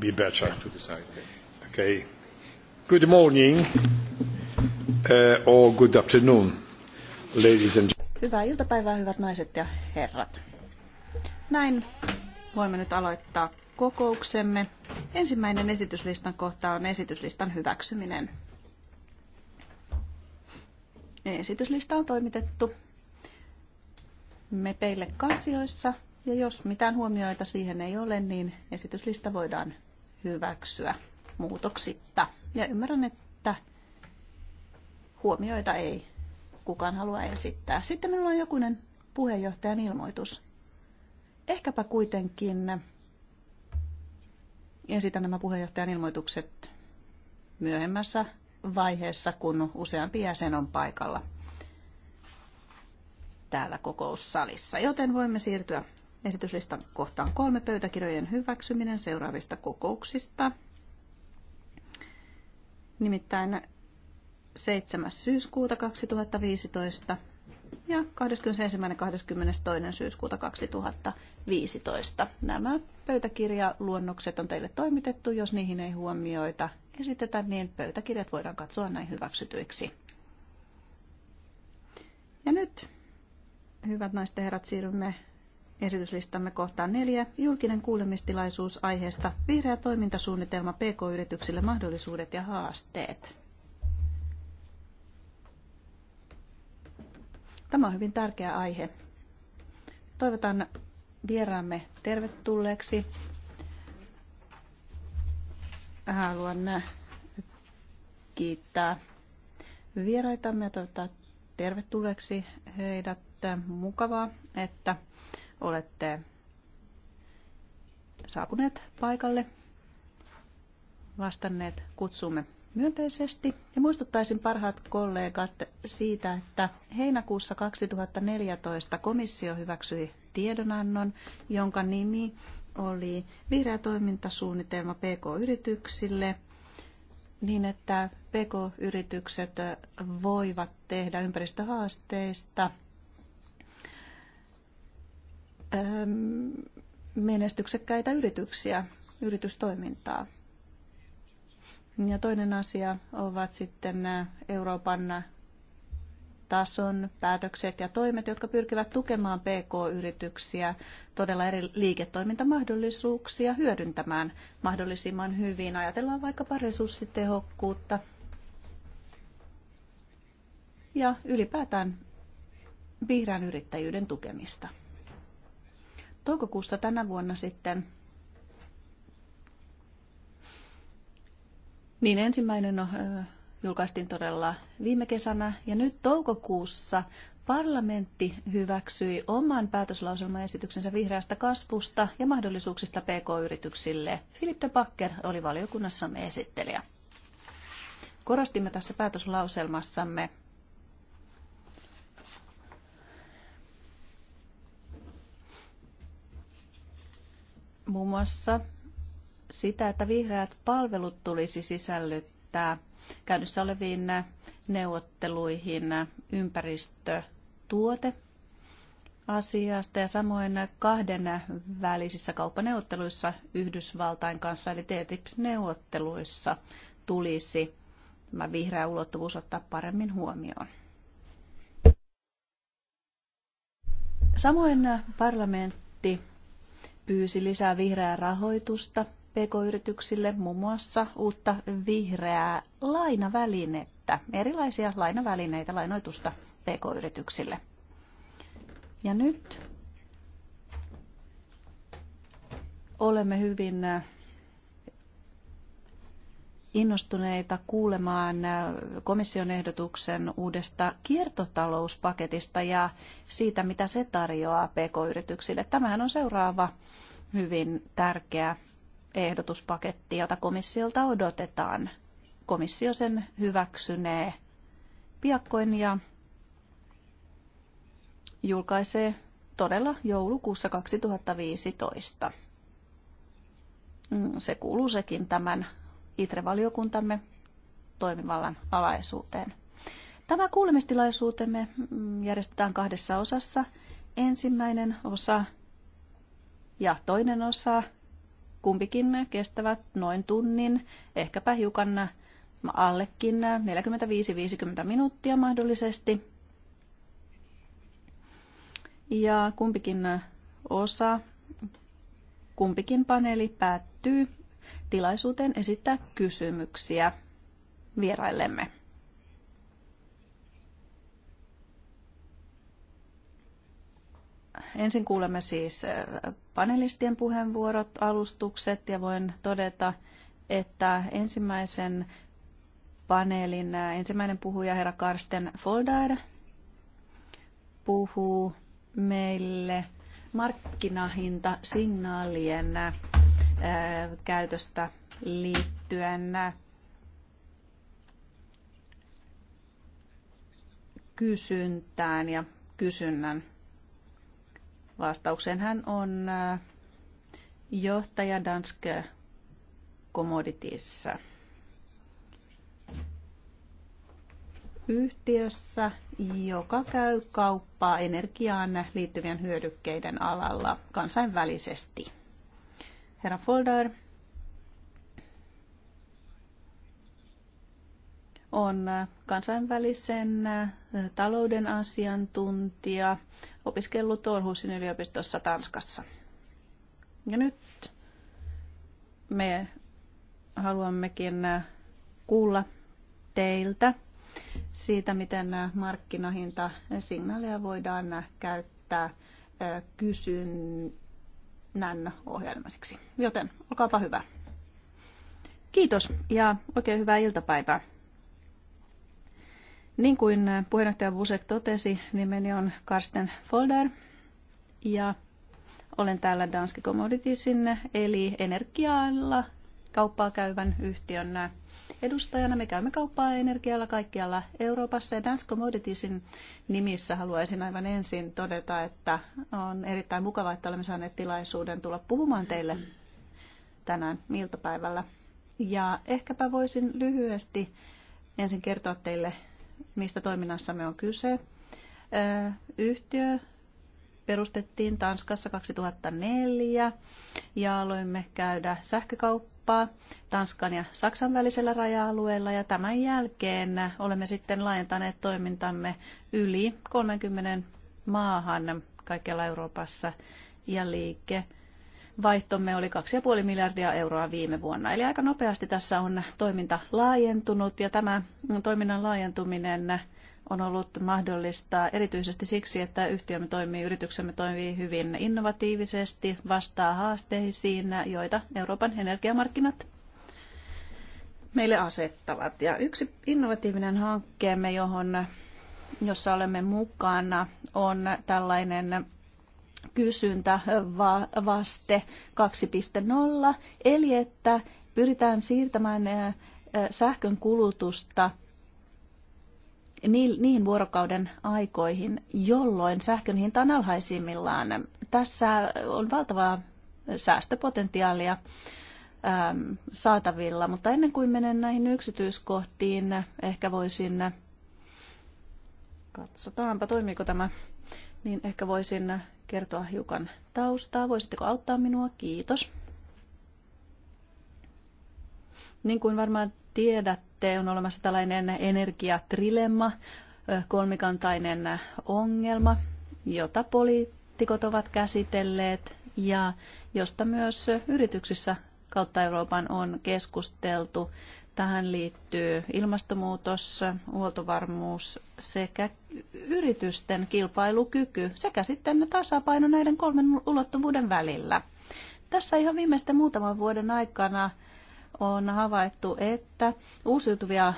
be better. Okay. Good morning uh, or good afternoon, ladies and Hyvää iltapäivää, hyvät naiset ja herrat. Näin voimme nyt aloittaa kokouksemme. Ensimmäinen esityslistan kohta on esityslistan hyväksyminen. Esityslista on toimitettu mepeille kansioissa ja jos mitään huomioita siihen ei ole, niin esityslista voidaan hyväksyä muutoksitta. Ja ymmärrän, että huomioita ei kukaan halua esittää. Sitten minulla on jokunen puheenjohtajan ilmoitus. Ehkäpä kuitenkin esitän nämä puheenjohtajan ilmoitukset myöhemmässä vaiheessa, kun useampi jäsen on paikalla täällä kokoussalissa, joten voimme siirtyä Esityslistan kohtaan kolme pöytäkirjojen hyväksyminen seuraavista kokouksista. Nimittäin 7. syyskuuta 2015 ja 21. 22. syyskuuta 2015. Nämä pöytäkirjaluonnokset on teille toimitettu. Jos niihin ei huomioita esitetä, niin pöytäkirjat voidaan katsoa näin hyväksytyiksi. Ja nyt, hyvät naiset ja herrat, siirrymme esityslistamme kohtaan neljä. Julkinen kuulemistilaisuus aiheesta Vihreä toimintasuunnitelma PK-yrityksille mahdollisuudet ja haasteet. Tämä on hyvin tärkeä aihe. Toivotan vieraamme tervetulleeksi. Haluan kiittää vieraitamme ja toivottaa tervetulleeksi heidät. Mukavaa, että olette saapuneet paikalle, vastanneet kutsumme myönteisesti. Ja muistuttaisin parhaat kollegat siitä, että heinäkuussa 2014 komissio hyväksyi tiedonannon, jonka nimi oli Vihreä toimintasuunnitelma PK-yrityksille niin, että PK-yritykset voivat tehdä ympäristöhaasteista – Ähm, menestyksekkäitä yrityksiä, yritystoimintaa. Ja toinen asia ovat sitten äh, Euroopan tason päätökset ja toimet, jotka pyrkivät tukemaan PK-yrityksiä todella eri liiketoimintamahdollisuuksia hyödyntämään mahdollisimman hyvin. Ajatellaan vaikkapa resurssitehokkuutta ja ylipäätään vihreän yrittäjyyden tukemista toukokuussa tänä vuonna sitten Niin ensimmäinen no, julkaistiin todella viime kesänä ja nyt toukokuussa parlamentti hyväksyi oman päätöslauselmaesityksensä vihreästä kasvusta ja mahdollisuuksista PK-yrityksille. Philip de Bakker oli valiokunnassamme esittelijä. Korostimme tässä päätöslauselmassamme muun muassa sitä, että vihreät palvelut tulisi sisällyttää käynnissä oleviin neuvotteluihin ympäristötuote asiasta ja samoin kahden välisissä kauppaneuvotteluissa Yhdysvaltain kanssa eli TTIP-neuvotteluissa tulisi tämä vihreä ulottuvuus ottaa paremmin huomioon. Samoin parlamentti pyysi lisää vihreää rahoitusta pk-yrityksille, muun muassa uutta vihreää lainavälinettä, erilaisia lainavälineitä, lainoitusta pk-yrityksille. Ja nyt olemme hyvin äh, innostuneita kuulemaan äh, komission ehdotuksen uudesta kiertotalouspaketista ja siitä, mitä se tarjoaa pk-yrityksille. Tämähän on seuraava hyvin tärkeä ehdotuspaketti, jota komissiolta odotetaan. Komissio sen hyväksynee piakkoin ja julkaisee todella joulukuussa 2015. Mm, se kuuluu sekin tämän ITRE-valiokuntamme toimivallan alaisuuteen. Tämä kuulemistilaisuutemme mm, järjestetään kahdessa osassa. Ensimmäinen osa ja toinen osa kumpikin kestävät noin tunnin, ehkäpä hiukan allekin 45-50 minuuttia mahdollisesti. Ja kumpikin osa, kumpikin paneeli päättyy tilaisuuteen esittää kysymyksiä vieraillemme. Ensin kuulemme siis äh, panelistien puheenvuorot, alustukset ja voin todeta, että ensimmäisen paneelin äh, ensimmäinen puhuja, herra Karsten Foldair, puhuu meille markkinahinta signaalien äh, käytöstä liittyen kysyntään ja kysynnän Vastauksen hän on äh, johtaja Danske Commoditiesissa. yhtiössä, joka käy kauppaa energiaan liittyvien hyödykkeiden alalla kansainvälisesti. Herra Folder, on kansainvälisen talouden asiantuntija, opiskellut Torhusin yliopistossa Tanskassa. Ja nyt me haluammekin kuulla teiltä siitä, miten markkinahinta signaalia voidaan käyttää kysynnän ohjelmasiksi. Joten olkaapa hyvä. Kiitos ja oikein hyvää iltapäivää. Niin kuin puheenjohtaja Busek totesi, nimeni on Karsten Folder ja olen täällä Danske Commoditiesin eli energialla kauppaa käyvän yhtiön edustajana. Me käymme kauppaa energialla kaikkialla Euroopassa ja Danske Commoditiesin nimissä haluaisin aivan ensin todeta, että on erittäin mukavaa, että olemme saaneet tilaisuuden tulla puhumaan teille tänään iltapäivällä. Ja ehkäpä voisin lyhyesti ensin kertoa teille mistä toiminnassamme on kyse. Yhtiö perustettiin Tanskassa 2004 ja aloimme käydä sähkökauppaa Tanskan ja Saksan välisellä raja-alueella ja tämän jälkeen olemme sitten laajentaneet toimintamme yli 30 maahan kaikkialla Euroopassa ja liike vaihtomme oli 2,5 miljardia euroa viime vuonna. Eli aika nopeasti tässä on toiminta laajentunut ja tämä toiminnan laajentuminen on ollut mahdollista erityisesti siksi, että yhtiömme toimii, yrityksemme toimii hyvin innovatiivisesti, vastaa haasteisiin, joita Euroopan energiamarkkinat meille asettavat. Ja yksi innovatiivinen hankkeemme, johon, jossa olemme mukana, on tällainen kysyntä vaste 2.0, eli että pyritään siirtämään sähkön kulutusta niin, niihin vuorokauden aikoihin, jolloin sähkön hinta on alhaisimmillaan. Tässä on valtavaa säästöpotentiaalia saatavilla, mutta ennen kuin menen näihin yksityiskohtiin, ehkä voisin, katsotaanpa toimiiko tämä, niin ehkä voisin kertoa hiukan taustaa? Voisitteko auttaa minua? Kiitos. Niin kuin varmaan tiedätte, on olemassa tällainen energiatrilemma, kolmikantainen ongelma, jota poliitikot ovat käsitelleet ja josta myös yrityksissä kautta Euroopan on keskusteltu. Tähän liittyy ilmastonmuutos, huoltovarmuus sekä yritysten kilpailukyky sekä sitten tasapaino näiden kolmen ulottuvuuden välillä. Tässä ihan viimeisten muutaman vuoden aikana on havaittu, että uusiutuvia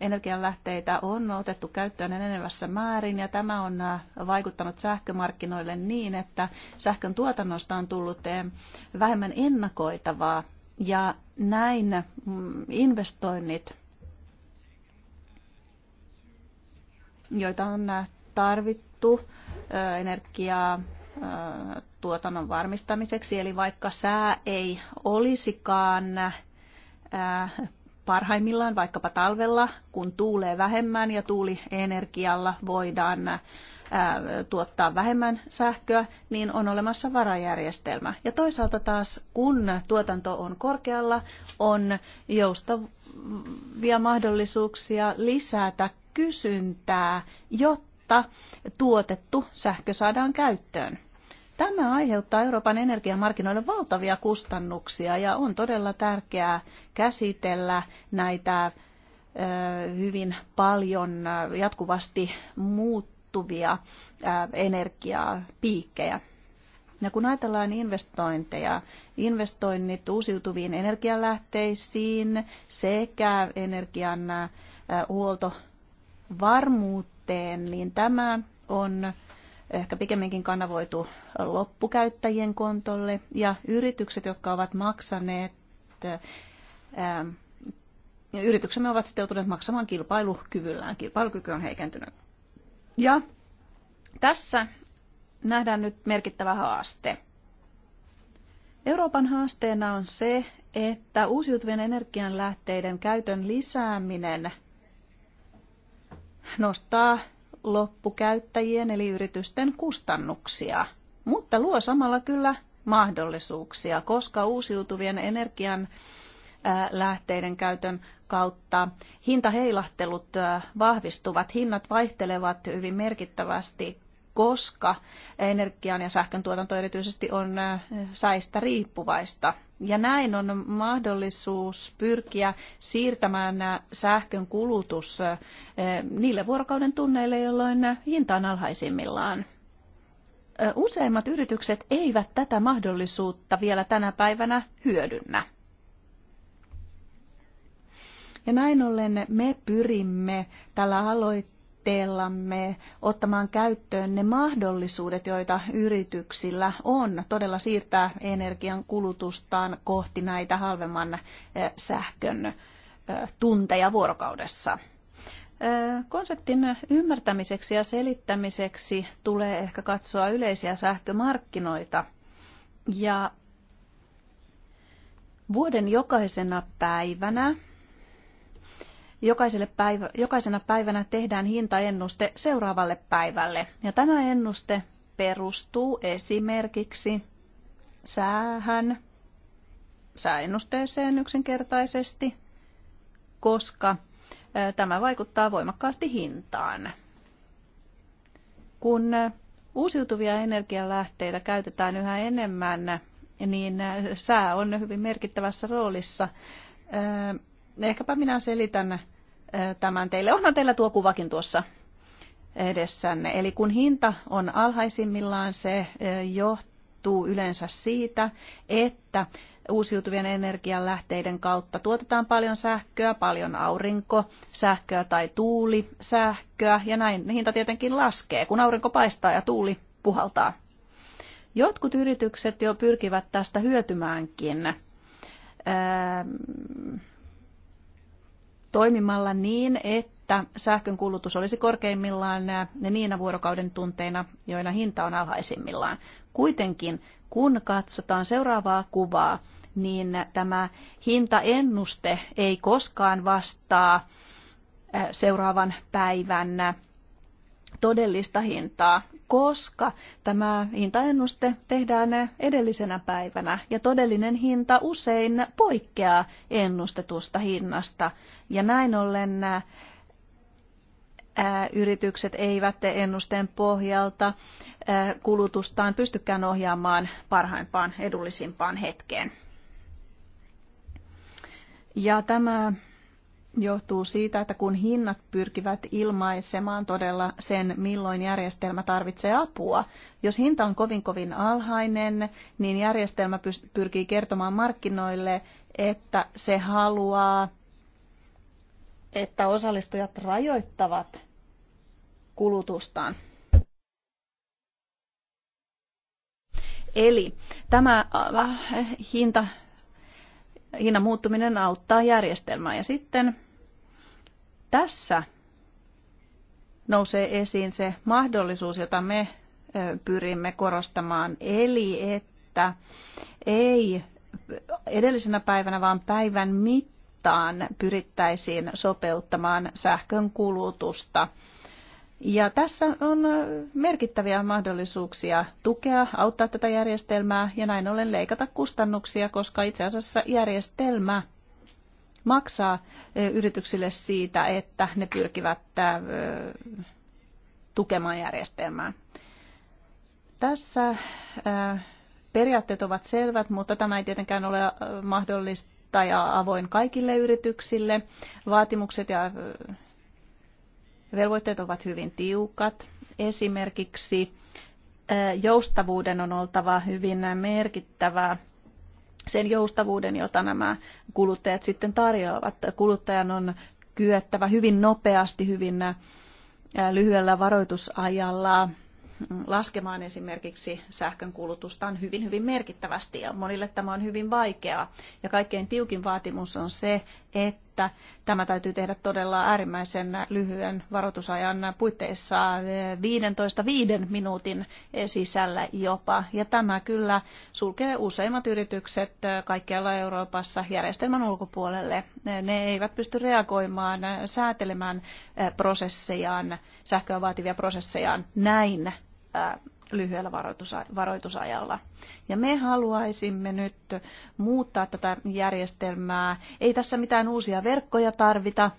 energianlähteitä on otettu käyttöön enenevässä määrin ja tämä on vaikuttanut sähkömarkkinoille niin, että sähkön tuotannosta on tullut vähemmän ennakoitavaa ja näin mm, investoinnit, joita on tarvittu energiaa tuotannon varmistamiseksi, eli vaikka sää ei olisikaan parhaimmillaan vaikkapa talvella, kun tuulee vähemmän ja tuulienergialla voidaan tuottaa vähemmän sähköä, niin on olemassa varajärjestelmä. Ja toisaalta taas, kun tuotanto on korkealla, on joustavia mahdollisuuksia lisätä kysyntää, jotta tuotettu sähkö saadaan käyttöön. Tämä aiheuttaa Euroopan energiamarkkinoille valtavia kustannuksia ja on todella tärkeää käsitellä näitä hyvin paljon jatkuvasti muut muuttuvia energiapiikkejä. Ja kun ajatellaan investointeja, investoinnit uusiutuviin energialähteisiin sekä energian huoltovarmuuteen, niin tämä on ehkä pikemminkin kanavoitu loppukäyttäjien kontolle ja yritykset, jotka ovat maksaneet, yrityksemme ovat sitoutuneet maksamaan kilpailukyvyllään. Kilpailukyky on heikentynyt. Ja tässä nähdään nyt merkittävä haaste. Euroopan haasteena on se, että uusiutuvien energianlähteiden käytön lisääminen nostaa loppukäyttäjien eli yritysten kustannuksia, mutta luo samalla kyllä mahdollisuuksia, koska uusiutuvien energian lähteiden käytön kautta. Hintaheilahtelut vahvistuvat, hinnat vaihtelevat hyvin merkittävästi, koska energian ja sähkön tuotanto erityisesti on säistä riippuvaista. Ja näin on mahdollisuus pyrkiä siirtämään sähkön kulutus niille vuorokauden tunneille, jolloin hinta on alhaisimmillaan useimmat yritykset eivät tätä mahdollisuutta vielä tänä päivänä hyödynnä. Ja näin ollen me pyrimme tällä aloitteellamme ottamaan käyttöön ne mahdollisuudet, joita yrityksillä on todella siirtää energian kulutustaan kohti näitä halvemman eh, sähkön eh, tunteja vuorokaudessa. Eh, konseptin ymmärtämiseksi ja selittämiseksi tulee ehkä katsoa yleisiä sähkömarkkinoita. Ja vuoden jokaisena päivänä jokaiselle päivä, jokaisena päivänä tehdään hintaennuste seuraavalle päivälle. Ja tämä ennuste perustuu esimerkiksi säähän, sääennusteeseen yksinkertaisesti, koska tämä vaikuttaa voimakkaasti hintaan. Kun uusiutuvia energialähteitä käytetään yhä enemmän, niin sää on hyvin merkittävässä roolissa. Ehkäpä minä selitän tämän teille. Onhan teillä tuo kuvakin tuossa edessänne. Eli kun hinta on alhaisimmillaan, se johtuu yleensä siitä, että uusiutuvien energianlähteiden kautta tuotetaan paljon sähköä, paljon aurinko, sähköä tai tuuli sähköä ja näin hinta tietenkin laskee, kun aurinko paistaa ja tuuli puhaltaa. Jotkut yritykset jo pyrkivät tästä hyötymäänkin. Öö, toimimalla niin, että sähkön kulutus olisi korkeimmillaan niinä vuorokauden tunteina, joina hinta on alhaisimmillaan. Kuitenkin, kun katsotaan seuraavaa kuvaa, niin tämä hintaennuste ei koskaan vastaa seuraavan päivän todellista hintaa koska tämä hintaennuste tehdään edellisenä päivänä ja todellinen hinta usein poikkeaa ennustetusta hinnasta. Ja näin ollen yritykset eivät ennusteen pohjalta kulutustaan pystykään ohjaamaan parhaimpaan edullisimpaan hetkeen. Ja tämä johtuu siitä, että kun hinnat pyrkivät ilmaisemaan todella sen, milloin järjestelmä tarvitsee apua. Jos hinta on kovin kovin alhainen, niin järjestelmä pyrkii kertomaan markkinoille, että se haluaa, että osallistujat rajoittavat kulutustaan. Eli tämä äh, hinta, hinnan muuttuminen auttaa järjestelmää ja sitten tässä nousee esiin se mahdollisuus, jota me pyrimme korostamaan, eli että ei edellisenä päivänä, vaan päivän mittaan pyrittäisiin sopeuttamaan sähkön kulutusta. Ja tässä on merkittäviä mahdollisuuksia tukea, auttaa tätä järjestelmää ja näin ollen leikata kustannuksia, koska itse asiassa järjestelmä maksaa yrityksille siitä, että ne pyrkivät tukemaan järjestelmää. Tässä periaatteet ovat selvät, mutta tämä ei tietenkään ole mahdollista ja avoin kaikille yrityksille. Vaatimukset ja velvoitteet ovat hyvin tiukat. Esimerkiksi joustavuuden on oltava hyvin merkittävää sen joustavuuden, jota nämä kuluttajat sitten tarjoavat. Kuluttajan on kyettävä hyvin nopeasti, hyvin äh, lyhyellä varoitusajalla laskemaan esimerkiksi sähkön kulutustaan hyvin, hyvin merkittävästi ja monille tämä on hyvin vaikeaa. Ja kaikkein tiukin vaatimus on se, että että tämä täytyy tehdä todella äärimmäisen lyhyen varoitusajan puitteissa 15-5 eh, minuutin sisällä jopa. Ja tämä kyllä sulkee useimmat yritykset eh, kaikkialla Euroopassa järjestelmän ulkopuolelle. Eh, ne eivät pysty reagoimaan, säätelemään prosessejaan, sähköä vaativia prosessejaan näin lyhyellä varoitusajalla. Ja me haluaisimme nyt muuttaa tätä järjestelmää. Ei tässä mitään uusia verkkoja tarvita,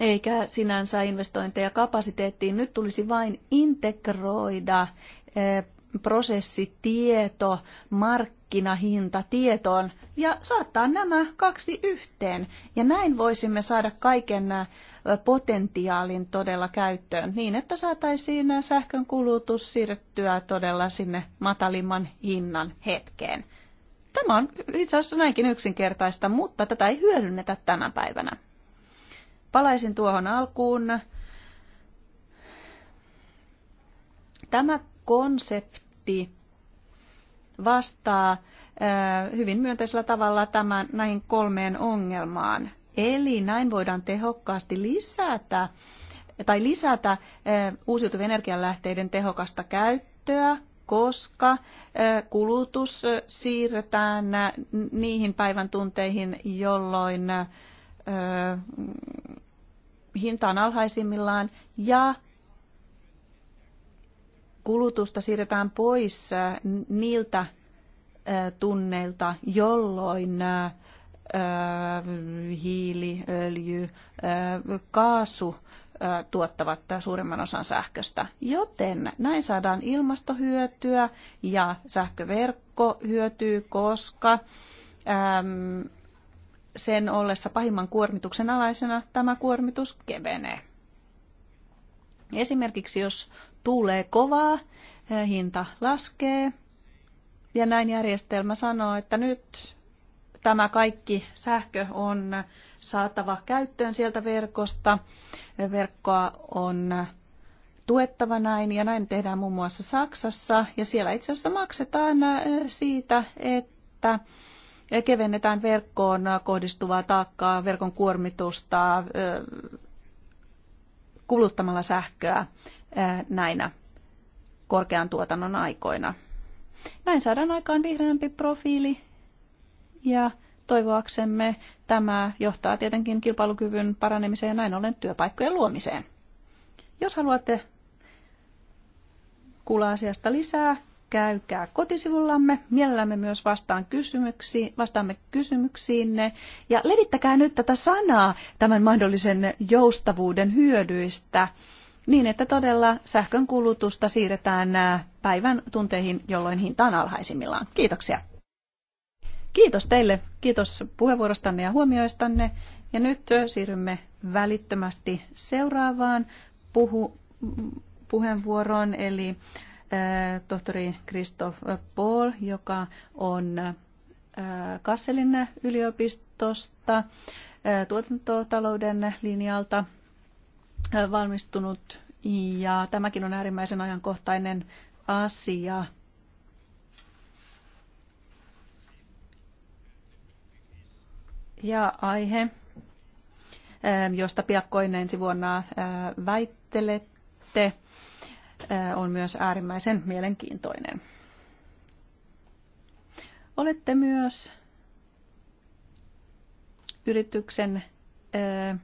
eikä sinänsä investointeja kapasiteettiin. Nyt tulisi vain integroida prosessitieto, markkinointi, markkinahintatietoon ja saattaa nämä kaksi yhteen. Ja näin voisimme saada kaiken potentiaalin todella käyttöön niin, että saataisiin sähkön kulutus siirrettyä todella sinne matalimman hinnan hetkeen. Tämä on itse asiassa näinkin yksinkertaista, mutta tätä ei hyödynnetä tänä päivänä. Palaisin tuohon alkuun. Tämä konsepti vastaa hyvin myönteisellä tavalla tämän, näihin kolmeen ongelmaan. Eli näin voidaan tehokkaasti lisätä tai lisätä uusiutuvien energianlähteiden tehokasta käyttöä, koska kulutus siirretään niihin päivän tunteihin, jolloin hinta on alhaisimmillaan ja kulutusta siirretään pois niiltä tunneilta, jolloin hiili, öljy, kaasu tuottavat suurimman osan sähköstä. Joten näin saadaan ilmastohyötyä ja sähköverkko hyötyy, koska sen ollessa pahimman kuormituksen alaisena tämä kuormitus kevenee. Esimerkiksi jos tuulee kovaa, eh, hinta laskee ja näin järjestelmä sanoo, että nyt tämä kaikki sähkö on saatava käyttöön sieltä verkosta. Verkkoa on tuettava näin ja näin tehdään muun muassa Saksassa ja siellä itse asiassa maksetaan eh, siitä, että kevennetään verkkoon kohdistuvaa taakkaa, verkon kuormitusta, eh, kuluttamalla sähköä näinä korkean tuotannon aikoina. Näin saadaan aikaan vihreämpi profiili ja toivoaksemme tämä johtaa tietenkin kilpailukyvyn paranemiseen ja näin ollen työpaikkojen luomiseen. Jos haluatte kuulla asiasta lisää, käykää kotisivullamme. Mielellämme myös vastaan kysymyksi, vastaamme kysymyksiinne. Ja levittäkää nyt tätä sanaa tämän mahdollisen joustavuuden hyödyistä niin, että todella sähkön kulutusta siirretään äh, päivän tunteihin, jolloin hinta on alhaisimmillaan. Kiitoksia. Kiitos teille. Kiitos puheenvuorostanne ja huomioistanne. Ja nyt äh, siirrymme välittömästi seuraavaan puhu, puheenvuoroon, eli Äh, tohtori Christoph Paul, joka on äh, Kasselin yliopistosta äh, tuotantotalouden linjalta valmistunut ja tämäkin on äärimmäisen ajankohtainen asia. Ja aihe, josta piakkoin ensi vuonna väittelette, Äh, on myös äärimmäisen mielenkiintoinen. Olette myös yrityksen äh,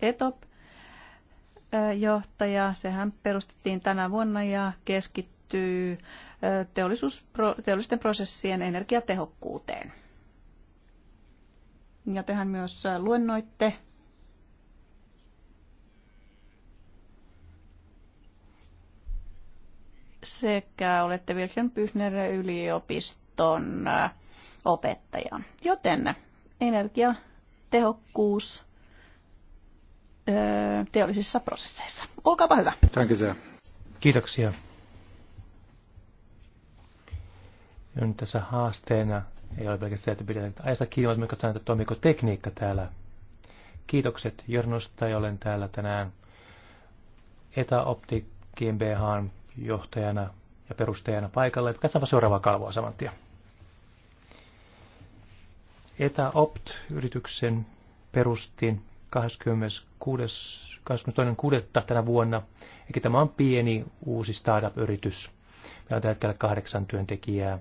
ETOP äh, johtaja. Sehän perustettiin tänä vuonna ja keskittyy teollisten prosessien energiatehokkuuteen. Ja tehän myös luennoitte sekä olette Wilhelm Pyhner yliopiston äh, opettaja. Joten energia, tehokkuus äh, teollisissa prosesseissa. Olkaapa hyvä. Kiitoksia. Ja nyt tässä haasteena ei ole pelkästään, että pidetään ajasta kiinni, vaan myös katsotaan, että toimiko tekniikka täällä. Kiitokset Jornosta ja olen täällä tänään Etäoptik GmbHn johtajana ja perustajana paikalle. Katsotaanpa seuraavaa kalvoa saman tien. Etäopt-yrityksen perustin 26.6. tänä vuonna. Eli tämä on pieni uusi startup-yritys. Meillä on tällä hetkellä kahdeksan työntekijää.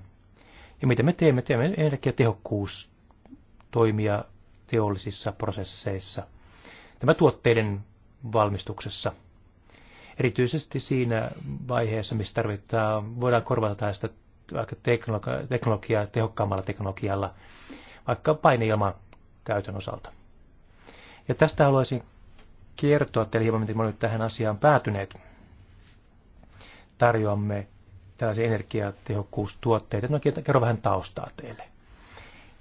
Ja mitä me teemme? Teemme energiatehokkuus toimia teollisissa prosesseissa. Tämä tuotteiden valmistuksessa – Erityisesti siinä vaiheessa, missä tarvitaan, voidaan korvata sitä vaikka teknologiaa, teknologia, tehokkaammalla teknologialla, vaikka paineilman käytön osalta. Ja tästä haluaisin kertoa teille hieman, miten me olemme tähän asiaan päätyneet. Tarjoamme tällaisia energiatehokkuustuotteita. no, kerron vähän taustaa teille.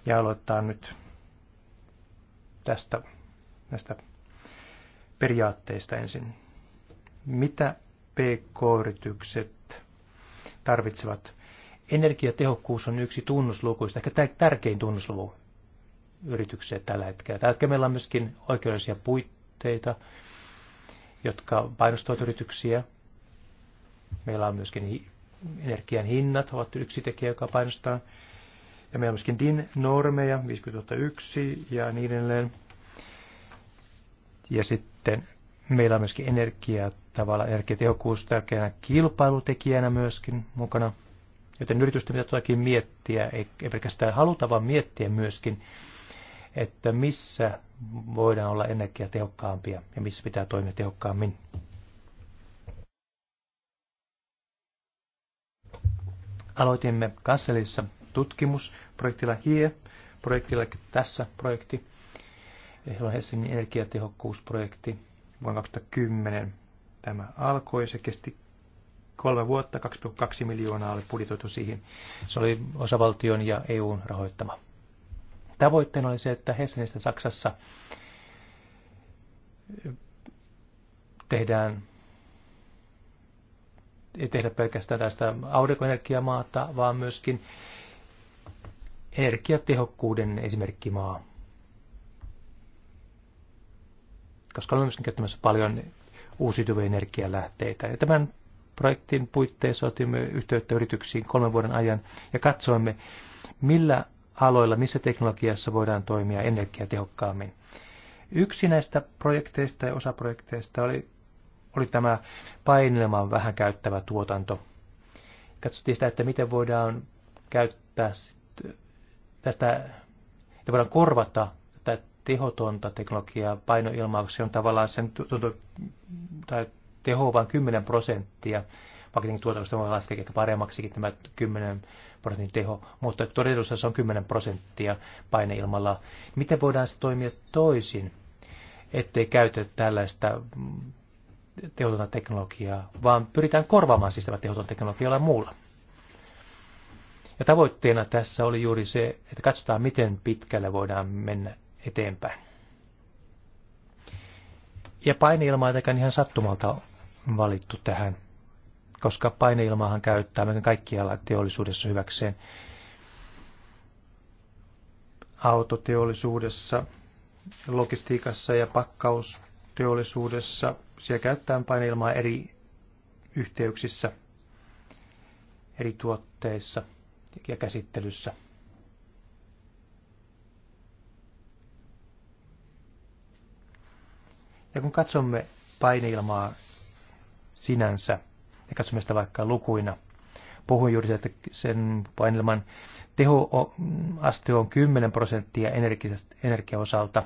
Ja aloittaa nyt tästä, näistä periaatteista ensin mitä PK-yritykset tarvitsevat. Energiatehokkuus on yksi tunnuslukuista, ehkä tärkein tunnusluku yritykseen tällä hetkellä. Tällä hetkellä meillä on myöskin oikeudellisia puitteita, jotka painostavat yrityksiä. Meillä on myöskin energian hinnat, ovat yksi tekijä, joka painostaa. Ja meillä on myöskin DIN-normeja, 50001 ja niin edelleen. Ja sitten Meillä on myöskin energia, tavalla energiatehokkuus tärkeänä kilpailutekijänä myöskin mukana. Joten yritysten pitää todellakin miettiä, ei pelkästään haluta, vaan miettiä myöskin, että missä voidaan olla energiatehokkaampia ja missä pitää toimia tehokkaammin. Aloitimme Kasselissa tutkimusprojektilla HIE, projektilla tässä projekti, Helsingin energiatehokkuusprojekti, Vuonna 2010 tämä alkoi ja se kesti kolme vuotta, 2,2 miljoonaa oli budjetoitu siihen. Se oli osavaltion ja EUn rahoittama. Tavoitteena oli se, että Hessenistä Saksassa tehdään ei tehdä pelkästään tästä aurinkoenergiamaata, vaan myöskin energiatehokkuuden esimerkkimaa. koska olemme myöskin käyttämässä paljon uusiutuvia energialähteitä. Ja tämän projektin puitteissa otimme yhteyttä yrityksiin kolmen vuoden ajan ja katsoimme, millä aloilla, missä teknologiassa voidaan toimia energiatehokkaammin. Yksi näistä projekteista ja osaprojekteista oli, oli tämä painelemaan vähän käyttävä tuotanto. Katsottiin sitä, että miten voidaan käyttää sit tästä, että voidaan korvata tehotonta teknologiaa painoilmauksi on tavallaan sen tai teho vain 10 prosenttia. vaikka tuotannosta voi laskea ehkä paremmaksikin tämä 10 prosentin teho, mutta todellisuudessa se on 10 prosenttia paineilmalla. Miten voidaan se toimia toisin, ettei käytetä tällaista tehotonta teknologiaa, vaan pyritään korvaamaan siis tämä tehoton teknologia jollain muulla? Ja tavoitteena tässä oli juuri se, että katsotaan miten pitkälle voidaan mennä eteenpäin. Ja paineilma ei ihan sattumalta valittu tähän, koska paineilmaahan käyttää meidän kaikkialla teollisuudessa hyväkseen. Autoteollisuudessa, logistiikassa ja pakkausteollisuudessa, siellä käyttää paineilmaa eri yhteyksissä, eri tuotteissa ja käsittelyssä. Ja kun katsomme paineilmaa sinänsä, ja katsomme sitä vaikka lukuina, puhuin juuri että sen painelman tehoaste on 10 prosenttia energiaosalta.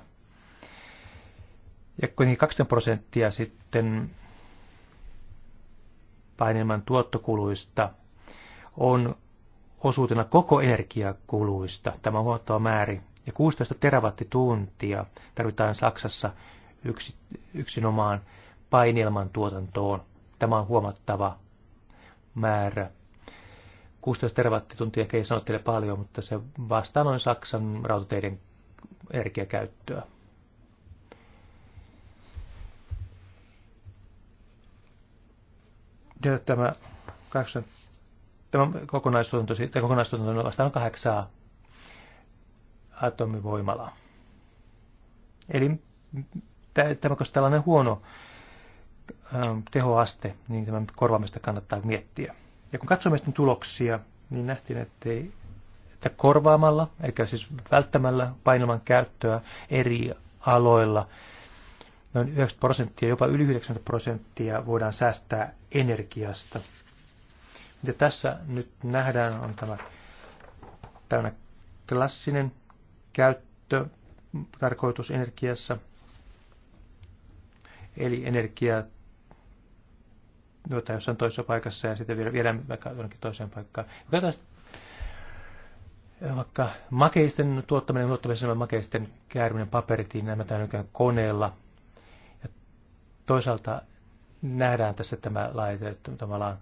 Ja kuitenkin 20 prosenttia sitten painelman tuottokuluista on osuutena koko energiakuluista. Tämä on huomattava määrä. Ja 16 terawattituntia tarvitaan Saksassa yks, yksinomaan painelman tuotantoon. Tämä on huomattava määrä. 16 terawattituntia ehkä ei sano teille paljon, mutta se vastaa noin Saksan rautateiden energiakäyttöä. Ja tämä, tämä kokonaistuotanto, tämä kokonaistuotanto vastaan kahdeksaa atomivoimalaa. Eli tämäkös tällainen huono tehoaste, niin tämän korvaamista kannattaa miettiä. Ja kun katsomme sitten tuloksia, niin nähtiin, että, ei, että korvaamalla, eli siis välttämällä painoman käyttöä eri aloilla, noin 90 prosenttia, jopa yli 90 prosenttia voidaan säästää energiasta. Ja tässä nyt nähdään, on tämä tällainen klassinen käyttö tarkoitus energiassa, eli energiaa tuotetaan jossain toisessa paikassa ja sitten viedään vaikka jonnekin toiseen paikkaan. Joka taas vaikka makeisten tuottaminen, tuottamisen makeisten käärminen paperitiin nämä tämän koneella. Ja toisaalta nähdään tässä tämä laite että tavallaan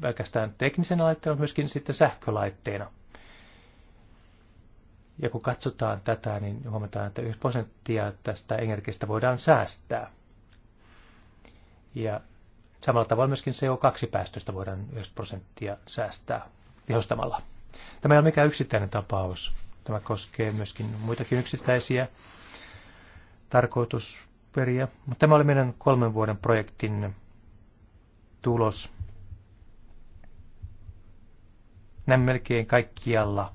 pelkästään teknisenä laitteena, myöskin sitten sähkölaitteena. Ja kun katsotaan tätä, niin huomataan, että 1 prosenttia tästä energiasta voidaan säästää. Ja samalla tavalla myöskin CO2-päästöstä voidaan 1 prosenttia säästää tehostamalla. Tämä ei ole mikään yksittäinen tapaus. Tämä koskee myöskin muitakin yksittäisiä tarkoitusperiä. Mutta tämä oli meidän kolmen vuoden projektin tulos. Näin melkein kaikkialla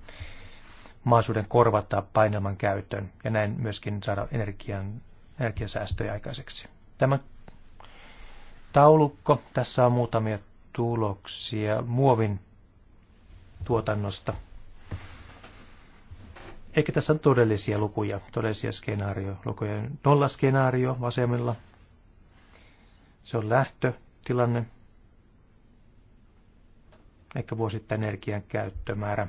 mahdollisuuden korvata painelman käytön ja näin myöskin saada energian, energiasäästöjä aikaiseksi. Tämä taulukko, tässä on muutamia tuloksia muovin tuotannosta. Eikä tässä ole todellisia lukuja, todellisia skenaariolukuja. Nolla skenaario vasemmilla. Se on lähtötilanne. Ehkä vuosittain energian käyttömäärä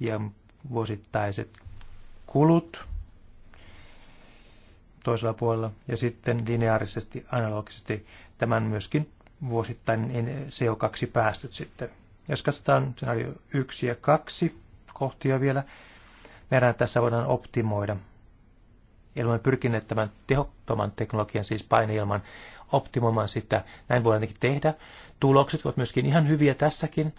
ja vuosittaiset kulut toisella puolella ja sitten lineaarisesti, analogisesti tämän myöskin vuosittainen CO2-päästöt sitten. Jos katsotaan skenaario 1 ja 2 kohtia vielä, nähdään, että tässä voidaan optimoida. Eli olemme pyrkineet tämän tehottoman teknologian, siis paineilman, optimoimaan sitä. Näin voidaan tehdä. Tulokset ovat myöskin ihan hyviä tässäkin,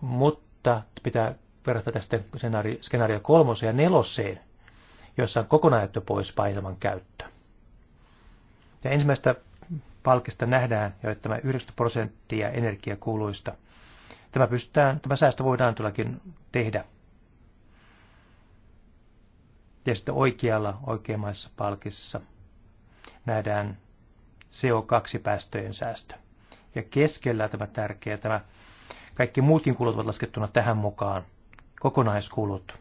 mutta pitää verrata tästä skenaari, skenaario kolmoseen ja neloseen, jossa on kokonaan pois painaman käyttö. Ja ensimmäistä palkista nähdään jo, että tämä 90 prosenttia energiakuluista. Tämä, pystytään, tämä säästö voidaan tullakin tehdä. Ja sitten oikealla, oikeammaisessa palkissa nähdään CO2-päästöjen säästö. Ja keskellä tämä tärkeä, tämä kaikki muutkin kulut ovat laskettuna tähän mukaan – kokonaiskulut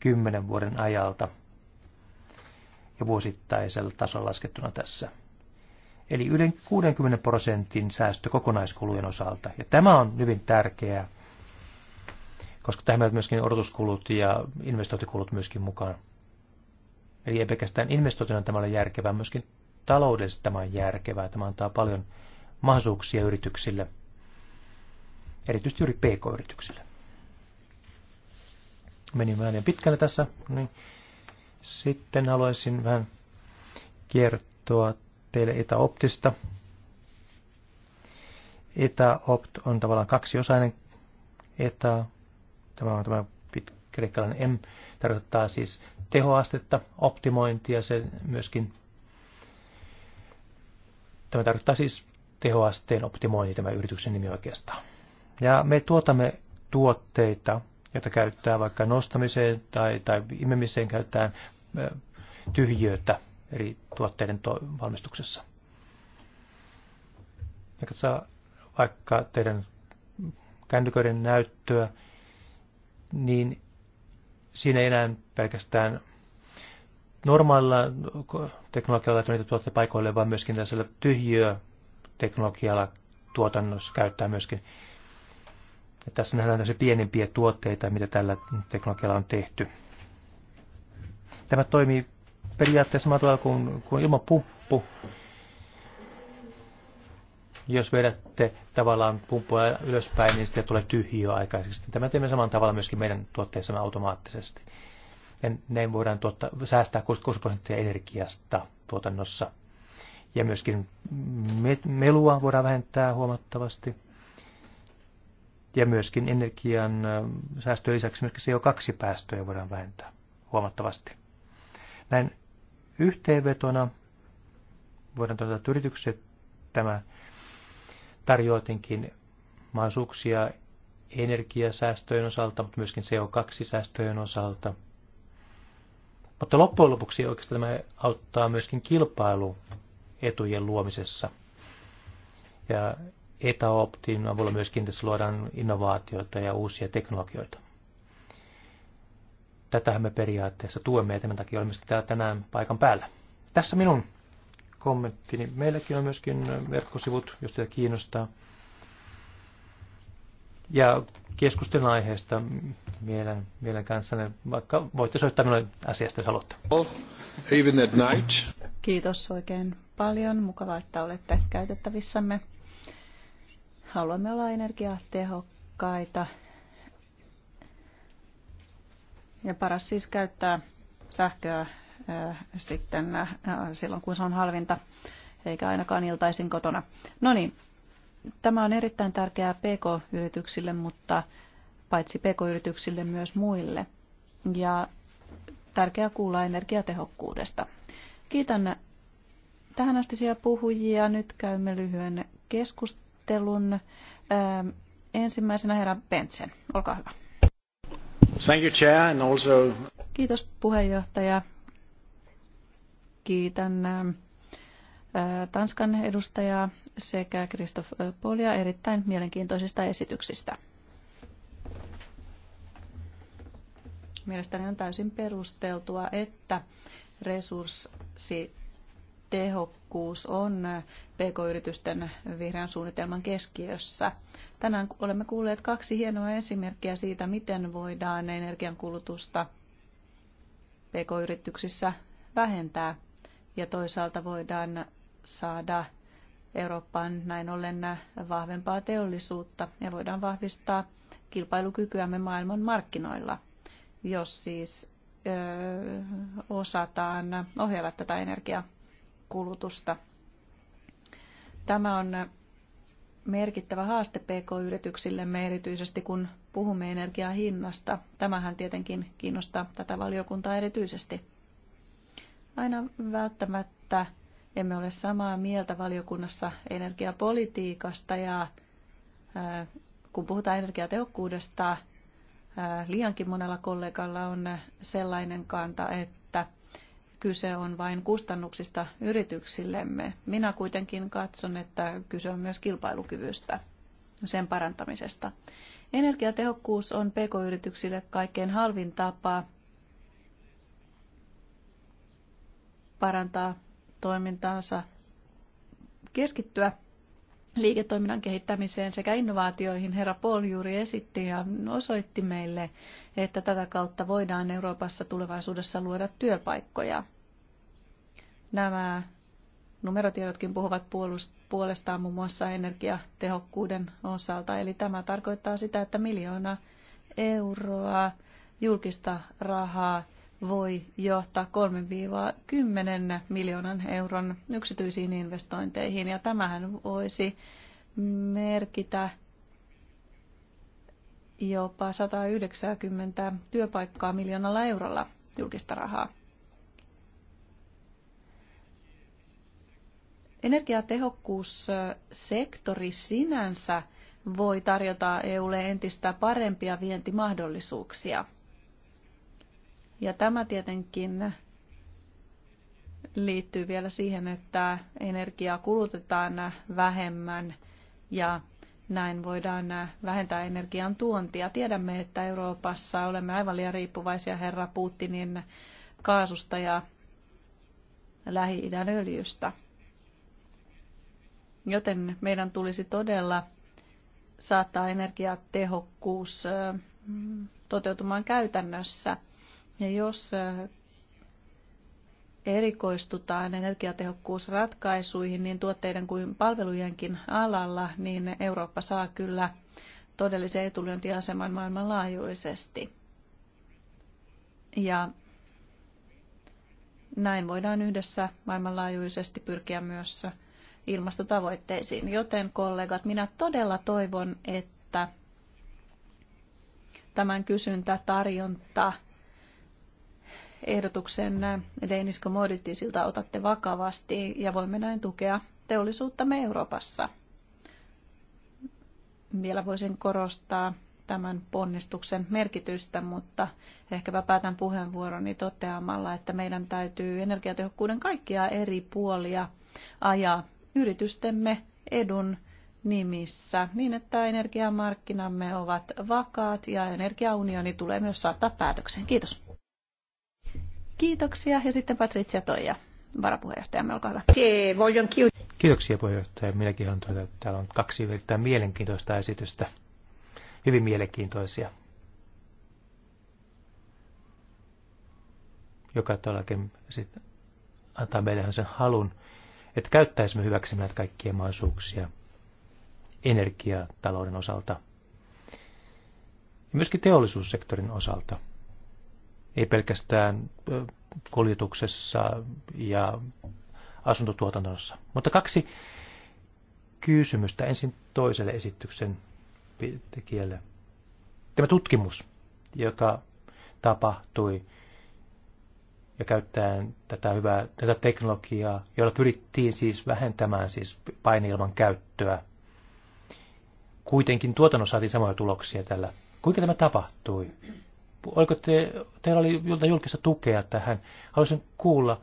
kymmenen vuoden ajalta ja vuosittaisella tasolla laskettuna tässä. Eli yli 60 prosentin säästö kokonaiskulujen osalta. Ja tämä on hyvin tärkeää, koska tähän on myöskin odotuskulut ja investointikulut myöskin mukaan. Eli ei pelkästään investointina tämä ole järkevää, myöskin taloudellisesti tämä on järkevää. Tämä antaa paljon mahdollisuuksia yrityksille, erityisesti juuri pk-yrityksille. Menin vähän liian pitkälle tässä, niin sitten haluaisin vähän kertoa teille etäoptista. Etäopt on tavallaan kaksiosainen etä. Tämä on tämä kreikkalainen M. Tarkoittaa siis tehoastetta, optimointia, se myöskin. Tämä tarkoittaa siis tehoasteen optimointi, tämä yrityksen nimi oikeastaan. Ja me tuotamme tuotteita jota käyttää vaikka nostamiseen tai, tai imemiseen käyttää tyhjiötä eri tuotteiden to- valmistuksessa. Ja katsotaan vaikka teidän kännyköiden näyttöä, niin siinä ei enää pelkästään normaalilla teknologialla niitä tuotteita paikoille, vaan myöskin tällaisella tyhjiö teknologialla tuotannossa käyttää myöskin ja tässä nähdään tämmöisiä pienempiä tuotteita, mitä tällä teknologialla on tehty. Tämä toimii periaatteessa samalla tavalla kuin, kuin ilmapumppu. Jos vedätte tavallaan pumppua ylöspäin, niin sitten tulee tyhjiö aikaisesti. Tämä teemme saman tavalla myöskin meidän tuotteissamme automaattisesti. Ja näin voidaan tuotta, säästää 66 prosenttia energiasta tuotannossa. Ja myöskin melua voidaan vähentää huomattavasti ja myöskin energian säästöjen lisäksi myöskin CO2-päästöjä voidaan vähentää huomattavasti. Näin yhteenvetona voidaan todeta, että yritykset tämä jotenkin mahdollisuuksia energiasäästöjen osalta, mutta myöskin CO2-säästöjen osalta. Mutta loppujen lopuksi oikeastaan tämä auttaa myöskin kilpailuetujen luomisessa. Ja etäoptin avulla myöskin tässä luodaan innovaatioita ja uusia teknologioita. Tätähän me periaatteessa tuemme ja tämän takia olemme täällä tänään paikan päällä. Tässä minun kommenttini. Meilläkin on myöskin verkkosivut, jos teitä kiinnostaa. Ja keskustelun aiheesta mielen, mielen kanssa vaikka voitte soittaa minulle asiasta, jos haluatte. Kiitos oikein paljon. Mukavaa, että olette käytettävissämme. Haluamme olla energiatehokkaita. Ja paras siis käyttää sähköä sitten silloin, kun se on halvinta, eikä ainakaan iltaisin kotona. No niin, tämä on erittäin tärkeää PK-yrityksille, mutta paitsi PK-yrityksille myös muille. Ja tärkeää kuulla energiatehokkuudesta. Kiitän tähän asti siellä puhujia. Nyt käymme lyhyen keskustelun keskustelun. Ähm, ensimmäisenä herra Bentsen, olkaa hyvä. Thank you, Chair, and also... Kiitos puheenjohtaja. Kiitän ähm, äh, Tanskan edustajaa sekä Kristof äh, Polia erittäin mielenkiintoisista esityksistä. Mielestäni on täysin perusteltua, että resurssi tehokkuus on PK-yritysten vihreän suunnitelman keskiössä. Tänään olemme kuulleet kaksi hienoa esimerkkiä siitä, miten voidaan energiankulutusta PK-yrityksissä vähentää ja toisaalta voidaan saada Eurooppaan näin ollen vahvempaa teollisuutta ja voidaan vahvistaa kilpailukykyämme maailman markkinoilla, jos siis ö, osataan ohjata tätä energiaa kulutusta. Tämä on merkittävä haaste PK-yrityksillemme, erityisesti kun puhumme energian hinnasta. Tämähän tietenkin kiinnostaa tätä valiokuntaa erityisesti. Aina välttämättä emme ole samaa mieltä valiokunnassa energiapolitiikasta ja kun puhutaan energiatehokkuudesta, liiankin monella kollegalla on sellainen kanta, että kyse on vain kustannuksista yrityksillemme. Minä kuitenkin katson, että kyse on myös kilpailukyvystä, sen parantamisesta. Energiatehokkuus on pk-yrityksille kaikkein halvin tapa parantaa toimintaansa, keskittyä liiketoiminnan kehittämiseen sekä innovaatioihin herra Paul juuri esitti ja osoitti meille, että tätä kautta voidaan Euroopassa tulevaisuudessa luoda työpaikkoja. Nämä numerotiedotkin puhuvat puolestaan muun muassa energiatehokkuuden osalta, eli tämä tarkoittaa sitä, että miljoona euroa julkista rahaa voi johtaa 3-10 miljoonan euron yksityisiin investointeihin. Ja tämähän voisi merkitä jopa 190 työpaikkaa miljoonalla eurolla julkista rahaa. Energiatehokkuussektori sinänsä voi tarjota EUlle entistä parempia vientimahdollisuuksia – ja tämä tietenkin liittyy vielä siihen, että energiaa kulutetaan vähemmän ja näin voidaan vähentää energian tuontia. Tiedämme, että Euroopassa olemme aivan liian riippuvaisia herra Putinin kaasusta ja Lähi-idän öljystä. Joten meidän tulisi todella saattaa energiatehokkuus toteutumaan käytännössä – ja jos äh, erikoistutaan energiatehokkuusratkaisuihin niin tuotteiden kuin palvelujenkin alalla, niin Eurooppa saa kyllä todellisen etulyöntiaseman maailmanlaajuisesti. Ja näin voidaan yhdessä maailmanlaajuisesti pyrkiä myös ilmastotavoitteisiin. Joten kollegat, minä todella toivon, että tämän kysyntä, tarjonta, ehdotuksen Deinis Commoditiesilta otatte vakavasti ja voimme näin tukea teollisuuttamme Euroopassa. Vielä voisin korostaa tämän ponnistuksen merkitystä, mutta ehkäpä päätän puheenvuoroni toteamalla, että meidän täytyy energiatehokkuuden kaikkia eri puolia ajaa yritystemme edun nimissä niin, että energiamarkkinamme ovat vakaat ja energiaunioni tulee myös saattaa päätökseen. Kiitos. Kiitoksia. Ja sitten Patricia Toija, varapuheenjohtajamme, olkaa hyvä. Kiitoksia puheenjohtaja. Minäkin haluan tuota, että täällä on kaksi erittäin mielenkiintoista esitystä. Hyvin mielenkiintoisia. Joka todellakin antaa meille sen halun, että käyttäisimme hyväksi näitä kaikkia mahdollisuuksia energiatalouden osalta ja myöskin teollisuussektorin osalta – ei pelkästään kuljetuksessa ja asuntotuotannossa. Mutta kaksi kysymystä ensin toiselle esityksen tekijälle. Tämä tutkimus, joka tapahtui ja käyttäen tätä hyvää tätä teknologiaa, jolla pyrittiin siis vähentämään siis paineilman käyttöä. Kuitenkin tuotannossa saatiin samoja tuloksia tällä. Kuinka tämä tapahtui? oliko te, teillä oli jotain julkista tukea tähän? Haluaisin kuulla,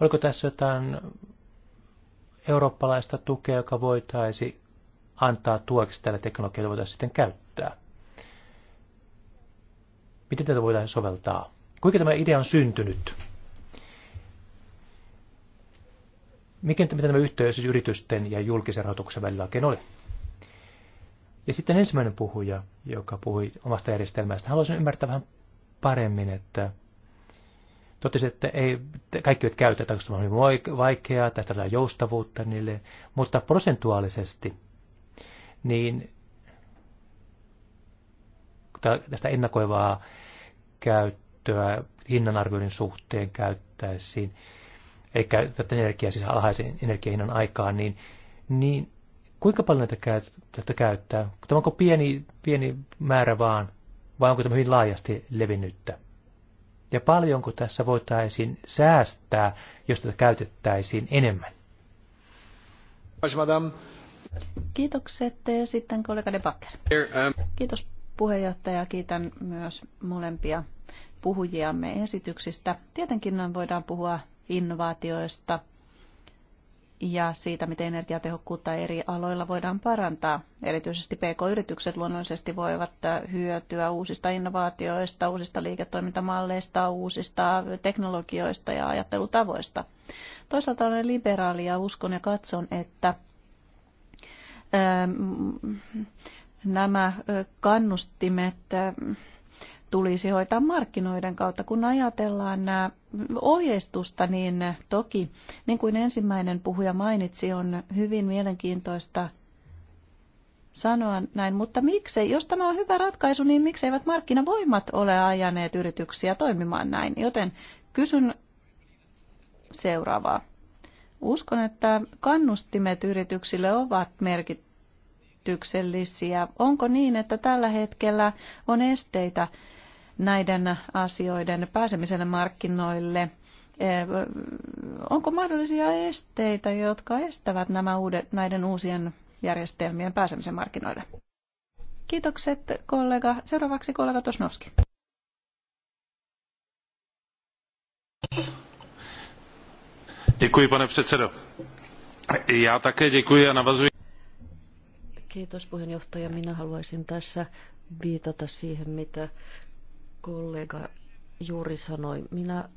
oliko tässä jotain eurooppalaista tukea, joka voitaisiin antaa tueksi tälle jota voitaisiin sitten käyttää? Miten tätä voitaisiin soveltaa? Kuinka tämä idea on syntynyt? Miten, mitä tämä yhteys siis yritysten ja julkisen rahoituksen välillä oikein oli? Ja sitten ensimmäinen puhuja, joka puhui omasta järjestelmästä, haluaisin ymmärtää vähän paremmin, että totesi, että ei, kaikki eivät käytä, että on hyvin vaikeaa, tästä saadaan joustavuutta niille, mutta prosentuaalisesti, niin tästä ennakoivaa käyttöä hinnanarvioinnin suhteen käyttäisiin, eli tätä energiaa siis alhaisen energiahinnan aikaan, niin, niin kuinka paljon näitä tätä käyttää? Tämä onko pieni, pieni määrä vaan vai onko tämä hyvin laajasti levinnyttä? Ja paljonko tässä voitaisiin säästää, jos tätä käytettäisiin enemmän? Kiitokset ja sitten kollega De Backer. Um, Kiitos puheenjohtaja. Kiitän myös molempia puhujiamme esityksistä. Tietenkin voidaan puhua innovaatioista, ja siitä, miten energiatehokkuutta eri aloilla voidaan parantaa. Erityisesti PK-yritykset luonnollisesti voivat äh, hyötyä uusista innovaatioista, uusista liiketoimintamalleista, uusista teknologioista ja ajattelutavoista. Toisaalta olen liberaali ja uskon ja katson, että ähm, nämä äh, kannustimet äh, tulisi hoitaa markkinoiden kautta. Kun ajatellaan ohjeistusta, niin toki, niin kuin ensimmäinen puhuja mainitsi, on hyvin mielenkiintoista sanoa näin, mutta miksei, jos tämä on hyvä ratkaisu, niin mikseivät markkinavoimat ole ajaneet yrityksiä toimimaan näin? Joten kysyn seuraavaa. Uskon, että kannustimet yrityksille ovat merkittäviä merkityksellisiä? Onko niin, että tällä hetkellä on esteitä näiden asioiden pääsemiselle markkinoille. Eh, onko mahdollisia esteitä, jotka estävät nämä uudet, näiden uusien järjestelmien pääsemisen markkinoille? Kiitokset kollega. Seuraavaksi kollega Tosnovski. Děkuji, pane předsedo. Já také děkuji a navazuji. Kiitos puheenjohtaja. Minä haluaisin tässä viitata siihen, mitä kollega juuri sanoi. Minä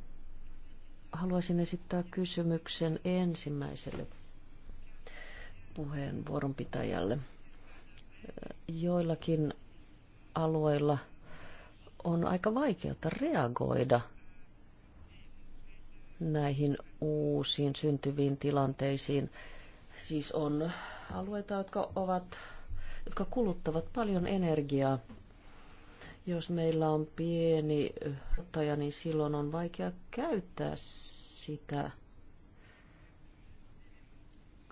haluaisin esittää kysymyksen ensimmäiselle puheenvuoron pitäjälle. Joillakin alueilla on aika vaikeaa reagoida näihin uusiin syntyviin tilanteisiin. Siis on alueita, jotka, ovat, jotka kuluttavat paljon energiaa jos meillä on pieni taja, niin silloin on vaikea käyttää sitä.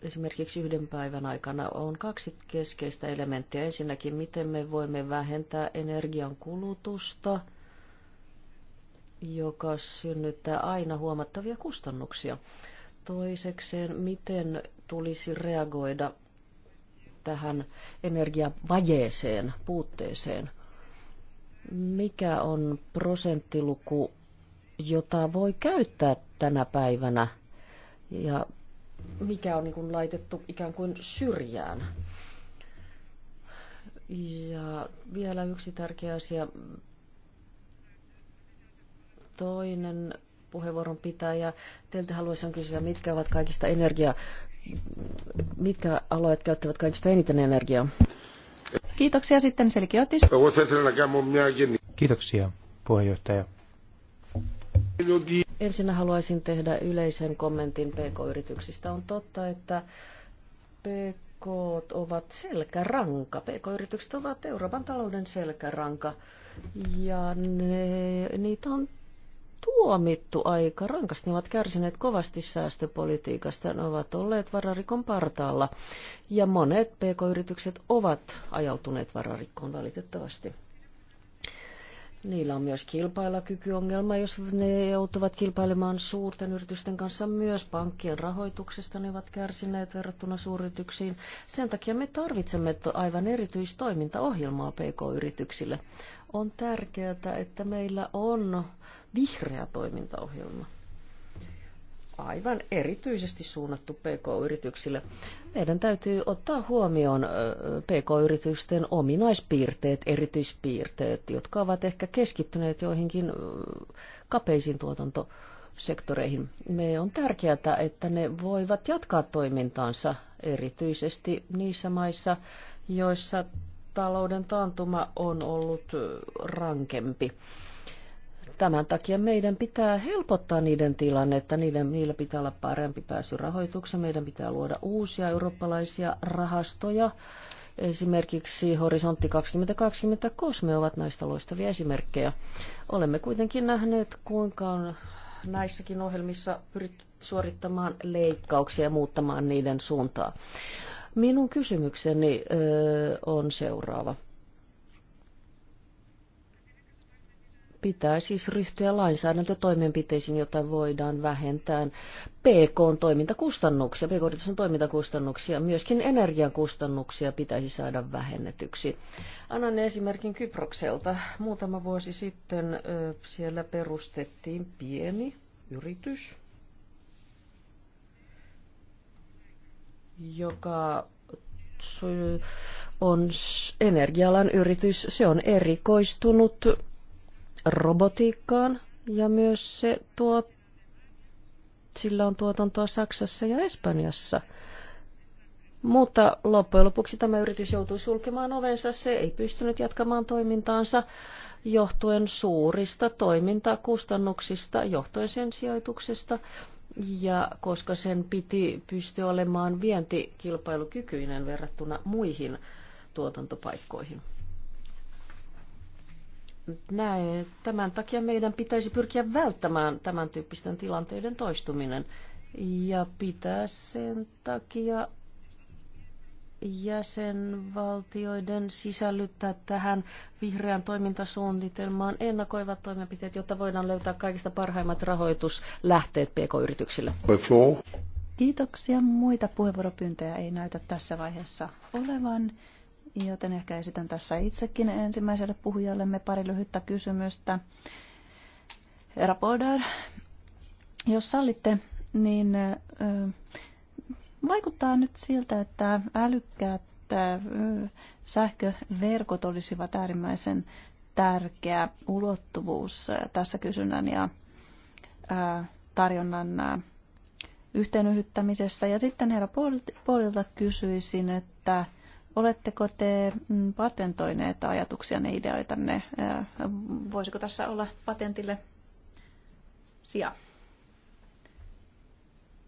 Esimerkiksi yhden päivän aikana on kaksi keskeistä elementtiä. Ensinnäkin, miten me voimme vähentää energian kulutusta, joka synnyttää aina huomattavia kustannuksia. Toisekseen, miten tulisi reagoida tähän energiavajeeseen, puutteeseen – mikä on prosenttiluku, jota voi käyttää tänä päivänä ja mikä on niin kuin laitettu ikään kuin syrjään. Ja vielä yksi tärkeä asia. Toinen puheenvuoron pitäjä. Teiltä haluaisin kysyä, mitkä ovat kaikista energia, mitkä alueet käyttävät kaikista eniten energiaa? Kiitoksia sitten Selkiotis. Kiitoksia puheenjohtaja. Ensin haluaisin tehdä yleisen kommentin PK-yrityksistä. On totta, että PK ovat selkäranka. PK-yritykset ovat Euroopan talouden selkäranka. Ja ne, niitä on tuomittu aika rankasti. Ne ovat kärsineet kovasti säästöpolitiikasta, ne ovat olleet vararikon partaalla. Ja monet pk-yritykset ovat ajautuneet vararikkoon valitettavasti. Niillä on myös kilpailakykyongelma, jos ne joutuvat kilpailemaan suurten yritysten kanssa myös pankkien rahoituksesta, ne ovat kärsineet verrattuna suuryrityksiin. Sen takia me tarvitsemme aivan erityistoimintaohjelmaa PK-yrityksille. On tärkeää, että meillä on vihreä toimintaohjelma. Aivan erityisesti suunnattu PK-yrityksille. Meidän täytyy ottaa huomioon PK-yritysten ominaispiirteet, erityispiirteet, jotka ovat ehkä keskittyneet joihinkin kapeisiin tuotantosektoreihin. sektoreihin. Me on tärkeää, että ne voivat jatkaa toimintaansa erityisesti niissä maissa, joissa talouden taantuma on ollut rankempi. Tämän takia meidän pitää helpottaa niiden tilannetta, niiden, niillä pitää olla parempi pääsy rahoitukseen, meidän pitää luoda uusia eurooppalaisia rahastoja. Esimerkiksi Horisontti 2020 Kosme ovat näistä loistavia esimerkkejä. Olemme kuitenkin nähneet, kuinka on näissäkin ohjelmissa pyritty suorittamaan leikkauksia ja muuttamaan niiden suuntaa. Minun kysymykseni on seuraava. Pitää siis ryhtyä lainsäädäntötoimenpiteisiin, jota voidaan vähentää PK-toimintakustannuksia, pk on toimintakustannuksia, myöskin energiakustannuksia pitäisi saada vähennetyksi. Annan esimerkin Kyprokselta. Muutama vuosi sitten siellä perustettiin pieni yritys, joka on energialan yritys. Se on erikoistunut robotiikkaan ja myös se tuo, sillä on tuotantoa Saksassa ja Espanjassa. Mutta loppujen lopuksi tämä yritys joutui sulkemaan ovensa, se ei pystynyt jatkamaan toimintaansa johtuen suurista toimintakustannuksista, johtuen sen sijoituksesta, ja koska sen piti pystyä olemaan vientikilpailukykyinen verrattuna muihin tuotantopaikkoihin näin, tämän takia meidän pitäisi pyrkiä välttämään tämän tyyppisten tilanteiden toistuminen. Ja pitää sen takia jäsenvaltioiden sisällyttää tähän vihreän toimintasuunnitelmaan ennakoivat toimenpiteet, jotta voidaan löytää kaikista parhaimmat rahoituslähteet PK-yrityksille. Kiitoksia. Muita puheenvuoropyyntöjä ei näytä tässä vaiheessa olevan joten ehkä esitän tässä itsekin ensimmäiselle puhujallemme pari lyhyttä kysymystä. Herra Polder, jos sallitte, niin vaikuttaa nyt siltä, että älykkäät sähköverkot olisivat äärimmäisen tärkeä ulottuvuus tässä kysynnän ja tarjonnan yhteenyhyttämisessä. Ja sitten herra Puolilta kysyisin, että Oletteko te mm, patentoineet ajatuksianne, ne Voisiko tässä olla patentille sija?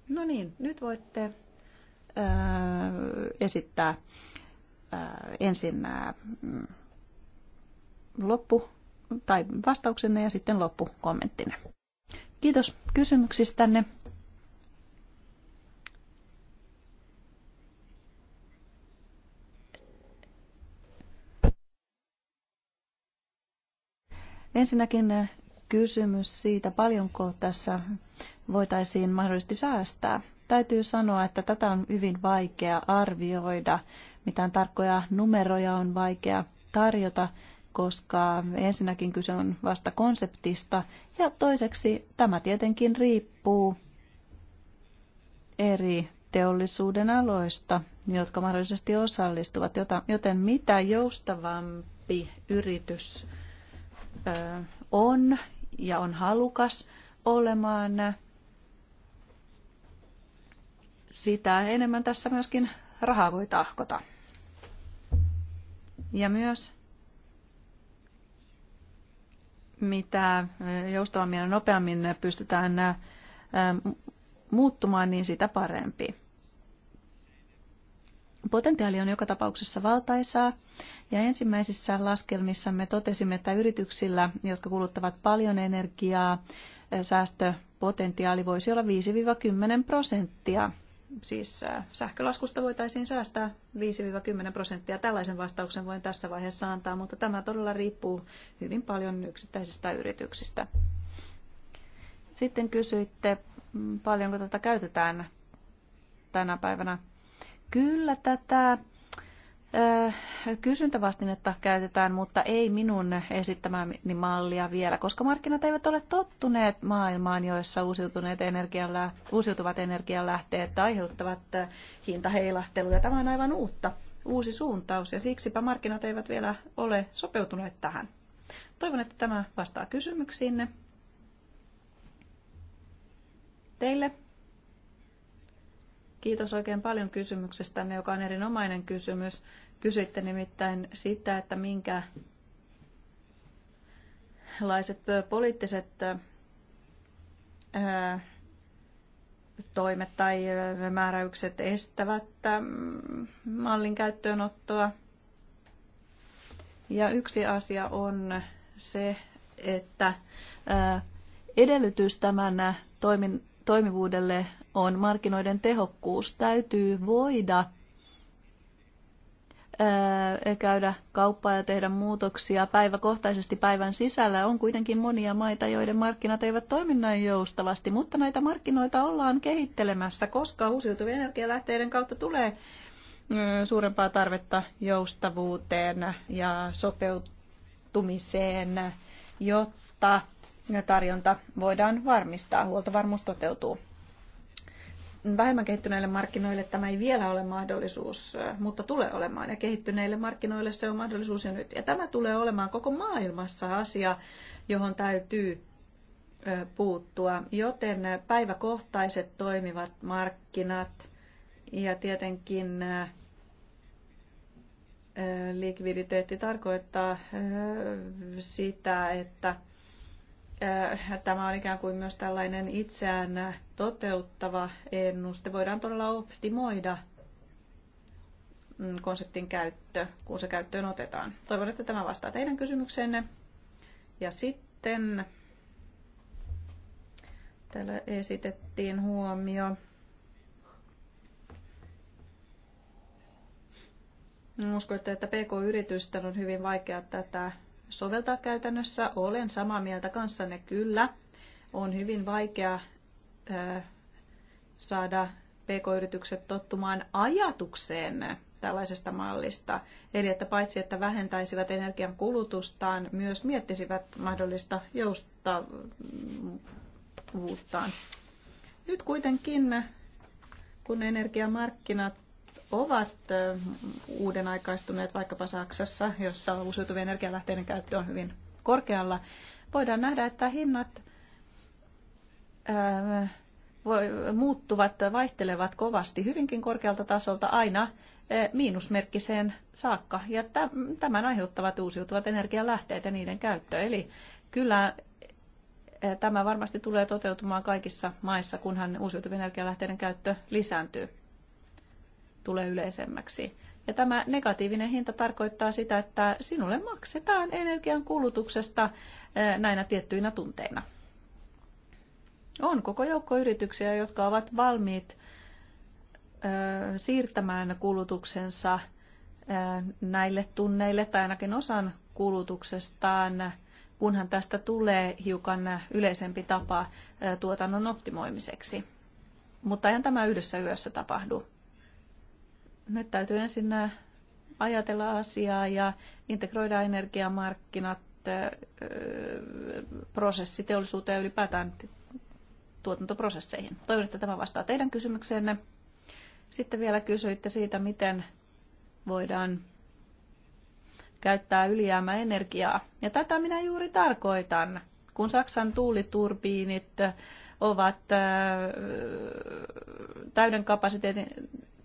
No niin, nyt voitte esittää ensin loppu tai vastauksenne ja sitten loppukommenttinne. Kiitos kysymyksistänne. Ensinnäkin eh, kysymys siitä, paljonko tässä voitaisiin mahdollisesti säästää. Täytyy sanoa, että tätä on hyvin vaikea arvioida. Mitään tarkkoja numeroja on vaikea tarjota, koska ensinnäkin kyse on vasta konseptista. Ja toiseksi tämä tietenkin riippuu eri teollisuuden aloista, jotka mahdollisesti osallistuvat, joten mitä joustavampi yritys on ja on halukas olemaan, sitä enemmän tässä myöskin rahaa voi tahkota. Ja myös mitä joustavammin ja nopeammin pystytään muuttumaan, niin sitä parempi. Potentiaali on joka tapauksessa valtaisaa ja ensimmäisissä laskelmissamme totesimme, että yrityksillä, jotka kuluttavat paljon energiaa, eh, säästöpotentiaali voisi olla 5-10 prosenttia. Siis eh, sähkölaskusta voitaisiin säästää 5-10 prosenttia. Tällaisen vastauksen voin tässä vaiheessa antaa, mutta tämä todella riippuu hyvin paljon yksittäisistä yrityksistä. Sitten kysyitte, mm, paljonko tätä käytetään tänä päivänä Kyllä tätä kysyntävastinetta käytetään, mutta ei minun esittämäni mallia vielä, koska markkinat eivät ole tottuneet maailmaan, joissa uusiutuneet energialla, uusiutuvat energianlähteet aiheuttavat hintaheilahteluja. Tämä on aivan uutta, uusi suuntaus ja siksipä markkinat eivät vielä ole sopeutuneet tähän. Toivon, että tämä vastaa kysymyksiinne teille. Kiitos oikein paljon kysymyksestänne, joka on erinomainen kysymys. Kysytte nimittäin sitä, että minkälaiset poliittiset toimet tai määräykset estävät mallin käyttöönottoa. Ja yksi asia on se, että edellytys tämän toimin, toimivuudelle on markkinoiden tehokkuus. Täytyy voida käydä kauppaa ja tehdä muutoksia päiväkohtaisesti päivän sisällä. On kuitenkin monia maita, joiden markkinat eivät toimi näin joustavasti, mutta näitä markkinoita ollaan kehittelemässä, koska uusiutuvien energialähteiden kautta tulee suurempaa tarvetta joustavuuteen ja sopeutumiseen, jotta tarjonta voidaan varmistaa, huoltovarmuus toteutuu. Vähemmän kehittyneille markkinoille tämä ei vielä ole mahdollisuus, mutta tulee olemaan. Ja kehittyneille markkinoille se on mahdollisuus jo nyt. Ja tämä tulee olemaan koko maailmassa asia, johon täytyy puuttua. Joten päiväkohtaiset toimivat markkinat ja tietenkin likviditeetti tarkoittaa sitä, että Äh, tämä on ikään kuin myös tällainen itseään toteuttava ennuste. Voidaan todella optimoida mm, konseptin käyttö, kun se käyttöön otetaan. Toivon, että tämä vastaa teidän kysymykseenne. Ja sitten täällä esitettiin huomio. Uskoitte, että PK-yritysten on hyvin vaikea tätä soveltaa käytännössä. Olen samaa mieltä kanssanne kyllä. On hyvin vaikea saada pk-yritykset tottumaan ajatukseen tällaisesta mallista. Eli että paitsi että vähentäisivät energian kulutustaan, myös miettisivät mahdollista joustavuuttaan. Nyt kuitenkin, kun energiamarkkinat ovat uuden aikaistuneet vaikkapa Saksassa, jossa uusiutuvien energialähteiden käyttö on hyvin korkealla, voidaan nähdä, että hinnat muuttuvat, vaihtelevat kovasti hyvinkin korkealta tasolta aina miinusmerkkiseen saakka. Ja tämän aiheuttavat uusiutuvat energialähteet ja niiden käyttö. Eli kyllä tämä varmasti tulee toteutumaan kaikissa maissa, kunhan uusiutuvien energialähteiden käyttö lisääntyy tulee yleisemmäksi. Ja tämä negatiivinen hinta tarkoittaa sitä, että sinulle maksetaan energian kulutuksesta eh, näinä tiettyinä tunteina. On koko joukko yrityksiä, jotka ovat valmiit eh, siirtämään kulutuksensa eh, näille tunneille tai ainakin osan kulutuksestaan, kunhan tästä tulee hiukan yleisempi tapa tuotannon optimoimiseksi. Mutta eihän tämä yhdessä yössä tapahdu nyt täytyy ensin äh, ajatella asiaa ja integroida energiamarkkinat, äh, prosessiteollisuuteen ja ylipäätään tuotantoprosesseihin. Toivon, että tämä vastaa teidän kysymykseenne. Sitten vielä kysyitte siitä, miten voidaan käyttää energiaa Ja tätä minä juuri tarkoitan, kun Saksan tuuliturbiinit ovat äh, täyden kapasiteetin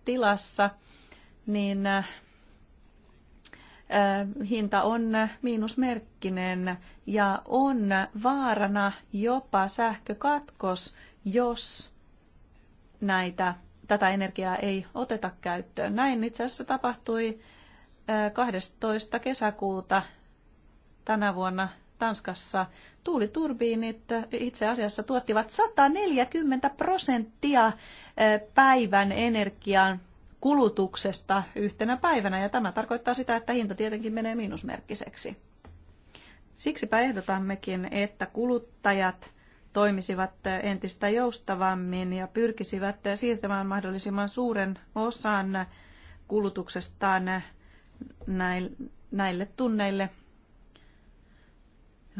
tilassa, niin äh, äh, hinta on miinusmerkkinen ja on vaarana jopa sähkökatkos, jos näitä, tätä energiaa ei oteta käyttöön. Näin itse asiassa tapahtui 12. Äh, kesäkuuta tänä vuonna Tanskassa tuuliturbiinit itse asiassa tuottivat 140 prosenttia päivän energian kulutuksesta yhtenä päivänä, ja tämä tarkoittaa sitä, että hinta tietenkin menee miinusmerkkiseksi. Siksipä ehdotammekin, että kuluttajat toimisivat entistä joustavammin ja pyrkisivät siirtämään mahdollisimman suuren osan kulutuksestaan näille tunneille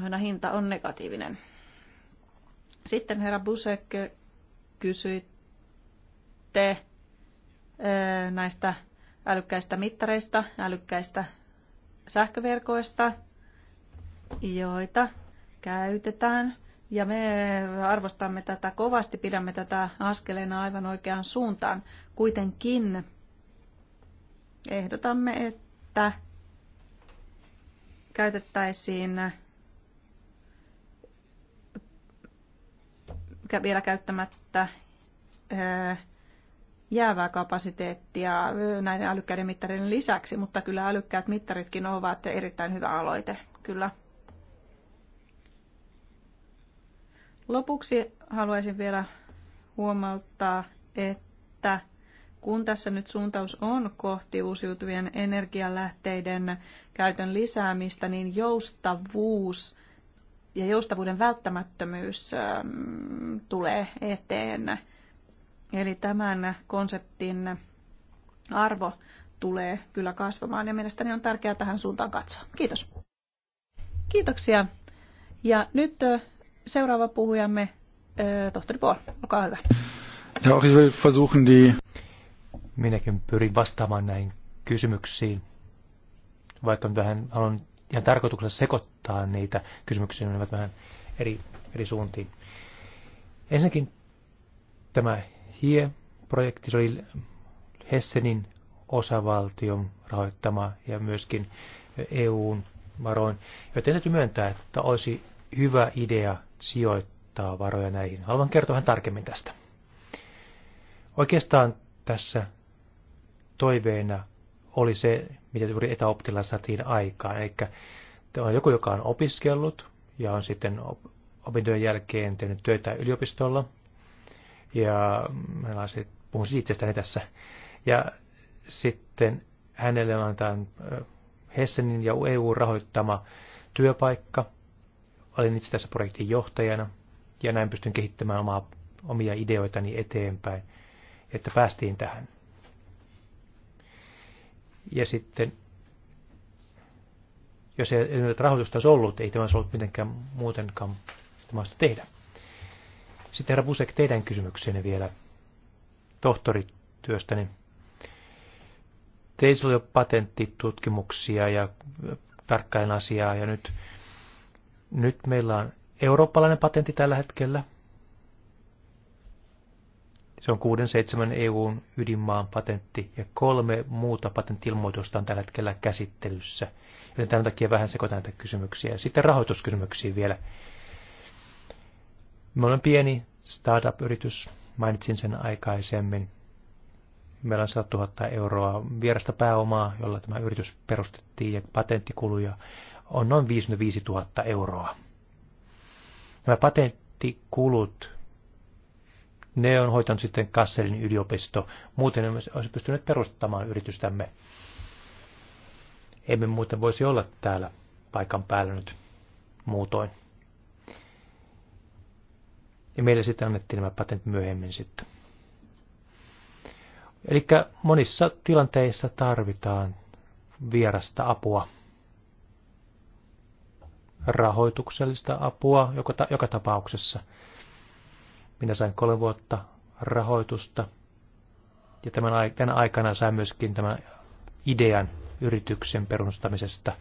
aina hinta on negatiivinen. Sitten herra Busek kysyitte näistä älykkäistä mittareista, älykkäistä sähköverkoista, joita käytetään. Ja me arvostamme tätä kovasti, pidämme tätä askeleena aivan oikeaan suuntaan. Kuitenkin ehdotamme, että käytettäisiin vielä käyttämättä öö, jäävää kapasiteettia öö, näiden älykkäiden mittareiden lisäksi, mutta kyllä älykkäät mittaritkin ovat erittäin hyvä aloite, kyllä. Lopuksi haluaisin vielä huomauttaa, että kun tässä nyt suuntaus on kohti uusiutuvien energialähteiden käytön lisäämistä, niin joustavuus ja joustavuuden välttämättömyys ähm, tulee eteen. Eli tämän konseptin arvo tulee kyllä kasvamaan ja mielestäni on tärkeää tähän suuntaan katsoa. Kiitos. Kiitoksia. Ja nyt seuraava puhujamme, tohtori Paul, olkaa hyvä. Ja auch ich will versuchen die... Minäkin pyrin vastaamaan näihin kysymyksiin, vaikka vähän haluan ihan tarkoituksella sekoittaa niitä kysymyksiä, ne menevät vähän eri, eri suuntiin. Ensinnäkin tämä HIE-projekti, se oli Hessenin osavaltion rahoittama ja myöskin EUn varoin, joten täytyy myöntää, että olisi hyvä idea sijoittaa varoja näihin. Haluan kertoa vähän tarkemmin tästä. Oikeastaan tässä toiveena oli se, mitä juuri etäoptilla saatiin aikaan. Eli tämä on joku, joka on opiskellut ja on sitten opintojen jälkeen tehnyt töitä yliopistolla. Ja mä puhun siis itsestäni tässä. Ja sitten hänelle on tämä Hessenin ja EU rahoittama työpaikka. Olin itse tässä projektin johtajana ja näin pystyn kehittämään omaa, omia ideoitani eteenpäin, että päästiin tähän. Ja sitten, jos ei, ei rahoitusta olisi ollut, ei tämä olisi ollut mitenkään muutenkaan tämä tehdä. Sitten herra Busek, teidän kysymykseenne vielä tohtorityöstäni. Teillä oli jo patenttitutkimuksia ja tarkkaan asiaa ja nyt, nyt meillä on eurooppalainen patentti tällä hetkellä – se on kuuden seitsemän EUn ydinmaan patentti ja kolme muuta patenttilmoitusta on tällä hetkellä käsittelyssä. Joten tämän takia vähän sekoitan näitä kysymyksiä. Sitten rahoituskysymyksiin vielä. Me olemme pieni startup-yritys, mainitsin sen aikaisemmin. Meillä on 100 000 euroa vierasta pääomaa, jolla tämä yritys perustettiin ja patenttikuluja on noin 55 000 euroa. Nämä patenttikulut ne on hoitanut sitten Kasselin yliopisto. Muuten emme olisi pystyneet perustamaan yritystämme. Emme muuten voisi olla täällä paikan päällä nyt muutoin. Ja meille sitten annettiin nämä patent myöhemmin sitten. Eli monissa tilanteissa tarvitaan vierasta apua, rahoituksellista apua joka, joka tapauksessa. Minä sain kolme vuotta rahoitusta ja tämän, tämän aikana sain myöskin tämän idean yrityksen perustamisesta.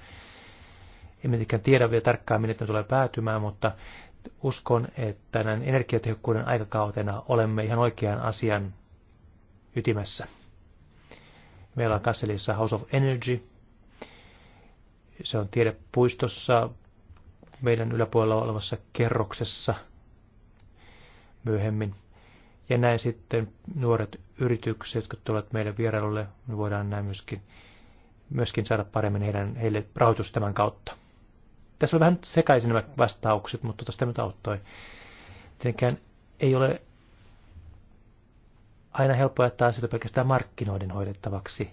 En mitenkään tiedä vielä tarkkaan, minne tämä tulee päätymään, mutta uskon, että näin energiatehokkuuden aikakautena olemme ihan oikean asian ytimessä. Meillä on Kasselissa House of Energy. Se on tiedepuistossa meidän yläpuolella olevassa kerroksessa – myöhemmin. Ja näin sitten nuoret yritykset, jotka tulevat meille vierailulle, me voidaan näin myöskin, myöskin saada paremmin heidän, heille rahoitus tämän kautta. Tässä on vähän sekaisin nämä vastaukset, mutta tästä nyt auttoi. Tietenkään ei ole aina helppo jättää asioita pelkästään markkinoiden hoidettavaksi.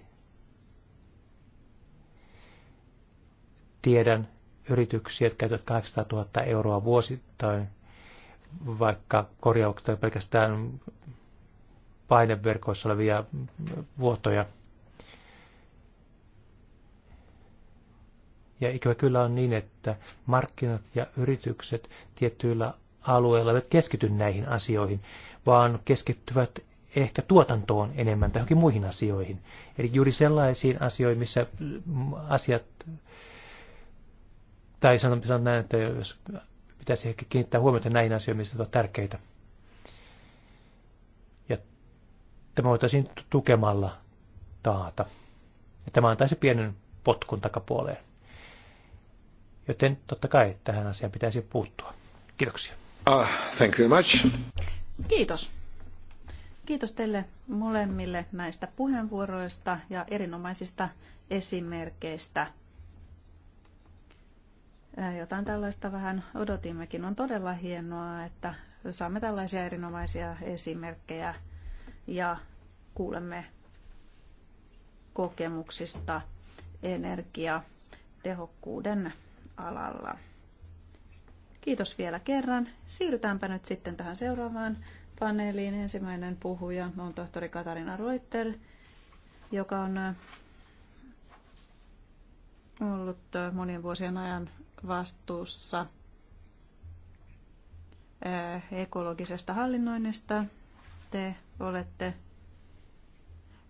Tiedän yrityksiä, jotka käytävät 800 000 euroa vuosittain vaikka korjaukset on pelkästään paineverkoissa olevia vuotoja. Ja ikävä kyllä on niin, että markkinat ja yritykset tietyillä alueilla eivät keskity näihin asioihin, vaan keskittyvät ehkä tuotantoon enemmän tai johonkin muihin asioihin. Eli juuri sellaisiin asioihin, missä asiat, tai sanotaan näin, että jos pitäisi ehkä kiinnittää huomiota näihin asioihin, mistä on tärkeitä. Ja tämä voitaisiin tukemalla taata. Ja tämä antaisi pienen potkun takapuoleen. Joten totta kai tähän asiaan pitäisi puuttua. Kiitoksia. Uh, thank you very much. Kiitos. Kiitos teille molemmille näistä puheenvuoroista ja erinomaisista esimerkkeistä jotain tällaista vähän odotimmekin. On todella hienoa, että saamme tällaisia erinomaisia esimerkkejä ja kuulemme kokemuksista energiatehokkuuden alalla. Kiitos vielä kerran. Siirrytäänpä nyt sitten tähän seuraavaan paneeliin. Ensimmäinen puhuja on tohtori Katarina Reuter, joka on ollut monien vuosien ajan vastuussa äh, ekologisesta hallinnoinnista. Te olette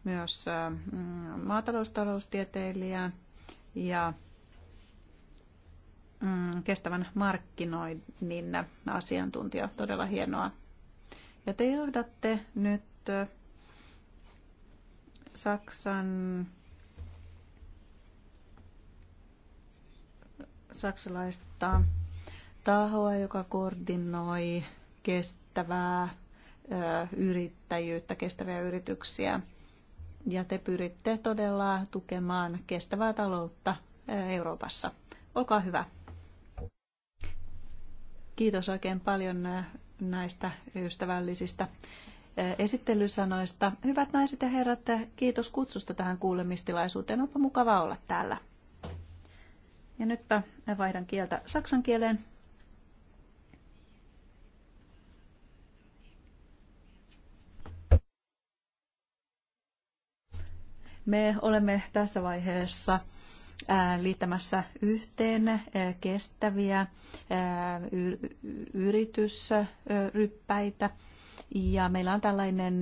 myös äh, maataloustaloustieteilijä ja mm, kestävän markkinoinnin asiantuntija. Todella hienoa. Ja te johdatte nyt äh, Saksan saksalaista tahoa, joka koordinoi kestävää yrittäjyyttä, kestäviä yrityksiä. Ja te pyritte todella tukemaan kestävää taloutta Euroopassa. Olkaa hyvä. Kiitos oikein paljon näistä ystävällisistä esittelysanoista. Hyvät naiset ja herrat, kiitos kutsusta tähän kuulemistilaisuuteen. Onpa mukava olla täällä. Ja nytpä vaihdan kieltä saksan kieleen. Me olemme tässä vaiheessa liittämässä yhteen kestäviä yritysryppäitä. Ja meillä on tällainen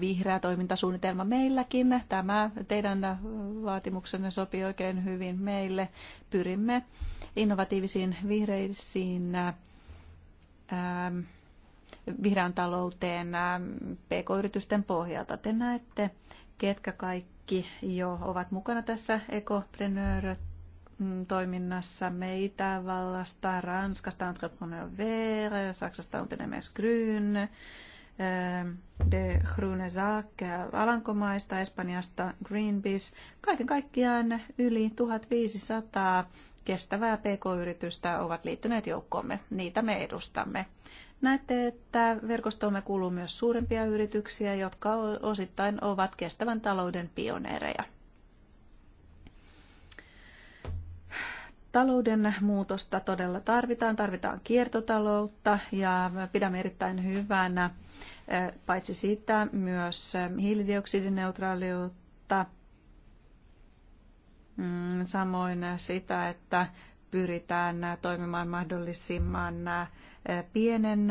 vihreä toimintasuunnitelma meilläkin. Tämä teidän vaatimuksenne sopii oikein hyvin meille. Pyrimme innovatiivisiin vihreisiin ähm, vihreän talouteen ähm, pk-yritysten pohjalta. Te näette, ketkä kaikki jo ovat mukana tässä ekopreneur toiminnassa meitä Itävallasta, Ranskasta Entrepreneur Vere, Saksasta grün. Ähm, de Grunesaak Alankomaista, Espanjasta Greenpeace. Kaiken kaikkiaan yli 1500 kestävää pk-yritystä ovat liittyneet joukkoomme. Niitä me edustamme. Näette, että verkostoomme kuuluu myös suurempia yrityksiä, jotka osittain ovat kestävän talouden pioneereja. Talouden muutosta todella tarvitaan, tarvitaan kiertotaloutta ja pidämme erittäin hyvänä eh, paitsi sitä myös eh, hiilidioksidineutraaliutta, mm, samoin sitä, että pyritään toimimaan mahdollisimman eh, pienen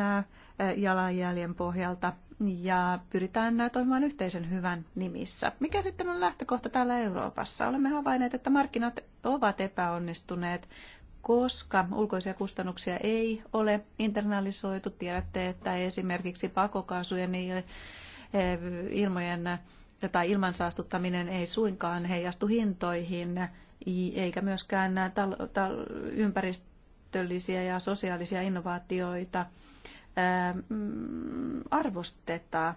jalanjäljen pohjalta – ja pyritään toimimaan yhteisen hyvän nimissä. Mikä sitten on lähtökohta täällä Euroopassa? Olemme havainneet, että markkinat ovat epäonnistuneet, koska ulkoisia kustannuksia ei ole internalisoitu. Tiedätte, että esimerkiksi pakokaasujen eh, ilmojen tai ilman saastuttaminen ei suinkaan heijastu hintoihin, eikä myöskään ympäristöllisiä ja sosiaalisia innovaatioita Mm, arvosteta.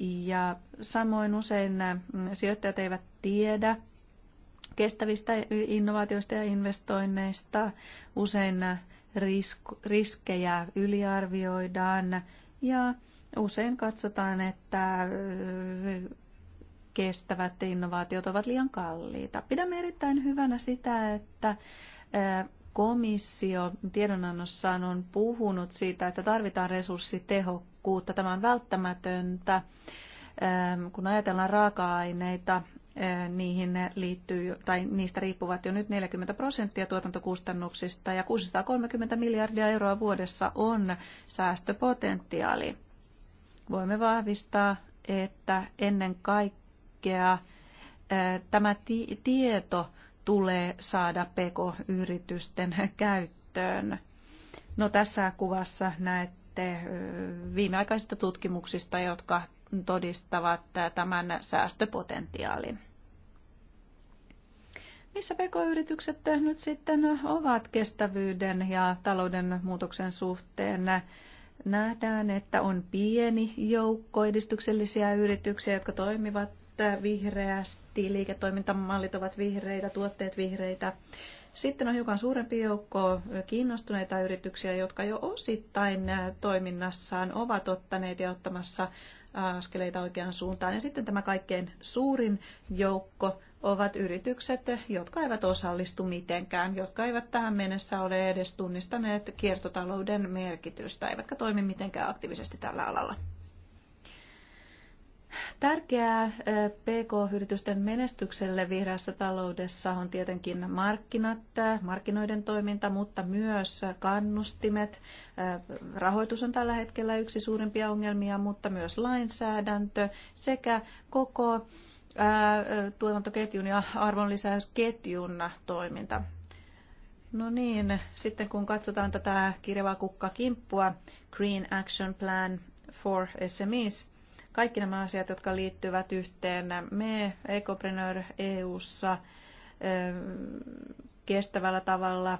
Ja samoin usein mm, sijoittajat eivät tiedä kestävistä innovaatioista ja investoinneista. Usein riskejä yliarvioidaan ja usein katsotaan, että kestävät innovaatiot ovat liian kalliita. Pidämme erittäin hyvänä sitä, että komissio tiedonannossaan on puhunut siitä, että tarvitaan resurssitehokkuutta. Tämä on välttämätöntä. Ähm, kun ajatellaan raaka-aineita, äh, niihin liittyy, tai niistä riippuvat jo nyt 40 prosenttia tuotantokustannuksista, ja 630 miljardia euroa vuodessa on säästöpotentiaali. Voimme vahvistaa, että ennen kaikkea äh, tämä tieto, tulee saada PK-yritysten käyttöön. No tässä kuvassa näette viimeaikaisista tutkimuksista, jotka todistavat tämän säästöpotentiaalin. Missä pk-yritykset nyt sitten ovat kestävyyden ja talouden muutoksen suhteen? Nähdään, että on pieni joukko edistyksellisiä yrityksiä, jotka toimivat vihreästi, liiketoimintamallit ovat vihreitä, tuotteet vihreitä. Sitten on hiukan suurempi joukko kiinnostuneita yrityksiä, jotka jo osittain toiminnassaan ovat ottaneet ja ottamassa äh, askeleita oikeaan suuntaan. Ja sitten tämä kaikkein suurin joukko ovat yritykset, jotka eivät osallistu mitenkään, jotka eivät tähän mennessä ole edes tunnistaneet kiertotalouden merkitystä, eivätkä toimi mitenkään aktiivisesti tällä alalla. Tärkeää PK-yritysten menestykselle vihreässä taloudessa on tietenkin markkinat, markkinoiden toiminta, mutta myös kannustimet. Rahoitus on tällä hetkellä yksi suurimpia ongelmia, mutta myös lainsäädäntö sekä koko tuotantoketjun ja arvonlisäysketjun toiminta. No niin, sitten kun katsotaan tätä kirjavaa kukkakimppua, Green Action Plan for SMEs, kaikki nämä asiat, jotka liittyvät yhteen, me Ecopreneur EU:ssa kestävällä tavalla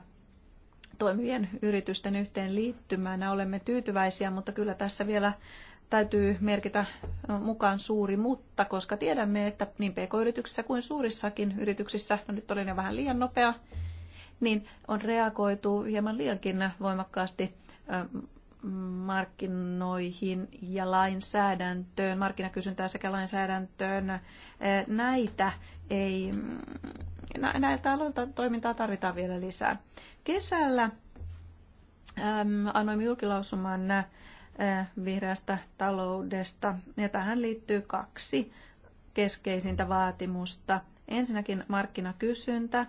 toimivien yritysten liittymänä olemme tyytyväisiä, mutta kyllä tässä vielä täytyy merkitä mukaan suuri mutta, koska tiedämme, että niin pk-yrityksissä kuin suurissakin yrityksissä, no nyt olin jo vähän liian nopea, niin on reagoitu hieman liiankin voimakkaasti markkinoihin ja lainsäädäntöön, markkinakysyntään sekä lainsäädäntöön. Näitä ei, näiltä aloilta toimintaa tarvitaan vielä lisää. Kesällä annoimme julkilausuman vihreästä taloudesta ja tähän liittyy kaksi keskeisintä vaatimusta. Ensinnäkin markkinakysyntä,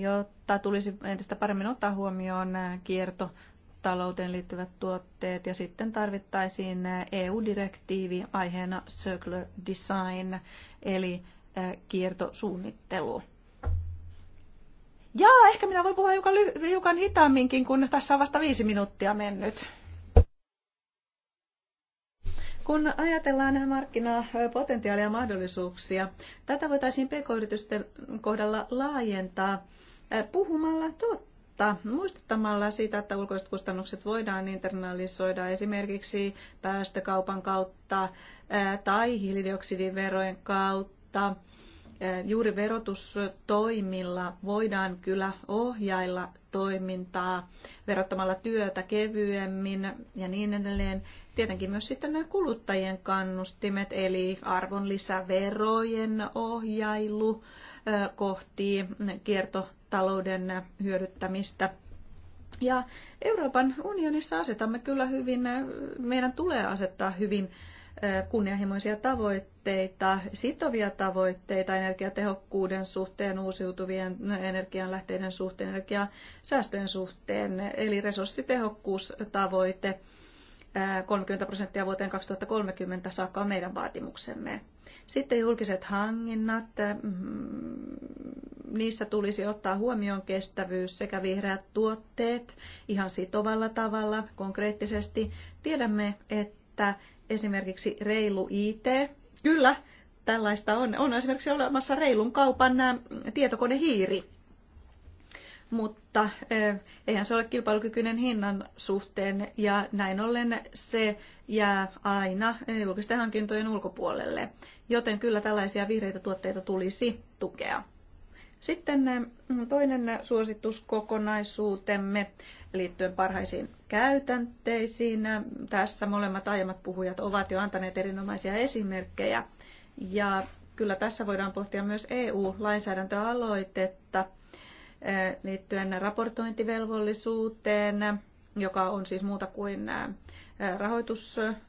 jotta tai tulisi entistä paremmin ottaa huomioon kierto talouteen liittyvät tuotteet ja sitten tarvittaisiin EU-direktiivi aiheena Circular Design eli kiertosuunnittelu. Ja ehkä minä voin puhua hiukan, hiukan hitaamminkin, kun tässä on vasta viisi minuuttia mennyt. Kun ajatellaan markkinaa, potentiaalia ja mahdollisuuksia, tätä voitaisiin pk-yritysten kohdalla laajentaa puhumalla totta, muistuttamalla sitä, että ulkoiset kustannukset voidaan internalisoida esimerkiksi päästökaupan kautta tai hiilidioksidiverojen kautta. Juuri verotustoimilla voidaan kyllä ohjailla toimintaa verottamalla työtä kevyemmin ja niin edelleen. Tietenkin myös sitten nämä kuluttajien kannustimet, eli arvonlisäverojen ohjailu kohti kierto talouden hyödyttämistä. Ja Euroopan unionissa asetamme kyllä hyvin, meidän tulee asettaa hyvin kunnianhimoisia tavoitteita, sitovia tavoitteita energiatehokkuuden suhteen, uusiutuvien energianlähteiden suhteen, energiasäästöjen suhteen, eli resurssitehokkuustavoite 30 prosenttia vuoteen 2030 saakka on meidän vaatimuksemme. Sitten julkiset hankinnat, mm, niissä tulisi ottaa huomioon kestävyys sekä vihreät tuotteet ihan sitovalla tavalla konkreettisesti. Tiedämme, että esimerkiksi reilu IT, kyllä, tällaista on, on esimerkiksi olemassa reilun kaupan tietokonehiiri mutta eihän se ole kilpailukykyinen hinnan suhteen ja näin ollen se jää aina julkisten hankintojen ulkopuolelle. Joten kyllä tällaisia vihreitä tuotteita tulisi tukea. Sitten toinen suositus kokonaisuutemme liittyen parhaisiin käytänteisiin. Tässä molemmat aiemmat puhujat ovat jo antaneet erinomaisia esimerkkejä. Ja kyllä tässä voidaan pohtia myös EU-lainsäädäntöaloitetta – liittyen raportointivelvollisuuteen, joka on siis muuta kuin rahoitusalaan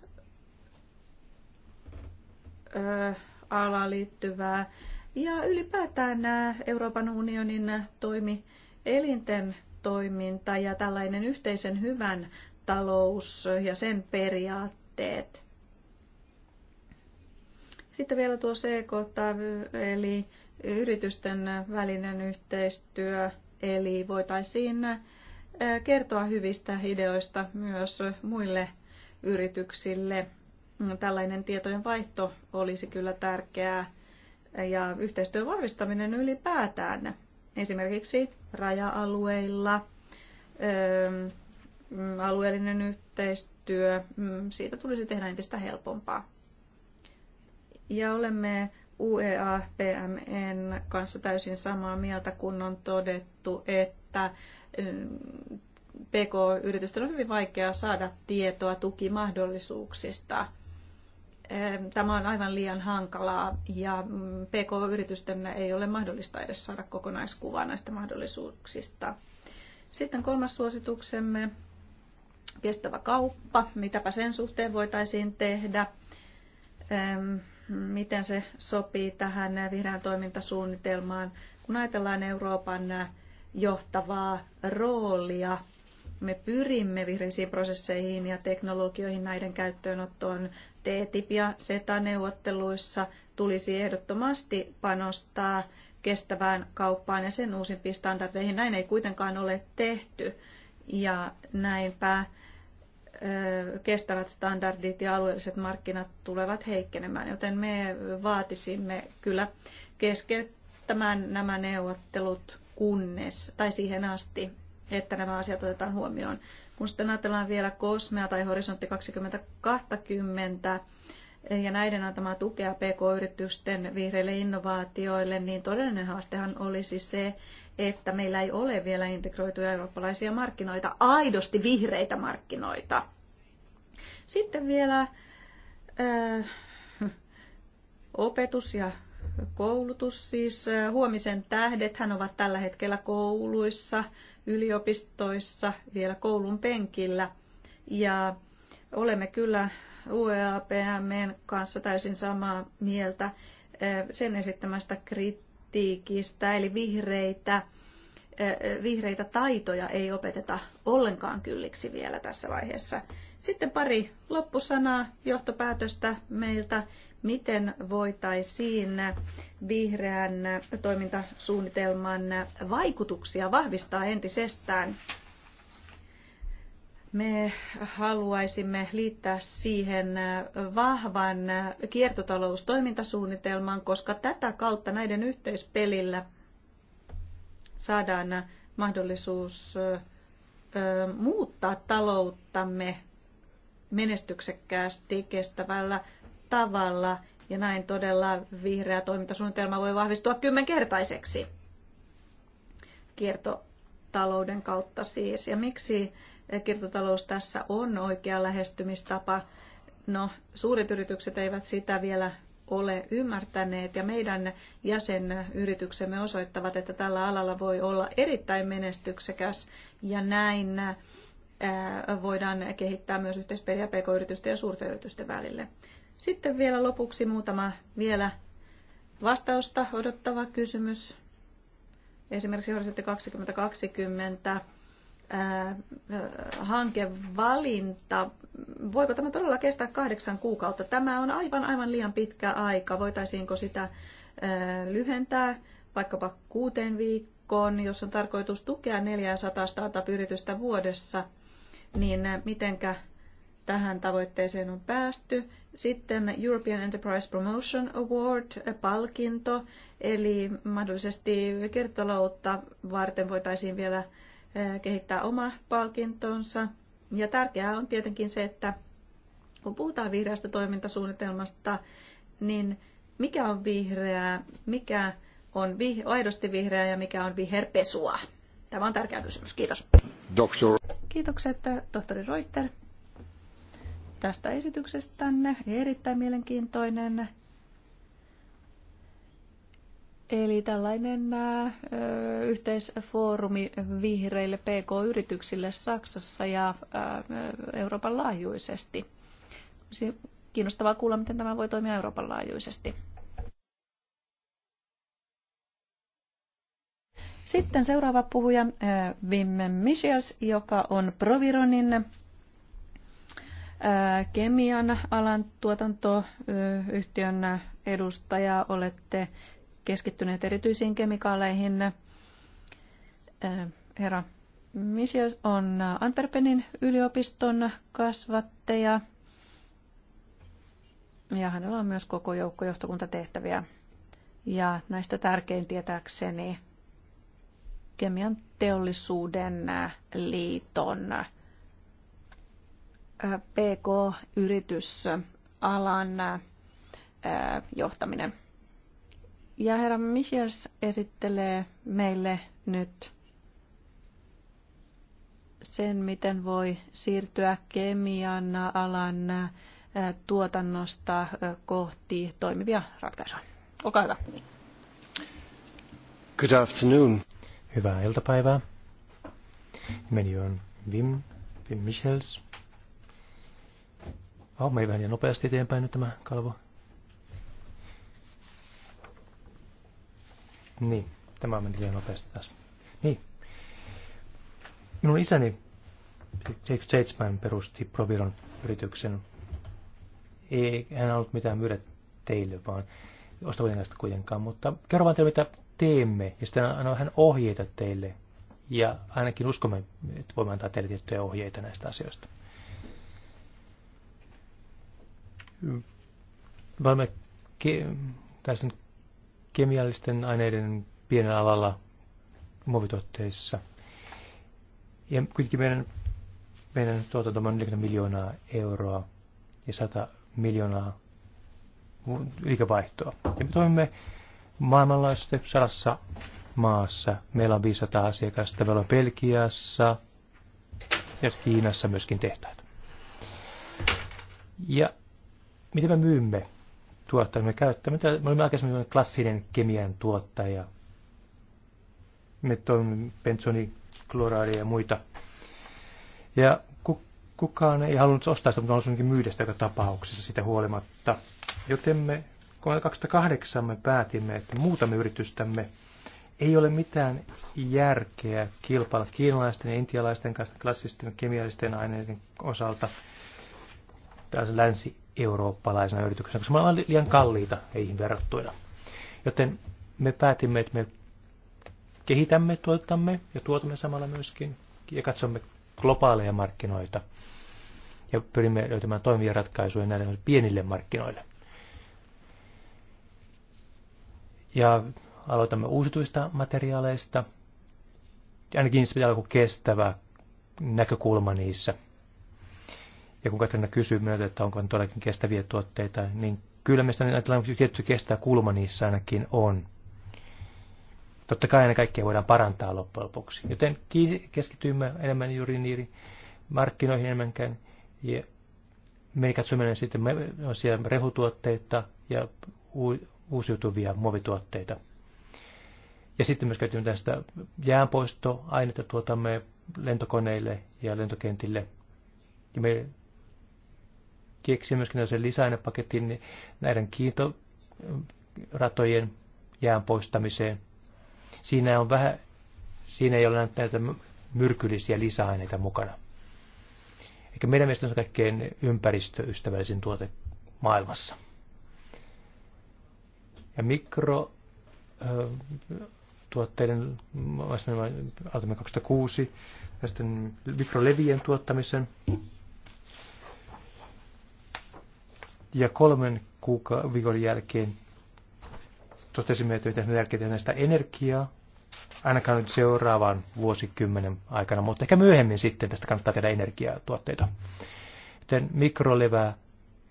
liittyvää ja ylipäätään Euroopan unionin toimi elinten toiminta ja tällainen yhteisen hyvän talous ja sen periaatteet. Sitten vielä tuo CK, eli yritysten välinen yhteistyö, eli voitaisiin kertoa hyvistä ideoista myös muille yrityksille. Tällainen tietojen vaihto olisi kyllä tärkeää ja yhteistyön vahvistaminen ylipäätään esimerkiksi raja-alueilla, alueellinen yhteistyö, mm, siitä tulisi tehdä entistä helpompaa. Ja olemme UEA-PMN kanssa täysin samaa mieltä, kun on todettu, että mm, PK-yritysten on hyvin vaikea saada tietoa tukimahdollisuuksista. Tämä on aivan liian hankalaa ja mm, PK-yritysten ei ole mahdollista edes saada kokonaiskuvaa näistä mahdollisuuksista. Sitten kolmas suosituksemme, kestävä kauppa. Mitäpä sen suhteen voitaisiin tehdä? miten se sopii tähän vihreän toimintasuunnitelmaan, kun ajatellaan Euroopan johtavaa roolia. Me pyrimme vihreisiin prosesseihin ja teknologioihin näiden käyttöönottoon. TTIP ja SETA-neuvotteluissa tulisi ehdottomasti panostaa kestävään kauppaan ja sen uusimpiin standardeihin. Näin ei kuitenkaan ole tehty. Ja näinpä kestävät standardit ja alueelliset markkinat tulevat heikkenemään, joten me vaatisimme kyllä keskeyttämään nämä neuvottelut kunnes tai siihen asti, että nämä asiat otetaan huomioon. Kun sitten ajatellaan vielä Kosmea tai Horisontti 2020, ja näiden antamaa tukea PK-yritysten vihreille innovaatioille, niin todellinen haastehan olisi se, että meillä ei ole vielä integroituja eurooppalaisia markkinoita, aidosti vihreitä markkinoita. Sitten vielä äh, opetus ja koulutus, siis äh, huomisen hän ovat tällä hetkellä kouluissa, yliopistoissa, vielä koulun penkillä. Ja olemme kyllä UEAPMn kanssa täysin samaa mieltä sen esittämästä kritiikistä, eli vihreitä, vihreitä taitoja ei opeteta ollenkaan kylliksi vielä tässä vaiheessa. Sitten pari loppusanaa, johtopäätöstä meiltä, miten voitaisiin vihreän toimintasuunnitelman vaikutuksia vahvistaa entisestään me haluaisimme liittää siihen vahvan kiertotaloustoimintasuunnitelman, koska tätä kautta näiden yhteispelillä saadaan mahdollisuus muuttaa talouttamme menestyksekkäästi kestävällä tavalla. Ja näin todella vihreä toimintasuunnitelma voi vahvistua kymmenkertaiseksi kiertotalouden kautta siis. Ja miksi kiertotalous tässä on oikea lähestymistapa. No, suuret yritykset eivät sitä vielä ole ymmärtäneet ja meidän jäsenyrityksemme osoittavat, että tällä alalla voi olla erittäin menestyksekäs ja näin äh, voidaan kehittää myös yhteispeliä pk-yritysten ja suurten yritysten välille. Sitten vielä lopuksi muutama vielä vastausta odottava kysymys. Esimerkiksi Horisontti 2020 Äh, hankevalinta. Voiko tämä todella kestää kahdeksan kuukautta? Tämä on aivan, aivan liian pitkä aika. Voitaisiinko sitä äh, lyhentää vaikkapa kuuteen viikkoon, jos on tarkoitus tukea 400 startup-yritystä vuodessa, niin äh, mitenkä tähän tavoitteeseen on päästy. Sitten European Enterprise Promotion Award, palkinto, eli mahdollisesti kertoloutta varten voitaisiin vielä kehittää oma palkintonsa. Ja tärkeää on tietenkin se, että kun puhutaan vihreästä toimintasuunnitelmasta, niin mikä on vihreää, mikä on vih- aidosti vihreää ja mikä on viherpesua? Tämä on tärkeä kysymys. Kiitos. Doctor. Kiitokset, tohtori Reuter, tästä esityksestänne. Erittäin mielenkiintoinen Eli tällainen ä, äh, yhteisfoorumi vihreille PK-yrityksille Saksassa ja ä, äh, Euroopan laajuisesti. Kiinnostavaa kuulla, miten tämä voi toimia Euroopan laajuisesti. Sitten seuraava puhuja, Vimme äh, Michels, joka on Provironin kemian alan tuotantoyhtiön edustaja. Olette keskittyneet erityisiin kemikaaleihin. Äh, herra Misio on Antwerpenin yliopiston kasvattaja ja hänellä on myös koko joukko johtokuntatehtäviä. Ja näistä tärkein tietääkseni Kemian teollisuuden äh, liiton äh, PK-yritysalan johtaminen. Ja herra Michels esittelee meille nyt sen, miten voi siirtyä kemian alan tuotannosta kohti toimivia ratkaisuja. Olkaa hyvä. Good afternoon. Hyvää iltapäivää. Nimeni on Wim, Wim Michels. Oh, me vähän nopeasti eteenpäin nyt tämä kalvo. Niin, tämä meni liian nopeasti taas. Niin. Minun isäni 77 perusti Proviron yrityksen. Ei hän ollut mitään myydä teille, vaan kanssa kuitenkaan, mutta kerro vaan teille, mitä teemme, ja sitten annan vähän ohjeita teille, ja ainakin uskomme, että voimme antaa teille tiettyjä ohjeita näistä asioista. Me olemme tästä kemiallisten aineiden pienen alalla muovituotteissa. Ja kuitenkin meidän, meidän tuotantomme on 40 miljoonaa euroa ja 100 miljoonaa liikevaihtoa. Ja me toimimme maailmanlaajuisesti salassa maassa. Meillä on 500 asiakasta. Meillä on Belgiassa ja Kiinassa myöskin tehtaita. Ja miten me myymme tuottaja, me käyttämme. Me olemme aikaisemmin klassinen kemian tuottaja. Me toimimme bensoni, kloraaria ja muita. Ja kukaan ei halunnut ostaa sitä, mutta on myydä sitä joka tapauksessa sitä huolimatta. Joten me 2008 me päätimme, että muutamme yritystämme ei ole mitään järkeä kilpailla kiinalaisten ja intialaisten kanssa klassisten kemiallisten aineiden osalta tässä länsi eurooppalaisena yrityksenä, koska me ollaan liian kalliita heihin verrattuina. Joten me päätimme, että me kehitämme tuotamme ja tuotamme samalla myöskin ja katsomme globaaleja markkinoita ja pyrimme löytämään toimivia ratkaisuja näille pienille markkinoille. Ja aloitamme uusituista materiaaleista. Ainakin se pitää olla kestävä näkökulma niissä – ja kun Katrina kysyy minulta, että onko todellakin kestäviä tuotteita, niin kyllä meistä ajatellaan, että tietty kestää kulma niissä ainakin on. Totta kai aina kaikkea voidaan parantaa loppujen lopuksi. Joten keskitymme enemmän juuri niihin markkinoihin enemmänkään. Ja me katsomme sitten rehutuotteita ja uusiutuvia muovituotteita. Ja sitten myös käytimme tästä jäänpoistoainetta tuotamme lentokoneille ja lentokentille. Ja me keksiä myöskin tällaisen lisäainepaketin niin näiden kiintoratojen jään poistamiseen. Siinä, on vähän, siinä ei ole näitä myrkyllisiä lisäaineita mukana. Eikä meidän mielestä on kaikkein ympäristöystävällisin tuote maailmassa. Ja mikro tuotteiden, aloitamme 2006, sitten mikrolevien tuottamisen. Ja kolmen kuukauden viikon jälkeen totesimme, että tehnyt jälkeen näistä energiaa, ainakaan nyt seuraavan vuosikymmenen aikana, mutta ehkä myöhemmin sitten tästä kannattaa tehdä energiatuotteita. Joten mikrolevää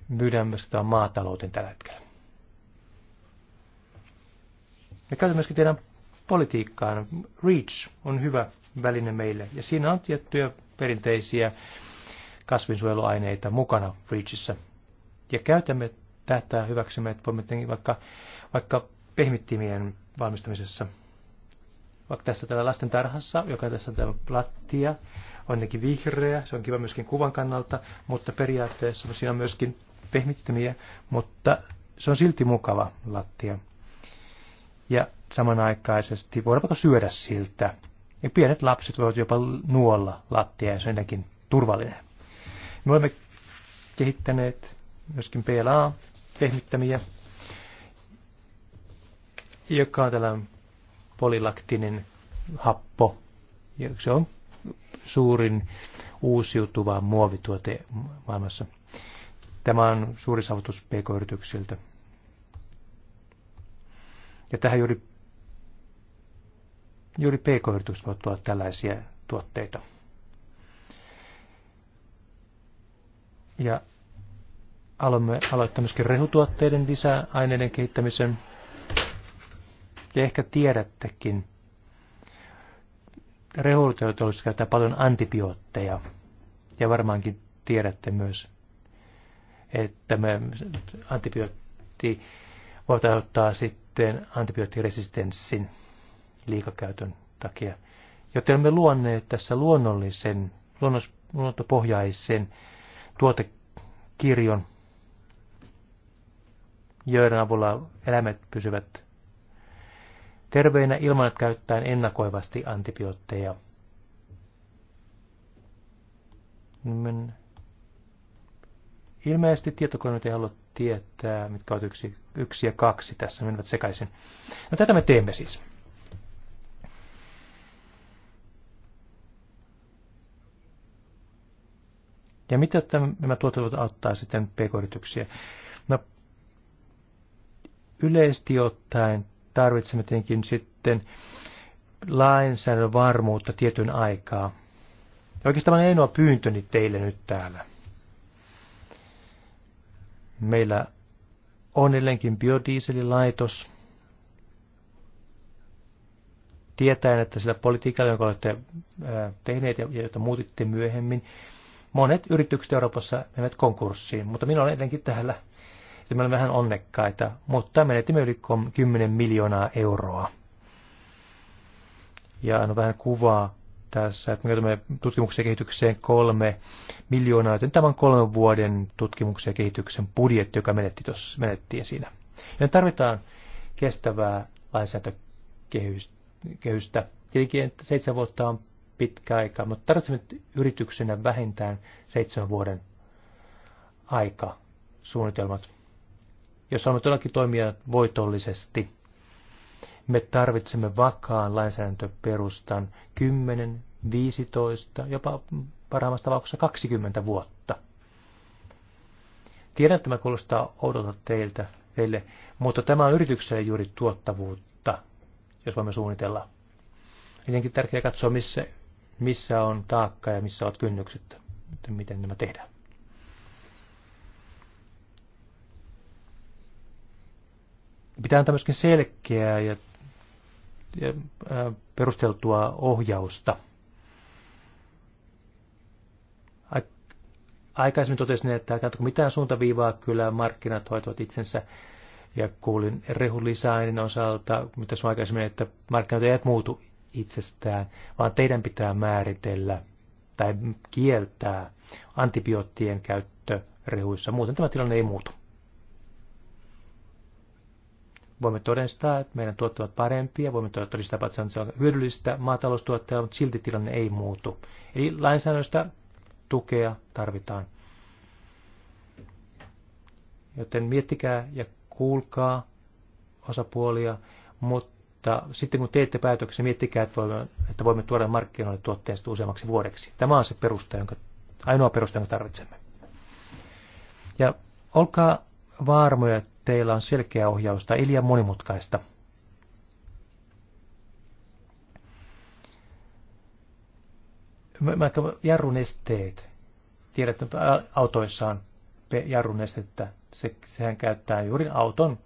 myydään myös maatalouteen tällä hetkellä. Me käytämme myöskin teidän politiikkaan. REACH on hyvä väline meille, ja siinä on tiettyjä perinteisiä kasvinsuojeluaineita mukana REACHissa – ja käytämme tätä hyväksymme, että voimme vaikka, vaikka pehmittimien valmistamisessa, vaikka tässä täällä lasten tarhassa, joka tässä on tämä lattia, on jotenkin vihreä, se on kiva myöskin kuvan kannalta, mutta periaatteessa siinä on myöskin pehmittimiä, mutta se on silti mukava lattia. Ja samanaikaisesti voidaan vaikka syödä siltä. Ja pienet lapset voivat jopa nuolla lattia ja se on turvallinen. Me olemme kehittäneet myöskin PLA-pehmittämiä, joka on tällainen polilaktinen happo. Ja se on suurin uusiutuva muovituote maailmassa. Tämä on suuri saavutus pk-yrityksiltä. Ja tähän juuri, juuri pk-yritykset voivat tuoda tällaisia tuotteita. Ja Alamme aloittaa myöskin rehutuotteiden lisäaineiden kehittämisen. Ja ehkä tiedättekin, rehuteollisuus käyttää paljon antibiootteja. Ja varmaankin tiedätte myös, että me antibiootti voi aiheuttaa sitten antibioottiresistenssin liikakäytön takia. Joten me luonneet tässä luonnollisen, luonnos, luonnontopohjaisen tuotekirjon, joiden avulla eläimet pysyvät terveinä ilman, että käyttäen ennakoivasti antibiootteja. Niin ilmeisesti tietokoneet ei halua tietää, mitkä ovat yksi, yksi ja kaksi tässä, menevät sekaisin. No tätä me teemme siis. Ja mitä nämä tuotot auttaa sitten pk-yrityksiä? No yleisesti ottaen tarvitsemme tietenkin sitten lainsäädännön varmuutta tietyn aikaa. Ja oikeastaan ainoa pyyntöni teille nyt täällä. Meillä on edelleenkin biodiiselilaitos. Tietäen, että sillä politiikalla, jonka olette tehneet ja jota muutitte myöhemmin, monet yritykset Euroopassa menevät konkurssiin, mutta minä olen edelleenkin täällä että me olemme vähän onnekkaita, mutta menetimme yli 10 miljoonaa euroa. Ja on vähän kuvaa tässä, että me käytämme tutkimuksen ja kehitykseen kolme miljoonaa, joten tämän kolmen vuoden tutkimuksen ja kehityksen budjetti, joka menetti tossa, menettiin siinä. Ja tarvitaan kestävää lainsäädäntökehystä. Tietenkin että seitsemän vuotta on pitkä aika, mutta tarvitsemme yrityksenä vähintään seitsemän vuoden aika suunnitelmat jos haluamme todellakin toimia voitollisesti, me tarvitsemme vakaan lainsäädäntöperustan 10, 15, jopa parhaimmassa tapauksessa 20 vuotta. Tiedän, että tämä kuulostaa odota teiltä, teille, mutta tämä on yritykselle juuri tuottavuutta, jos voimme suunnitella. Jotenkin tärkeää katsoa, missä, missä on taakka ja missä ovat kynnykset, miten nämä tehdään. pitää antaa myöskin selkeää ja, ja perusteltua ohjausta. Aikaisemmin totesin, että älkää mitään suuntaviivaa, kyllä markkinat hoitavat itsensä. Ja kuulin rehulisainin osalta, mitä sun aikaisemmin, että markkinat eivät muutu itsestään, vaan teidän pitää määritellä tai kieltää antibioottien käyttö rehuissa. Muuten tämä tilanne ei muutu voimme todistaa, että meidän tuotteet ovat parempia, voimme todistaa, että se on hyödyllistä maataloustuottajalla, mutta silti tilanne ei muutu. Eli lainsäädännöstä tukea tarvitaan. Joten miettikää ja kuulkaa osapuolia, mutta sitten kun teette päätöksen, miettikää, että voimme, että voimme tuoda markkinoille tuotteen useammaksi vuodeksi. Tämä on se perusta, jonka, ainoa perusta, jonka tarvitsemme. Ja olkaa varmoja, teillä on selkeää ohjausta, ei liian monimutkaista. Vaikka jarrun esteet, että autoissa on jarrun estettä, se, sehän käyttää juuri auton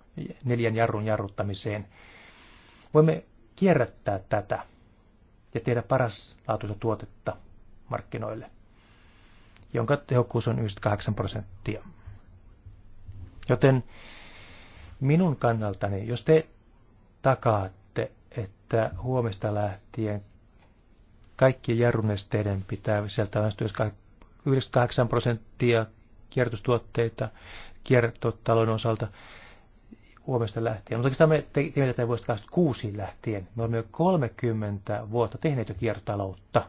neljän jarrun jarruttamiseen. Voimme kierrättää tätä ja tehdä laatuista tuotetta markkinoille, jonka tehokkuus on 98 prosenttia. Joten minun kannaltani, jos te takaatte, että huomesta lähtien kaikkien jarrunesteiden pitää on 98 prosenttia kierrätystuotteita kiertotalon osalta huomesta lähtien. Mutta oikeastaan me teemme tätä vuodesta 2006 lähtien. Me olemme jo 30 vuotta tehneet jo kiertotaloutta.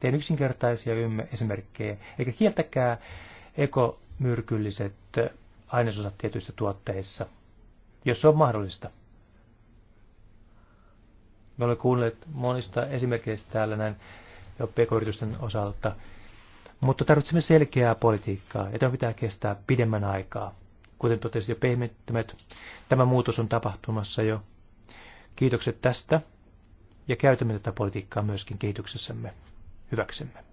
Teen yksinkertaisia esimerkkejä. Eikä kieltäkää ekomyrkylliset ainesosat tietyissä tuotteissa, jos se on mahdollista. Me olemme kuulleet monista esimerkkeistä täällä näin pk-yritysten osalta, mutta tarvitsemme selkeää politiikkaa ja tämä pitää kestää pidemmän aikaa. Kuten totesin jo pehmittömät, tämä muutos on tapahtumassa jo. Kiitokset tästä ja käytämme tätä politiikkaa myöskin kehityksessämme hyväksemme.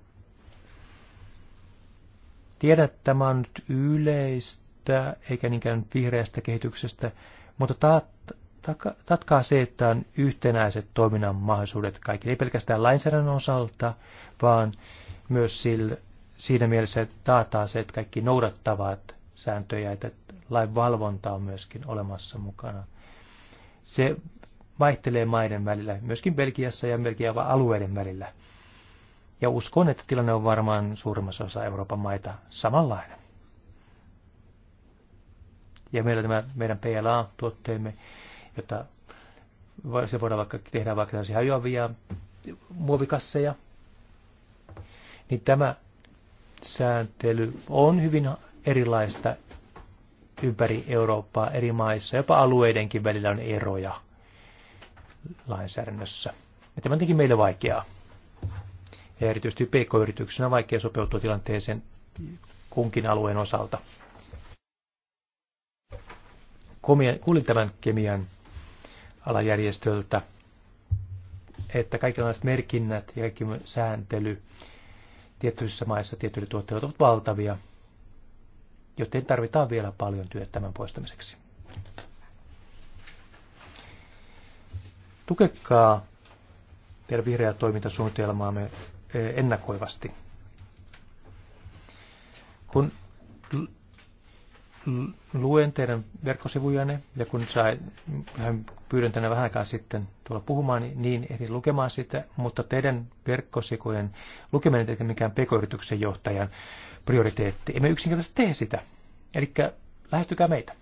Tiedä, että tämä on nyt yleistä, eikä niinkään vihreästä kehityksestä, mutta taat, tatkaa se, että on yhtenäiset toiminnan mahdollisuudet kaikille, ei pelkästään lainsäädännön osalta, vaan myös sillä, siinä mielessä, että taataan se, että kaikki noudattavat sääntöjä, että lain valvonta on myöskin olemassa mukana. Se vaihtelee maiden välillä, myöskin Belgiassa ja Belgian alueiden välillä. Ja uskon, että tilanne on varmaan suurimmassa osa Euroopan maita samanlainen. Ja meillä tämä meidän PLA-tuotteemme, jota se voidaan vaikka tehdä vaikka tällaisia hajoavia muovikasseja, niin tämä sääntely on hyvin erilaista ympäri Eurooppaa eri maissa, jopa alueidenkin välillä on eroja lainsäädännössä. Ja tämä on tietenkin meille vaikeaa ja erityisesti pk-yrityksenä on vaikea sopeutua tilanteeseen kunkin alueen osalta. Kuulin tämän kemian alajärjestöltä, että kaikenlaiset merkinnät ja kaikki sääntely tietyissä maissa tietyille tuotteille ovat valtavia, joten tarvitaan vielä paljon työtä tämän poistamiseksi. Tukekaa teidän vihreää toimintasuunnitelmaamme ennakoivasti. Kun luen teidän verkkosivujanne ja kun sain, pyydän tänne vähän aikaa sitten tulla puhumaan, niin, niin ehdin lukemaan sitä, mutta teidän verkkosivujen lukeminen ei mikään pekoyrityksen johtajan prioriteetti. Emme yksinkertaisesti tee sitä. Eli lähestykää meitä.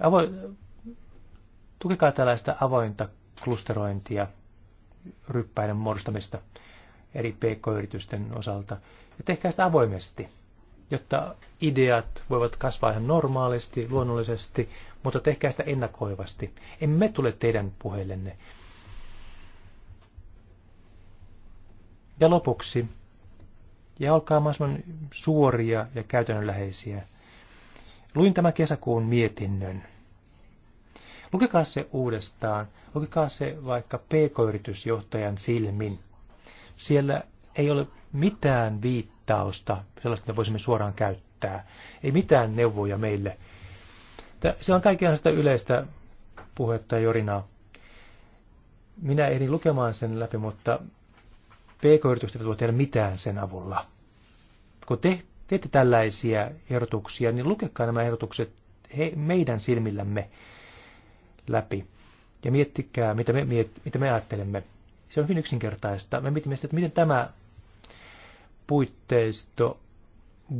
Avo, tukekaa tällaista avointa klusterointia – ryppäiden muodostamista eri pk-yritysten osalta. Ja tehkää sitä avoimesti, jotta ideat voivat kasvaa ihan normaalisti, luonnollisesti, mutta tehkää sitä ennakoivasti. Emme tule teidän puheillenne. Ja lopuksi, ja olkaa mahdollisimman suoria ja käytännönläheisiä. Luin tämän kesäkuun mietinnön Lukekaa se uudestaan. Lukekaa se vaikka pk-yritysjohtajan silmin. Siellä ei ole mitään viittausta, sellaista mitä voisimme suoraan käyttää. Ei mitään neuvoja meille. Se on sitä yleistä puhetta ja jorinaa. Minä ehdin lukemaan sen läpi, mutta pk-yritykset eivät voi tehdä mitään sen avulla. Kun te, teette tällaisia ehdotuksia, niin lukekaa nämä ehdotukset he, meidän silmillämme läpi. Ja miettikää, mitä me, miet, mitä me ajattelemme. Se on hyvin yksinkertaista. Me mietimme sitä, että miten tämä puitteisto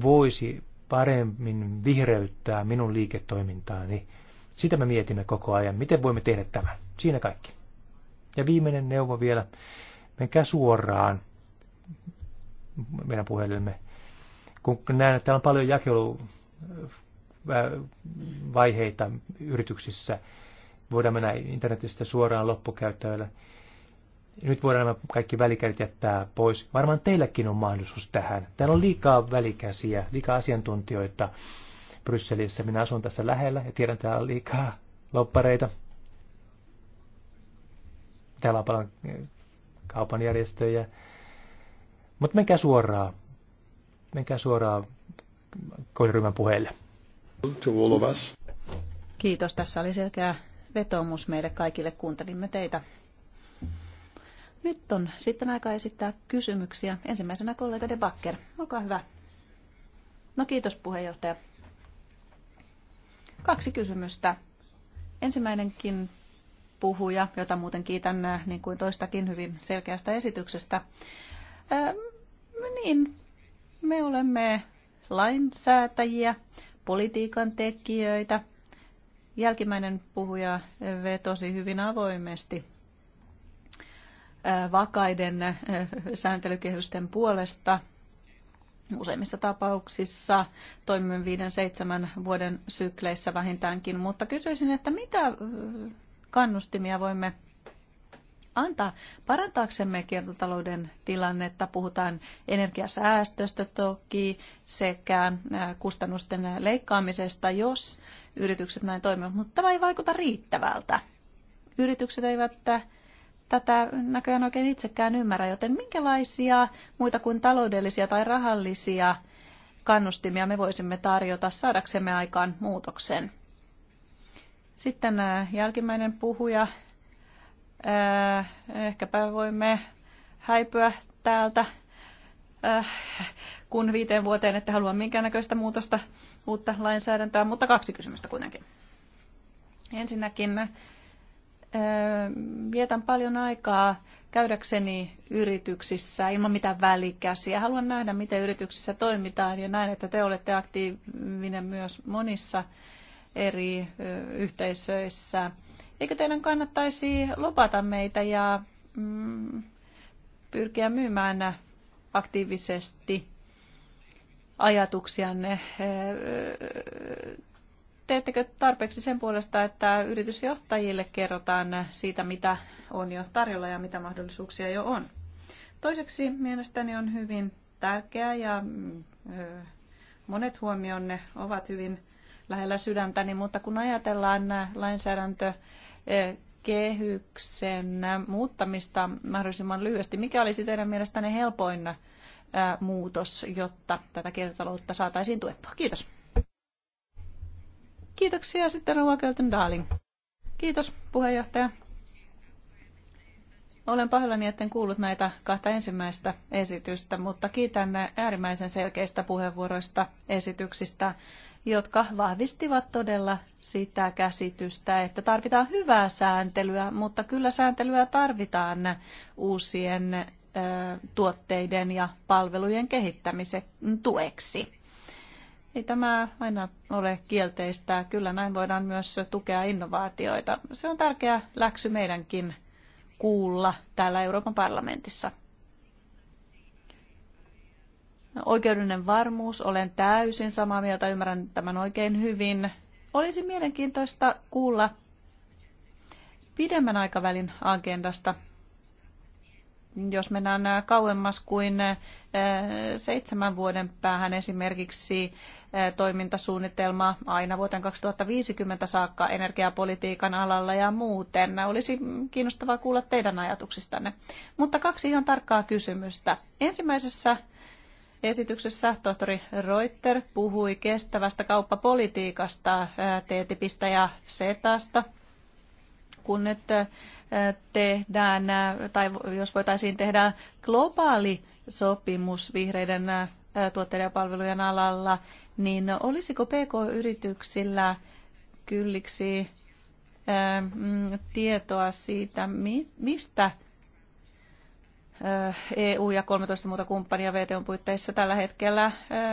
voisi paremmin vihreyttää minun liiketoimintaani. Sitä me mietimme koko ajan. Miten voimme tehdä tämän? Siinä kaikki. Ja viimeinen neuvo vielä. Menkää suoraan meidän puhelimme. Kun näen, että täällä on paljon jakeluvaiheita yrityksissä, voidaan mennä internetistä suoraan loppukäyttäjälle. Nyt voidaan nämä kaikki välikädet jättää pois. Varmaan teilläkin on mahdollisuus tähän. Täällä on liikaa välikäsiä, liikaa asiantuntijoita Brysselissä. Minä asun tässä lähellä ja tiedän, että täällä on liikaa loppareita. Täällä on paljon eh, kaupan järjestöjä. Mutta menkää suoraan. Menkää suoraan kohderyhmän puheelle. Kiitos. Tässä oli selkeä vetoomus meille kaikille. Kuuntelimme teitä. Nyt on sitten aika esittää kysymyksiä. Ensimmäisenä kollega De Bakker, Olkaa hyvä. No kiitos puheenjohtaja. Kaksi kysymystä. Ensimmäinenkin puhuja, jota muuten kiitän äh, niin kuin toistakin hyvin selkeästä esityksestä. Ähm, niin, me olemme lainsäätäjiä, politiikan tekijöitä, Jälkimmäinen puhuja vetosi hyvin avoimesti äh, vakaiden äh, sääntelykehysten puolesta. Useimmissa tapauksissa toimimme viiden seitsemän vuoden sykleissä vähintäänkin, mutta kysyisin, että mitä äh, kannustimia voimme antaa parantaaksemme kiertotalouden tilannetta. Puhutaan energiasäästöstä toki sekä kustannusten leikkaamisesta, jos yritykset näin toimivat, mutta tämä ei vaikuta riittävältä. Yritykset eivät tätä näköjään oikein itsekään ymmärrä, joten minkälaisia muita kuin taloudellisia tai rahallisia kannustimia me voisimme tarjota saadaksemme aikaan muutoksen? Sitten jälkimmäinen puhuja Äh, ehkäpä voimme häipyä täältä, äh, kun viiteen vuoteen ette halua minkäännäköistä muutosta, uutta lainsäädäntöä, mutta kaksi kysymystä kuitenkin. Ensinnäkin äh, vietän paljon aikaa käydäkseni yrityksissä ilman mitään välikäsiä. Haluan nähdä, miten yrityksissä toimitaan ja näin, että te olette aktiivinen myös monissa eri yhteisöissä. Eikö teidän kannattaisi lopata meitä ja mm, pyrkiä myymään aktiivisesti ajatuksianne? Äh, teettekö tarpeeksi sen puolesta, että yritysjohtajille kerrotaan siitä, mitä on jo tarjolla ja mitä mahdollisuuksia jo on? Toiseksi mielestäni on hyvin tärkeää ja mm, monet huomionne ovat hyvin lähellä sydäntäni, mutta kun ajatellaan lainsäädäntö Eh, kehyksen muuttamista mahdollisimman lyhyesti. Mikä olisi teidän mielestänne helpoin eh, muutos, jotta tätä kiertotaloutta saataisiin tuettua? Kiitos. Kiitoksia sitten Rova Költön Darling. Kiitos puheenjohtaja. Olen pahoillani, etten kuullut näitä kahta ensimmäistä esitystä, mutta kiitän äärimmäisen selkeistä puheenvuoroista, esityksistä jotka vahvistivat todella sitä käsitystä, että tarvitaan hyvää sääntelyä, mutta kyllä sääntelyä tarvitaan uusien tuotteiden ja palvelujen kehittämisen tueksi. Ei tämä aina ole kielteistä. Kyllä näin voidaan myös tukea innovaatioita. Se on tärkeä läksy meidänkin kuulla täällä Euroopan parlamentissa. Oikeudellinen varmuus, olen täysin samaa mieltä, ymmärrän tämän oikein hyvin. Olisi mielenkiintoista kuulla pidemmän aikavälin agendasta, jos mennään äh, kauemmas kuin äh, seitsemän vuoden päähän esimerkiksi äh, toimintasuunnitelma aina vuoteen 2050 saakka energiapolitiikan alalla ja muuten. Olisi kiinnostavaa kuulla teidän ajatuksistanne. Mutta kaksi ihan tarkkaa kysymystä. Ensimmäisessä esityksessä tohtori Reuter puhui kestävästä kauppapolitiikasta, TTIPistä ja SETAsta. Kun nyt tehdään, tai jos voitaisiin tehdä globaali sopimus vihreiden tuotteiden ja palvelujen alalla, niin olisiko PK-yrityksillä kylliksi mm, tietoa siitä, mistä EU ja 13 muuta kumppania VTOn puitteissa tällä hetkellä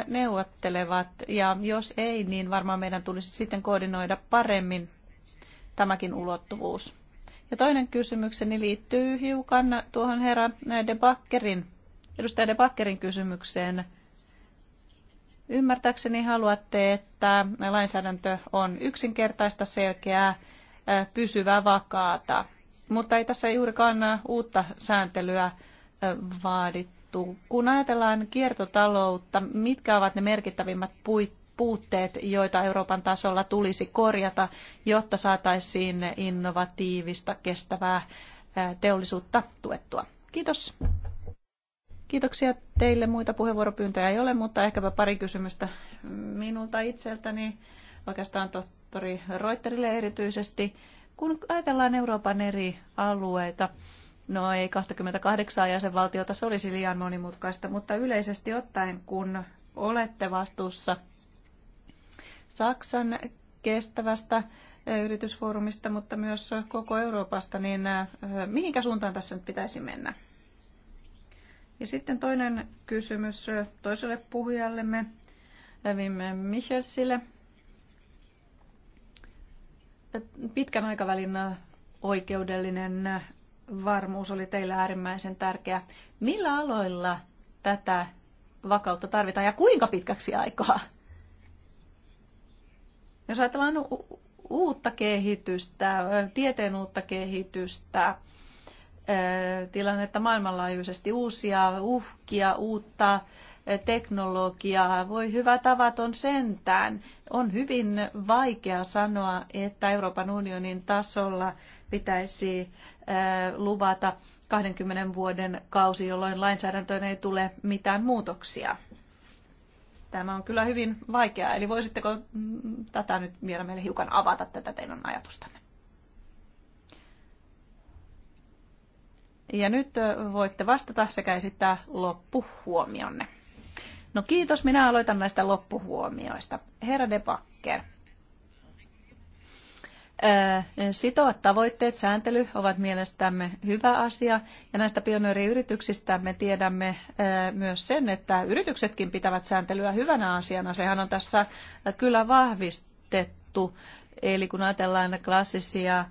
neuvottelevat. Ja jos ei, niin varmaan meidän tulisi sitten koordinoida paremmin tämäkin ulottuvuus. Ja toinen kysymykseni liittyy hiukan tuohon herra De Bakkerin, edustaja De Bakkerin kysymykseen. Ymmärtääkseni haluatte, että lainsäädäntö on yksinkertaista, selkeää, pysyvää, vakaata. Mutta ei tässä juurikaan uutta sääntelyä vaadittu. Kun ajatellaan kiertotaloutta, mitkä ovat ne merkittävimmät puutteet, joita Euroopan tasolla tulisi korjata, jotta saataisiin innovatiivista, kestävää teollisuutta tuettua? Kiitos. Kiitoksia teille. Muita puheenvuoropyyntöjä ei ole, mutta ehkäpä pari kysymystä minulta itseltäni, oikeastaan tohtori Reuterille erityisesti. Kun ajatellaan Euroopan eri alueita, No ei 28 jäsenvaltiota, se olisi liian monimutkaista, mutta yleisesti ottaen, kun olette vastuussa Saksan kestävästä eh, yritysfoorumista, mutta myös koko Euroopasta, niin eh, mihinkä suuntaan tässä nyt pitäisi mennä? Ja sitten toinen kysymys eh, toiselle puhujallemme, Vimme Michelsille. Pitkän aikavälin oikeudellinen varmuus oli teille äärimmäisen tärkeä. Millä aloilla tätä vakautta tarvitaan ja kuinka pitkäksi aikaa? Jos ajatellaan uutta kehitystä, tieteen uutta kehitystä, tilannetta maailmanlaajuisesti, uusia uhkia, uutta teknologiaa. Voi hyvä tavaton sentään. On hyvin vaikea sanoa, että Euroopan unionin tasolla pitäisi luvata 20 vuoden kausi, jolloin lainsäädäntöön ei tule mitään muutoksia. Tämä on kyllä hyvin vaikeaa, eli voisitteko mm, tätä nyt vielä meille hiukan avata tätä teidän ajatustanne? Ja nyt voitte vastata sekä esittää loppuhuomionne. No kiitos, minä aloitan näistä loppuhuomioista. Herra Debakker, Sitovat tavoitteet, sääntely ovat mielestämme hyvä asia ja näistä pioneeriyrityksistä me tiedämme myös sen, että yrityksetkin pitävät sääntelyä hyvänä asiana. Sehän on tässä kyllä vahvistettu. Eli kun ajatellaan klassisia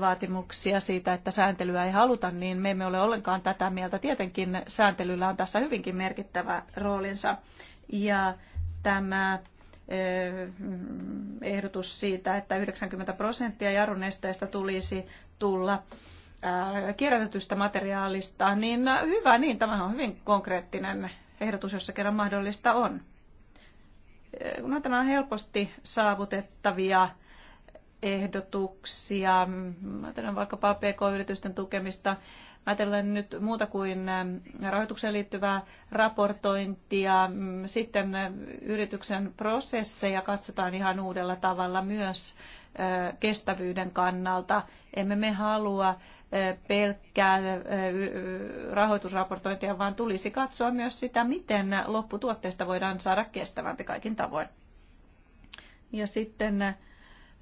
vaatimuksia siitä, että sääntelyä ei haluta, niin me emme ole ollenkaan tätä mieltä. Tietenkin sääntelyllä on tässä hyvinkin merkittävä roolinsa. Ja tämä Eh, ehdotus siitä, että 90 prosenttia jarrunesteistä tulisi tulla eh, kierrätetystä materiaalista, niin hyvä, niin tämä on hyvin konkreettinen ehdotus, jossa kerran mahdollista on. Eh, kun on helposti saavutettavia ehdotuksia, mm, vaikkapa pk-yritysten tukemista, ajatellen nyt muuta kuin rahoitukseen liittyvää raportointia, mm, sitten yrityksen prosesseja katsotaan ihan uudella tavalla myös kestävyyden kannalta. Emme me halua pelkkää rahoitusraportointia, vaan tulisi katsoa myös sitä, miten lopputuotteesta voidaan saada kestävämpi kaikin tavoin. Ja sitten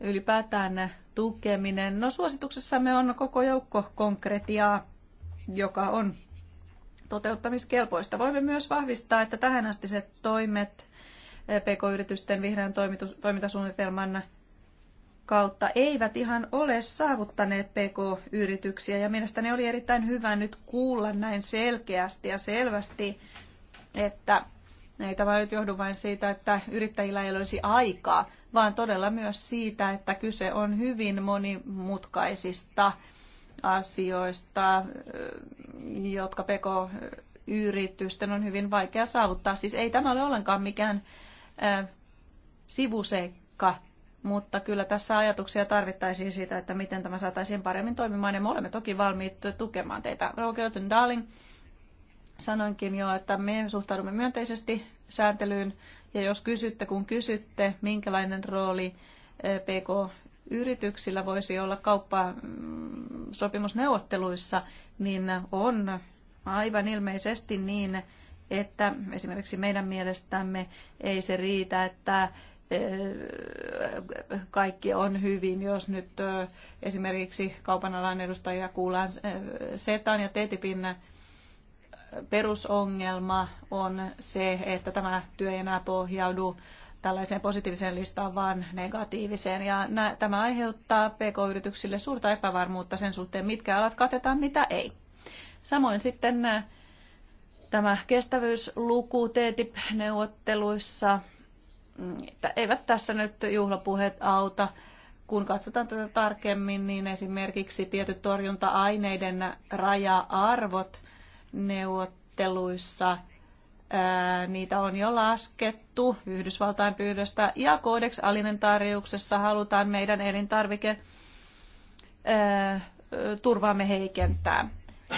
ylipäätään tukeminen. No suosituksessamme on koko joukko konkretiaa joka on toteuttamiskelpoista. Voimme myös vahvistaa, että tähänastiset toimet eh, PK-yritysten vihreän toimintasuunnitelman kautta eivät ihan ole saavuttaneet PK-yrityksiä ja mielestäni oli erittäin hyvä nyt kuulla näin selkeästi ja selvästi, että ei tämä nyt johdu vain siitä, että yrittäjillä ei olisi aikaa, vaan todella myös siitä, että kyse on hyvin monimutkaisista asioista, jotka PK-yritysten on hyvin vaikea saavuttaa. Siis ei tämä ole ollenkaan mikään sivuseikka, mutta kyllä tässä ajatuksia tarvittaisiin siitä, että miten tämä saataisiin paremmin toimimaan, ja me olemme toki valmiit tukemaan teitä. Rokeuten Darling, sanoinkin jo, että me suhtaudumme myönteisesti sääntelyyn, ja jos kysytte, kun kysytte, minkälainen rooli PK yrityksillä voisi olla kauppa sopimusneuvotteluissa, niin on aivan ilmeisesti niin, että esimerkiksi meidän mielestämme ei se riitä, että eh, kaikki on hyvin, jos nyt eh, esimerkiksi kaupan alan edustajia kuullaan eh, SETAn ja TTIPin perusongelma on se, että tämä työ ei enää pohjaudu tällaiseen positiiviseen listaan, vaan negatiiviseen. Ja tämä aiheuttaa pk-yrityksille suurta epävarmuutta sen suhteen, mitkä alat katetaan, mitä ei. Samoin sitten äh, tämä kestävyysluku TTIP-neuvotteluissa, mm, eivät tässä nyt juhlapuheet auta. Kun katsotaan tätä tarkemmin, niin esimerkiksi tietyt torjunta-aineiden raja-arvot neuvotteluissa – niitä on jo laskettu Yhdysvaltain pyydöstä ja Codex Alimentariuksessa halutaan meidän elintarvike turvaamme heikentää.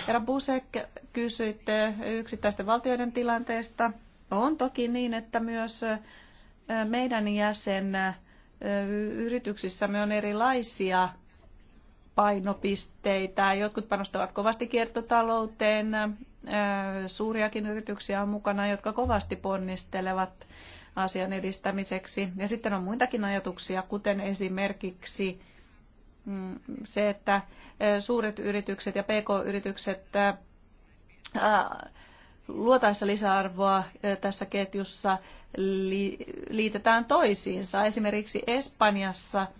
Herra Busek, kysyitte yksittäisten valtioiden tilanteesta. On toki niin, että myös meidän jäsen yrityksissämme on erilaisia painopisteitä. Jotkut panostavat kovasti kiertotalouteen, Suuriakin yrityksiä on mukana, jotka kovasti ponnistelevat asian edistämiseksi. Ja sitten on muitakin ajatuksia, kuten esimerkiksi mm, se, että suuret yritykset ja pk-yritykset luotaessa lisäarvoa tässä ketjussa liitetään toisiinsa. Esimerkiksi Espanjassa –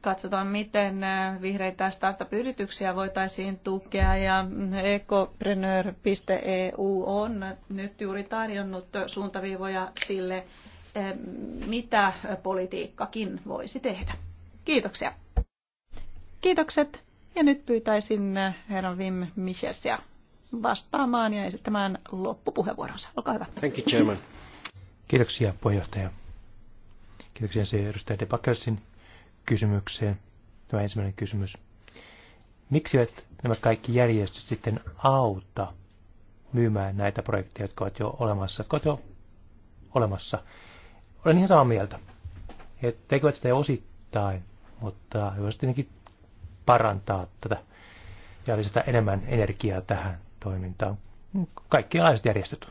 katsotaan, miten äh, vihreitä startup-yrityksiä voitaisiin tukea ja ecopreneur.eu on nyt juuri tarjonnut suuntaviivoja sille, äh, mitä politiikkakin voisi tehdä. Kiitoksia. Kiitokset ja nyt pyytäisin äh, herran Wim Michelsia vastaamaan ja esittämään loppupuheenvuoronsa. Olkaa hyvä. Thank you, Chairman. Kiitoksia puheenjohtaja. Kiitoksia se edustaja De kysymykseen, tämä ensimmäinen kysymys. Miksi eivät nämä kaikki järjestöt sitten auta myymään näitä projekteja, jotka ovat jo olemassa, jotka ovat jo olemassa? Olen ihan samaa mieltä. He tekevät sitä jo osittain, mutta he voisivat tietenkin parantaa tätä ja lisätä enemmän energiaa tähän toimintaan. Kaikki Kaikkialaiset järjestöt.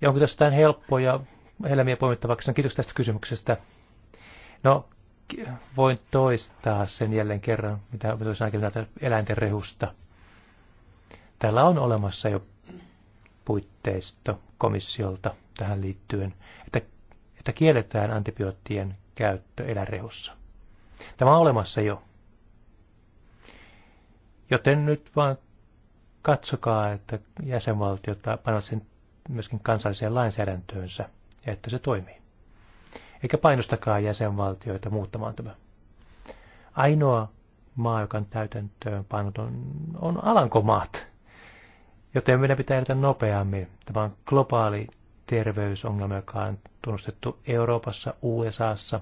Ja onko tässä jotain helppoja helmiä poimittavaksi? No, kiitos tästä kysymyksestä. No, voin toistaa sen jälleen kerran, mitä toisin aiemmin eläinten rehusta. Täällä on olemassa jo puitteisto komissiolta tähän liittyen, että, että kielletään antibioottien käyttö eläinrehussa. Tämä on olemassa jo. Joten nyt vaan katsokaa, että jäsenvaltiota panevat sen myöskin kansalliseen lainsäädäntöönsä ja että se toimii eikä painostakaa jäsenvaltioita muuttamaan tämä. Ainoa maa, joka on täytäntöön painot on, on Alankomaat. Joten meidän pitää edetä nopeammin. Tämä on globaali terveysongelma, joka on tunnustettu Euroopassa, USAssa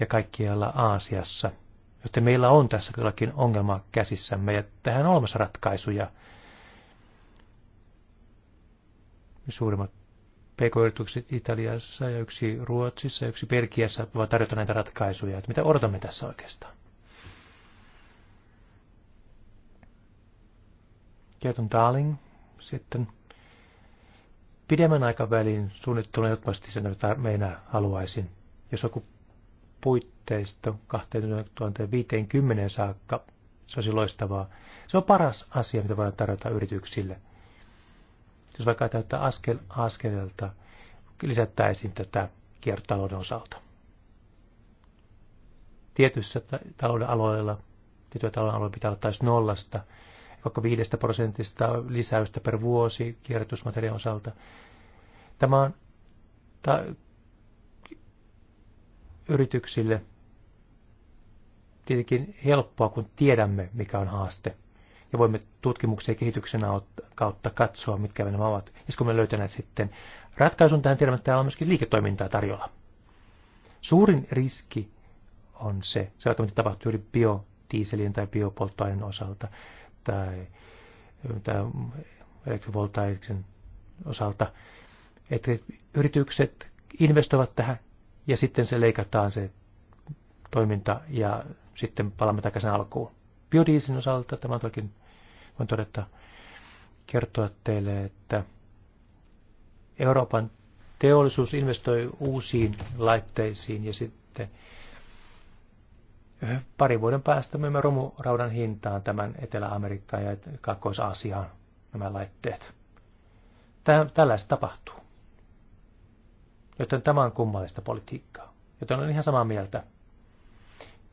ja kaikkialla Aasiassa. Joten meillä on tässä kylläkin ongelma käsissämme ja tähän on olemassa ratkaisuja. Suurimmat PK-yritykset Italiassa ja yksi Ruotsissa ja yksi Belgiassa voi tarjota näitä ratkaisuja. Että mitä odotamme tässä oikeastaan? Kerton Darling sitten pidemmän aikavälin suunnittelu jatkuvasti sen, meinä haluaisin. Jos joku puitteisto 2050 saakka, se olisi loistavaa. Se on paras asia, mitä voidaan tarjota yrityksille – jos vaikka täyttää että askel askeleelta lisättäisiin tätä kiertotalouden osalta. Tietyissä talouden aloilla, tietyillä talouden aloilla pitää olla taas nollasta, vaikka viidestä prosentista lisäystä per vuosi kierrätysmateriaalin osalta. Tämä on ta- yrityksille tietenkin helppoa, kun tiedämme, mikä on haaste – ja voimme tutkimuksen ja kehityksen kautta katsoa, mitkä nämä ovat. Ja kun me löytäneet sitten ratkaisun tähän tiedämme, että täällä on myöskin liiketoimintaa tarjolla. Suurin riski on se, se on mitä tapahtuu juuri biodiiselien tai biopolttoaineen osalta tai, tai elektrovoltaiksen osalta, että yritykset investoivat tähän ja sitten se leikataan se toiminta ja sitten palaamme takaisin alkuun. Biodieselin osalta tämä on toki voin todeta, kertoa teille, että Euroopan teollisuus investoi uusiin laitteisiin ja sitten eh, pari vuoden päästä myymme romuraudan hintaan tämän Etelä-Amerikkaan ja kaakkois aasiaan nämä laitteet. tällaista tapahtuu. Joten tämä on kummallista politiikkaa. Joten olen ihan samaa mieltä.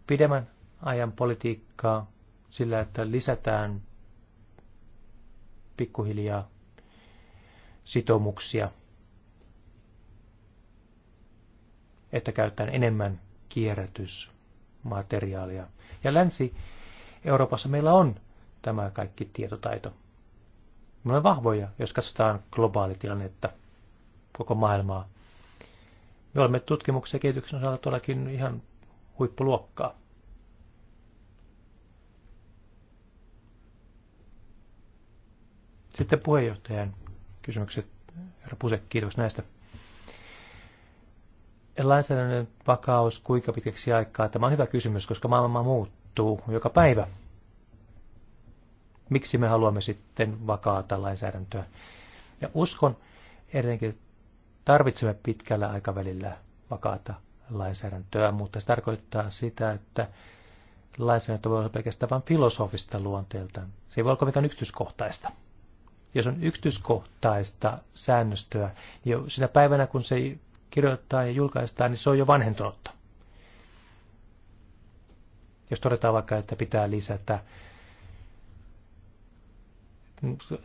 Pidemmän ajan politiikkaa sillä, että lisätään pikkuhiljaa sitomuksia, että käytetään enemmän kierrätysmateriaalia. Ja Länsi-Euroopassa meillä on tämä kaikki tietotaito. Me olemme vahvoja, jos katsotaan globaalitilannetta, koko maailmaa. Me olemme tutkimuksen ja kehityksen osalta todellakin ihan huippuluokkaa. Sitten puheenjohtajan kysymykset. Herra Puse, kiitos näistä. Lainsäädännön vakaus, kuinka pitkäksi aikaa? Tämä on hyvä kysymys, koska maailma muuttuu joka päivä. Miksi me haluamme sitten vakaata lainsäädäntöä? Ja uskon edelleenkin, että tarvitsemme pitkällä aikavälillä vakaata lainsäädäntöä, mutta se tarkoittaa sitä, että lainsäädäntö voi olla pelkästään vain filosofista luonteelta. Se ei voi olla mikään yksityiskohtaista jos on yksityiskohtaista säännöstöä, niin jo sinä päivänä, kun se kirjoittaa ja julkaistaan, niin se on jo vanhentunutta. Jos todetaan vaikka, että pitää lisätä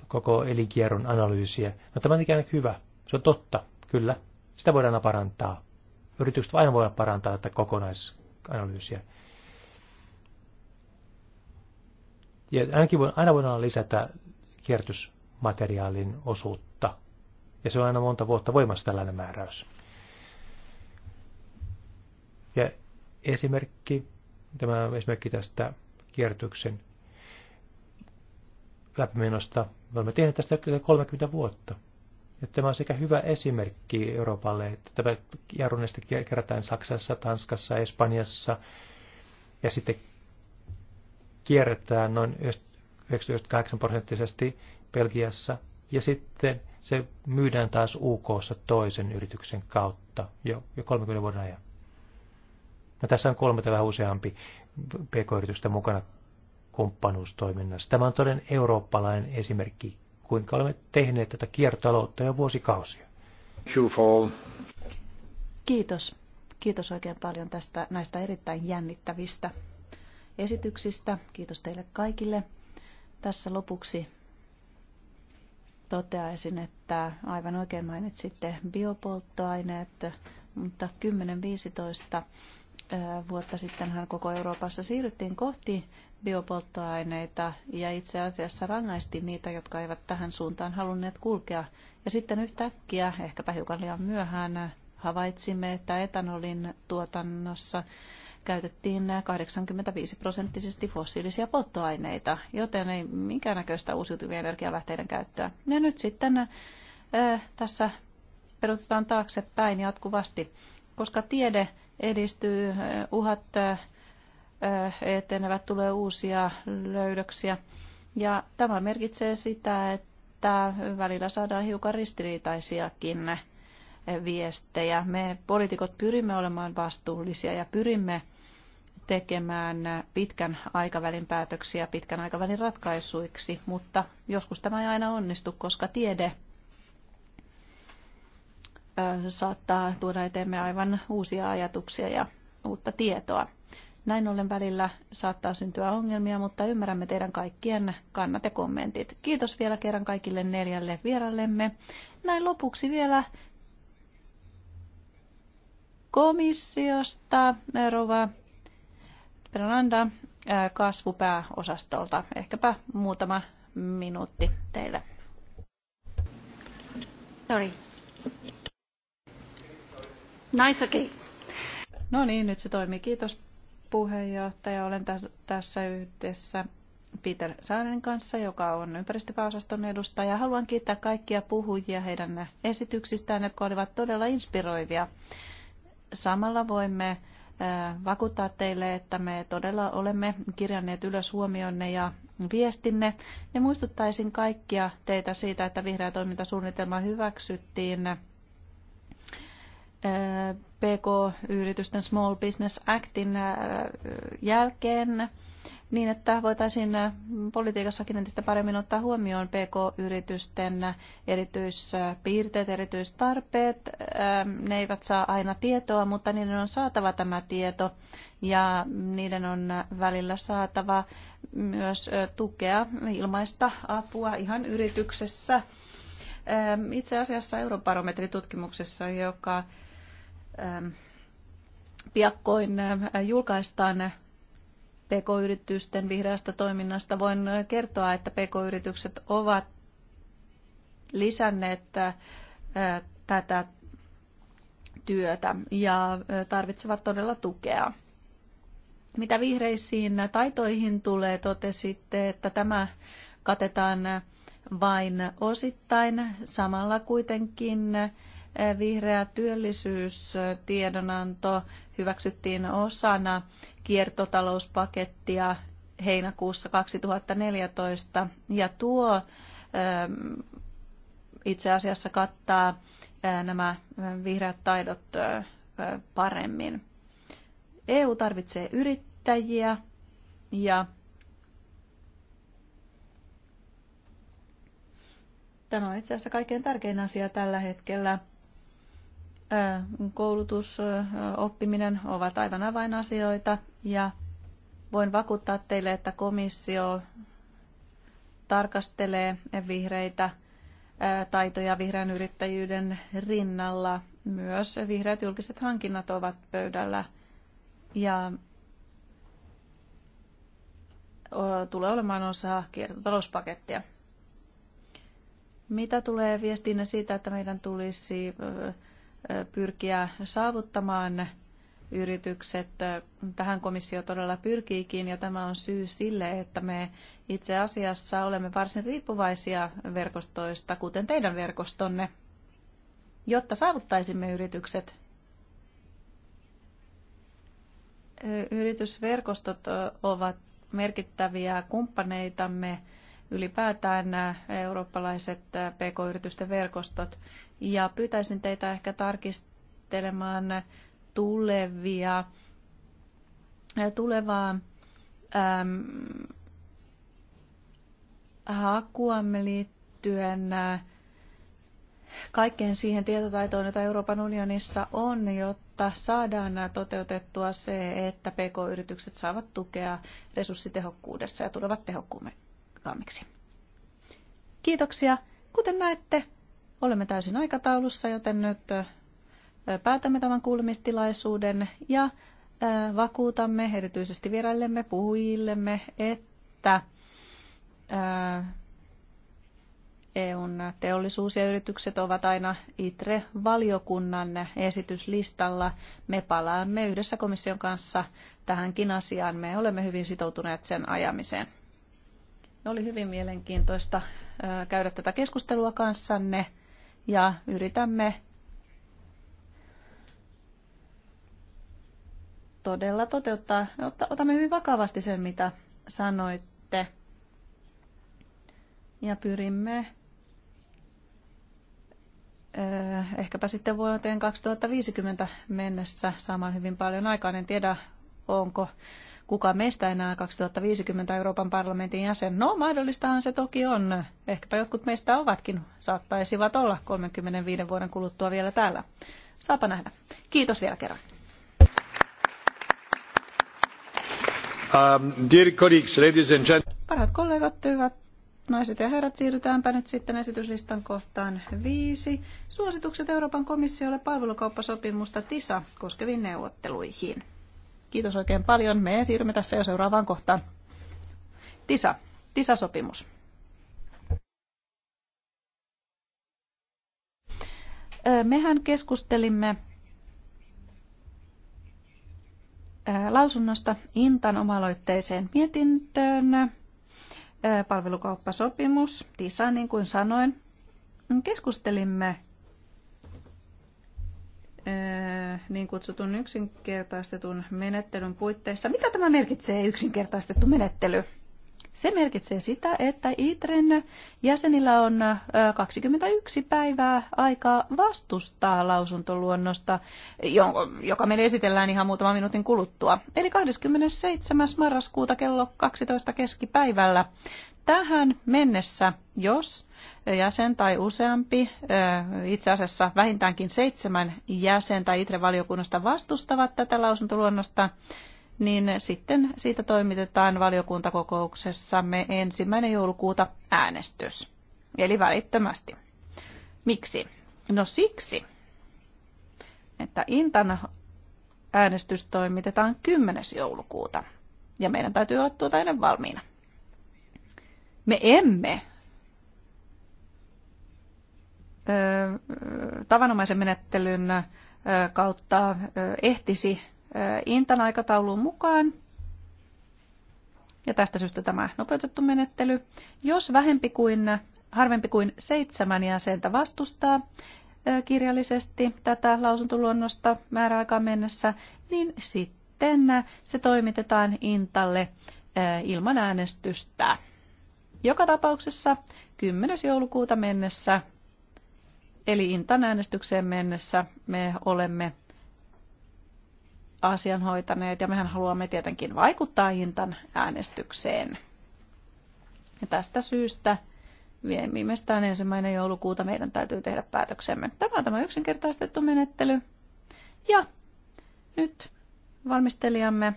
koko elinkierron analyysiä. No tämä on ikään kuin hyvä. Se on totta, kyllä. Sitä voidaan aina parantaa. Yritykset aina voidaan parantaa tätä kokonaisanalyysiä. Ja ainakin voidaan, aina voidaan lisätä kierrätys materiaalin osuutta. Ja se on aina monta vuotta voimassa tällainen määräys. Ja esimerkki, tämä esimerkki tästä kierrätyksen läpimenosta, me olemme tehneet tästä 30 vuotta. Ja tämä on sekä hyvä esimerkki Euroopalle, että tämä jarruneista kerätään Saksassa, Tanskassa, Espanjassa, ja sitten kierretään noin 98 prosenttisesti Belgiassa ja sitten se myydään taas UKssa toisen yrityksen kautta jo, jo 30 vuoden ajan. No, tässä on kolme tai vähän useampi pk-yritystä mukana kumppanuustoiminnassa. Tämä on toden eurooppalainen esimerkki, kuinka olemme tehneet tätä kiertotaloutta jo vuosikausia. Kiitos. Kiitos oikein paljon tästä, näistä erittäin jännittävistä esityksistä. Kiitos teille kaikille. Tässä lopuksi toteaisin, että aivan oikein mainitsitte biopolttoaineet, mutta 10-15 vuotta sittenhän koko Euroopassa siirryttiin kohti biopolttoaineita ja itse asiassa rangaistiin niitä, jotka eivät tähän suuntaan halunneet kulkea. Ja sitten yhtäkkiä, ehkäpä hiukan liian myöhään, havaitsimme, että etanolin tuotannossa käytettiin 85 prosenttisesti fossiilisia polttoaineita, joten ei minkäännäköistä uusiutuvien energialähteiden käyttöä. Ja nyt sitten eh, tässä perutetaan taaksepäin jatkuvasti, koska tiede edistyy, eh, uhat eh, etenevät, tulee uusia löydöksiä. Ja tämä merkitsee sitä, että välillä saadaan hiukan ristiriitaisiakin viestejä. Me poliitikot pyrimme olemaan vastuullisia ja pyrimme tekemään pitkän aikavälin päätöksiä pitkän aikavälin ratkaisuiksi, mutta joskus tämä ei aina onnistu, koska tiede saattaa tuoda eteemme aivan uusia ajatuksia ja uutta tietoa. Näin ollen välillä saattaa syntyä ongelmia, mutta ymmärrämme teidän kaikkien kannat ja kommentit. Kiitos vielä kerran kaikille neljälle vierallemme. Näin lopuksi vielä komissiosta, Rova Fernanda kasvupääosastolta. Ehkäpä muutama minuutti teille. Sorry. Nice, okay. No niin, nyt se toimii. Kiitos puheenjohtaja. Olen tässä yhdessä Peter Saaren kanssa, joka on ympäristöpääosaston edustaja. Haluan kiittää kaikkia puhujia heidän esityksistään, jotka olivat todella inspiroivia. Samalla voimme Äh, vakuuttaa teille, että me todella olemme kirjanneet ylös huomionne ja viestinne. Ja muistuttaisin kaikkia teitä siitä, että vihreä toimintasuunnitelma hyväksyttiin äh, PK-yritysten Small Business Actin äh, jälkeen niin, että voitaisiin äh, politiikassakin entistä paremmin ottaa huomioon PK-yritysten äh, erityispiirteet, erityistarpeet. Ähm, ne eivät saa aina tietoa, mutta niiden on saatava tämä tieto ja niiden on välillä saatava myös äh, tukea, ilmaista apua ihan yrityksessä. Ähm, itse asiassa Eurobarometritutkimuksessa, joka ähm, piakkoin julkaistaan PK-yritysten vihreästä toiminnasta. Voin kertoa, että PK-yritykset ovat lisänneet äh, tätä työtä ja äh, tarvitsevat todella tukea. Mitä vihreisiin taitoihin tulee, totesitte, että tämä katetaan vain osittain. Samalla kuitenkin vihreä työllisyystiedonanto hyväksyttiin osana kiertotalouspakettia heinäkuussa 2014 ja tuo ähm, itse asiassa kattaa äh, nämä äh, vihreät taidot äh, paremmin. EU tarvitsee yrittäjiä ja tämä on itse asiassa kaikkein tärkein asia tällä hetkellä koulutus, oppiminen ovat aivan avainasioita ja voin vakuuttaa teille, että komissio tarkastelee vihreitä taitoja vihreän yrittäjyyden rinnalla. Myös vihreät julkiset hankinnat ovat pöydällä ja tulee olemaan osa kiertotalouspakettia. Mitä tulee viestiinne siitä, että meidän tulisi pyrkiä saavuttamaan yritykset. Tähän komissio todella pyrkiikin ja tämä on syy sille, että me itse asiassa olemme varsin riippuvaisia verkostoista, kuten teidän verkostonne, jotta saavuttaisimme yritykset. Yritysverkostot ovat merkittäviä kumppaneitamme ylipäätään nämä eurooppalaiset pk-yritysten verkostot. Ja pyytäisin teitä ehkä tarkistelemaan tulevia, äh, tulevaa äm, hakuamme liittyen äh, kaikkeen siihen tietotaitoon, jota Euroopan unionissa on, jotta saadaan toteutettua se, että PK-yritykset saavat tukea resurssitehokkuudessa ja tulevat tehokkaammiksi. Kiitoksia. Kuten näette, Olemme täysin aikataulussa, joten nyt päätämme tämän kuulemistilaisuuden ja vakuutamme erityisesti vieraillemme, puhujillemme, että EUn teollisuus ja yritykset ovat aina ITRE-valiokunnan esityslistalla. Me palaamme yhdessä komission kanssa tähänkin asiaan. Me olemme hyvin sitoutuneet sen ajamiseen. Oli hyvin mielenkiintoista käydä tätä keskustelua kanssanne ja yritämme todella toteuttaa. Otamme hyvin vakavasti sen, mitä sanoitte. Ja pyrimme eh, ehkäpä sitten vuoteen 2050 mennessä saamaan hyvin paljon aikaa, En tiedä, onko kuka meistä enää 2050 Euroopan parlamentin jäsen. No, mahdollistahan se toki on. Ehkäpä jotkut meistä ovatkin, saattaisivat olla 35 vuoden kuluttua vielä täällä. Saapa nähdä. Kiitos vielä kerran. Um, dear colleagues, ladies and gentlemen. Parhaat kollegat, hyvät naiset ja herrat, siirrytäänpä nyt sitten esityslistan kohtaan viisi. Suositukset Euroopan komissiolle palvelukauppasopimusta TISA koskeviin neuvotteluihin. Kiitos oikein paljon. Me siirrymme tässä jo seuraavaan kohtaan. TISA. TISA-sopimus. Mehän keskustelimme lausunnosta Intan omaloitteiseen mietintöön. Palvelukauppasopimus, TISA, niin kuin sanoin. Keskustelimme Äh, niin kutsutun yksinkertaistetun menettelyn puitteissa. Mitä tämä merkitsee yksinkertaistettu menettely? Se merkitsee sitä, että ITREN jäsenillä on 21 äh, päivää aikaa vastustaa lausuntoluonnosta, joka meille esitellään ihan muutaman minuutin kuluttua. Eli 27. marraskuuta kello 12 keskipäivällä tähän mennessä, jos jäsen tai useampi, itse asiassa vähintäänkin seitsemän jäsentä ITRE-valiokunnasta vastustavat tätä lausuntoluonnosta, niin sitten siitä toimitetaan valiokuntakokouksessamme ensimmäinen joulukuuta äänestys. Eli välittömästi. Miksi? No siksi, että Intan äänestys toimitetaan 10. joulukuuta. Ja meidän täytyy olla tuota ennen valmiina. Me emme tavanomaisen menettelyn kautta ehtisi Intan aikatauluun mukaan. Ja tästä syystä tämä nopeutettu menettely. Jos vähempi kuin, harvempi kuin seitsemän jäsentä vastustaa kirjallisesti tätä lausuntoluonnosta määräaikaan mennessä, niin sitten se toimitetaan Intalle ilman äänestystä. Joka tapauksessa 10. joulukuuta mennessä, eli Intan äänestykseen mennessä, me olemme asian hoitaneet ja mehän haluamme tietenkin vaikuttaa Intan äänestykseen. Ja tästä syystä viimeistään ensimmäinen joulukuuta meidän täytyy tehdä päätöksemme. Tämä on tämä yksinkertaistettu menettely. Ja nyt valmistelijamme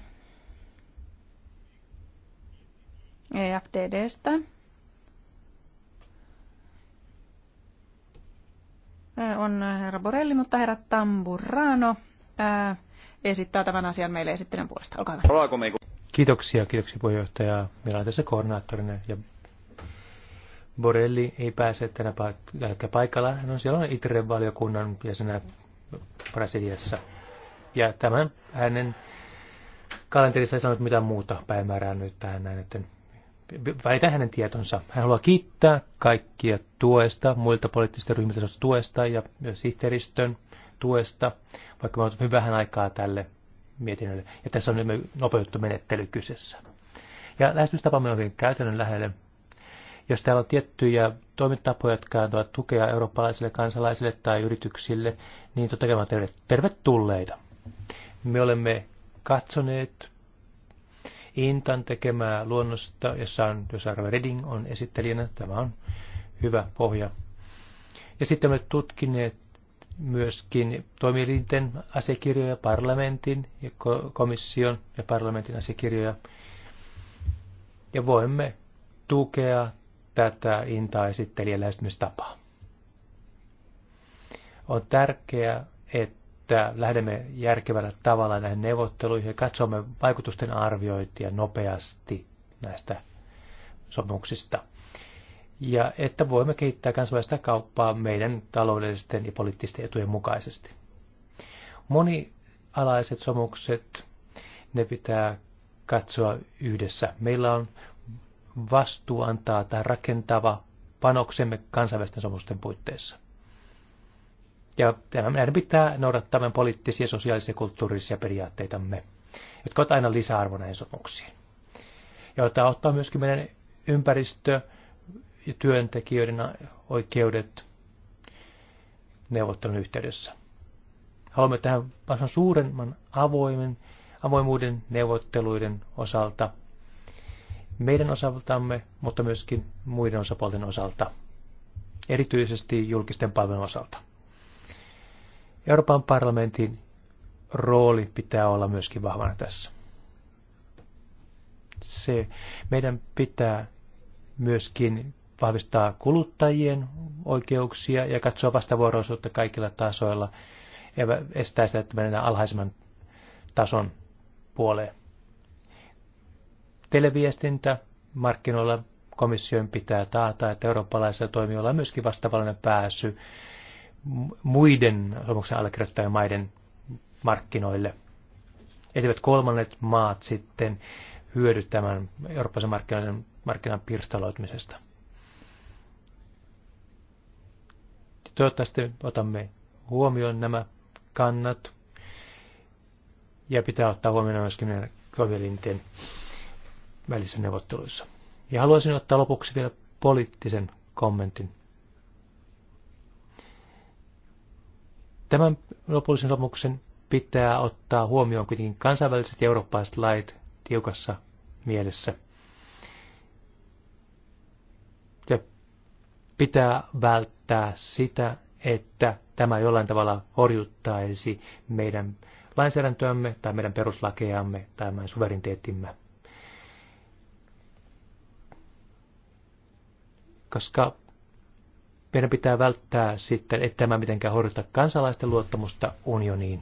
EFDDstä. On herra Borelli, mutta herra Tamburano esittää tämän asian meille esittelen puolesta. Olkaa hyvä. Kiitoksia, kiitoksia puheenjohtaja. Meillä on tässä koordinaattorina ja Borelli ei pääse tänä paik- paikalla. No, siellä on Itren valiokunnan jäsenä Brasiliassa. Ja tämän hänen kalenterissa ei sanonut mitään muuta päivämäärää nyt tähän näin, että välitän hänen tietonsa. Hän haluaa kiittää kaikkia tuesta, muilta poliittisista ryhmistä, tuesta ja myös sihteeristön tuesta, vaikka me olemme vähän aikaa tälle mietinnölle. Ja tässä on nyt nopeutettu menettely kyseessä. Ja lähestymistapamme on hyvin käytännön lähelle. Jos täällä on tiettyjä toimintatapoja, jotka antavat tukea eurooppalaisille kansalaisille tai yrityksille, niin totta kai ovat tervetulleita. Me olemme katsoneet Intan tekemää luonnosta, jossa on Josara Redding on esittelijänä. Tämä on hyvä pohja. Ja sitten me tutkineet myöskin toimielinten asiakirjoja, parlamentin ja komission ja parlamentin asiakirjoja. Ja voimme tukea tätä intaa esittelijän lähestymistapaa. On tärkeää, että että lähdemme järkevällä tavalla näihin neuvotteluihin ja katsomme vaikutusten arviointia nopeasti näistä sopimuksista. Ja että voimme kehittää kansainvälistä kauppaa meidän taloudellisten ja poliittisten etujen mukaisesti. Monialaiset sopimukset, ne pitää katsoa yhdessä. Meillä on vastuu antaa tai rakentava panoksemme kansainvälisten sopimusten puitteissa. Ja meidän pitää noudattaa meidän poliittisia, sosiaalisia ja kulttuurisia periaatteitamme, jotka ovat aina lisäarvo näihin sopimuksiin. Ja ottaa ottaa myöskin meidän ympäristö- ja työntekijöiden oikeudet neuvottelun yhteydessä. Haluamme tähän vasta suuremman avoimen, avoimuuden neuvotteluiden osalta, meidän osaltamme, mutta myöskin muiden osapuolten osalta, erityisesti julkisten palvelujen osalta. Euroopan parlamentin rooli pitää olla myöskin vahvana tässä. Se, meidän pitää myöskin vahvistaa kuluttajien oikeuksia ja katsoa vastavuoroisuutta kaikilla tasoilla ja estää sitä, että mennään alhaisemman tason puoleen. Televiestintä markkinoilla komission pitää taata, että eurooppalaisilla toimijoilla on myöskin vastavallinen pääsy muiden sopimuksen allekirjoittajien maiden markkinoille. Etivät kolmannet maat sitten hyödy tämän eurooppalaisen markkinoiden, markkinan pirstaloitumisesta. Toivottavasti otamme huomioon nämä kannat ja pitää ottaa huomioon myöskin kovielinten välisissä neuvotteluissa. Ja haluaisin ottaa lopuksi vielä poliittisen kommentin. Tämän lopullisen sopimuksen pitää ottaa huomioon kuitenkin kansainväliset ja eurooppalaiset lait tiukassa mielessä. Ja pitää välttää sitä, että tämä jollain tavalla horjuttaisi meidän lainsäädäntöämme tai meidän peruslakejamme tai meidän suverinteettimme. Koska meidän pitää välttää sitten, että tämä mitenkään horjuta kansalaisten luottamusta unioniin.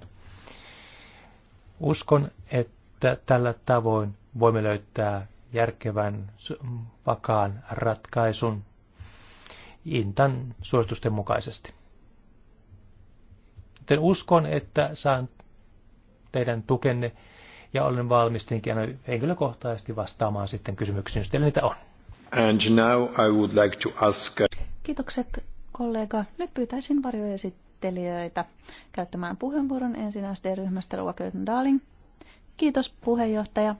Uskon, että tällä tavoin voimme löytää järkevän, vakaan ratkaisun Intan suositusten mukaisesti. Joten uskon, että saan teidän tukenne ja olen valmis henkilökohtaisesti vastaamaan sitten kysymyksiin, jos teillä niitä on. And now I would like to ask... Uh, Kiitokset kollega. Nyt pyytäisin varjoesittelijöitä käyttämään puheenvuoron ensin SD-ryhmästä Rova Darling. Kiitos puheenjohtaja.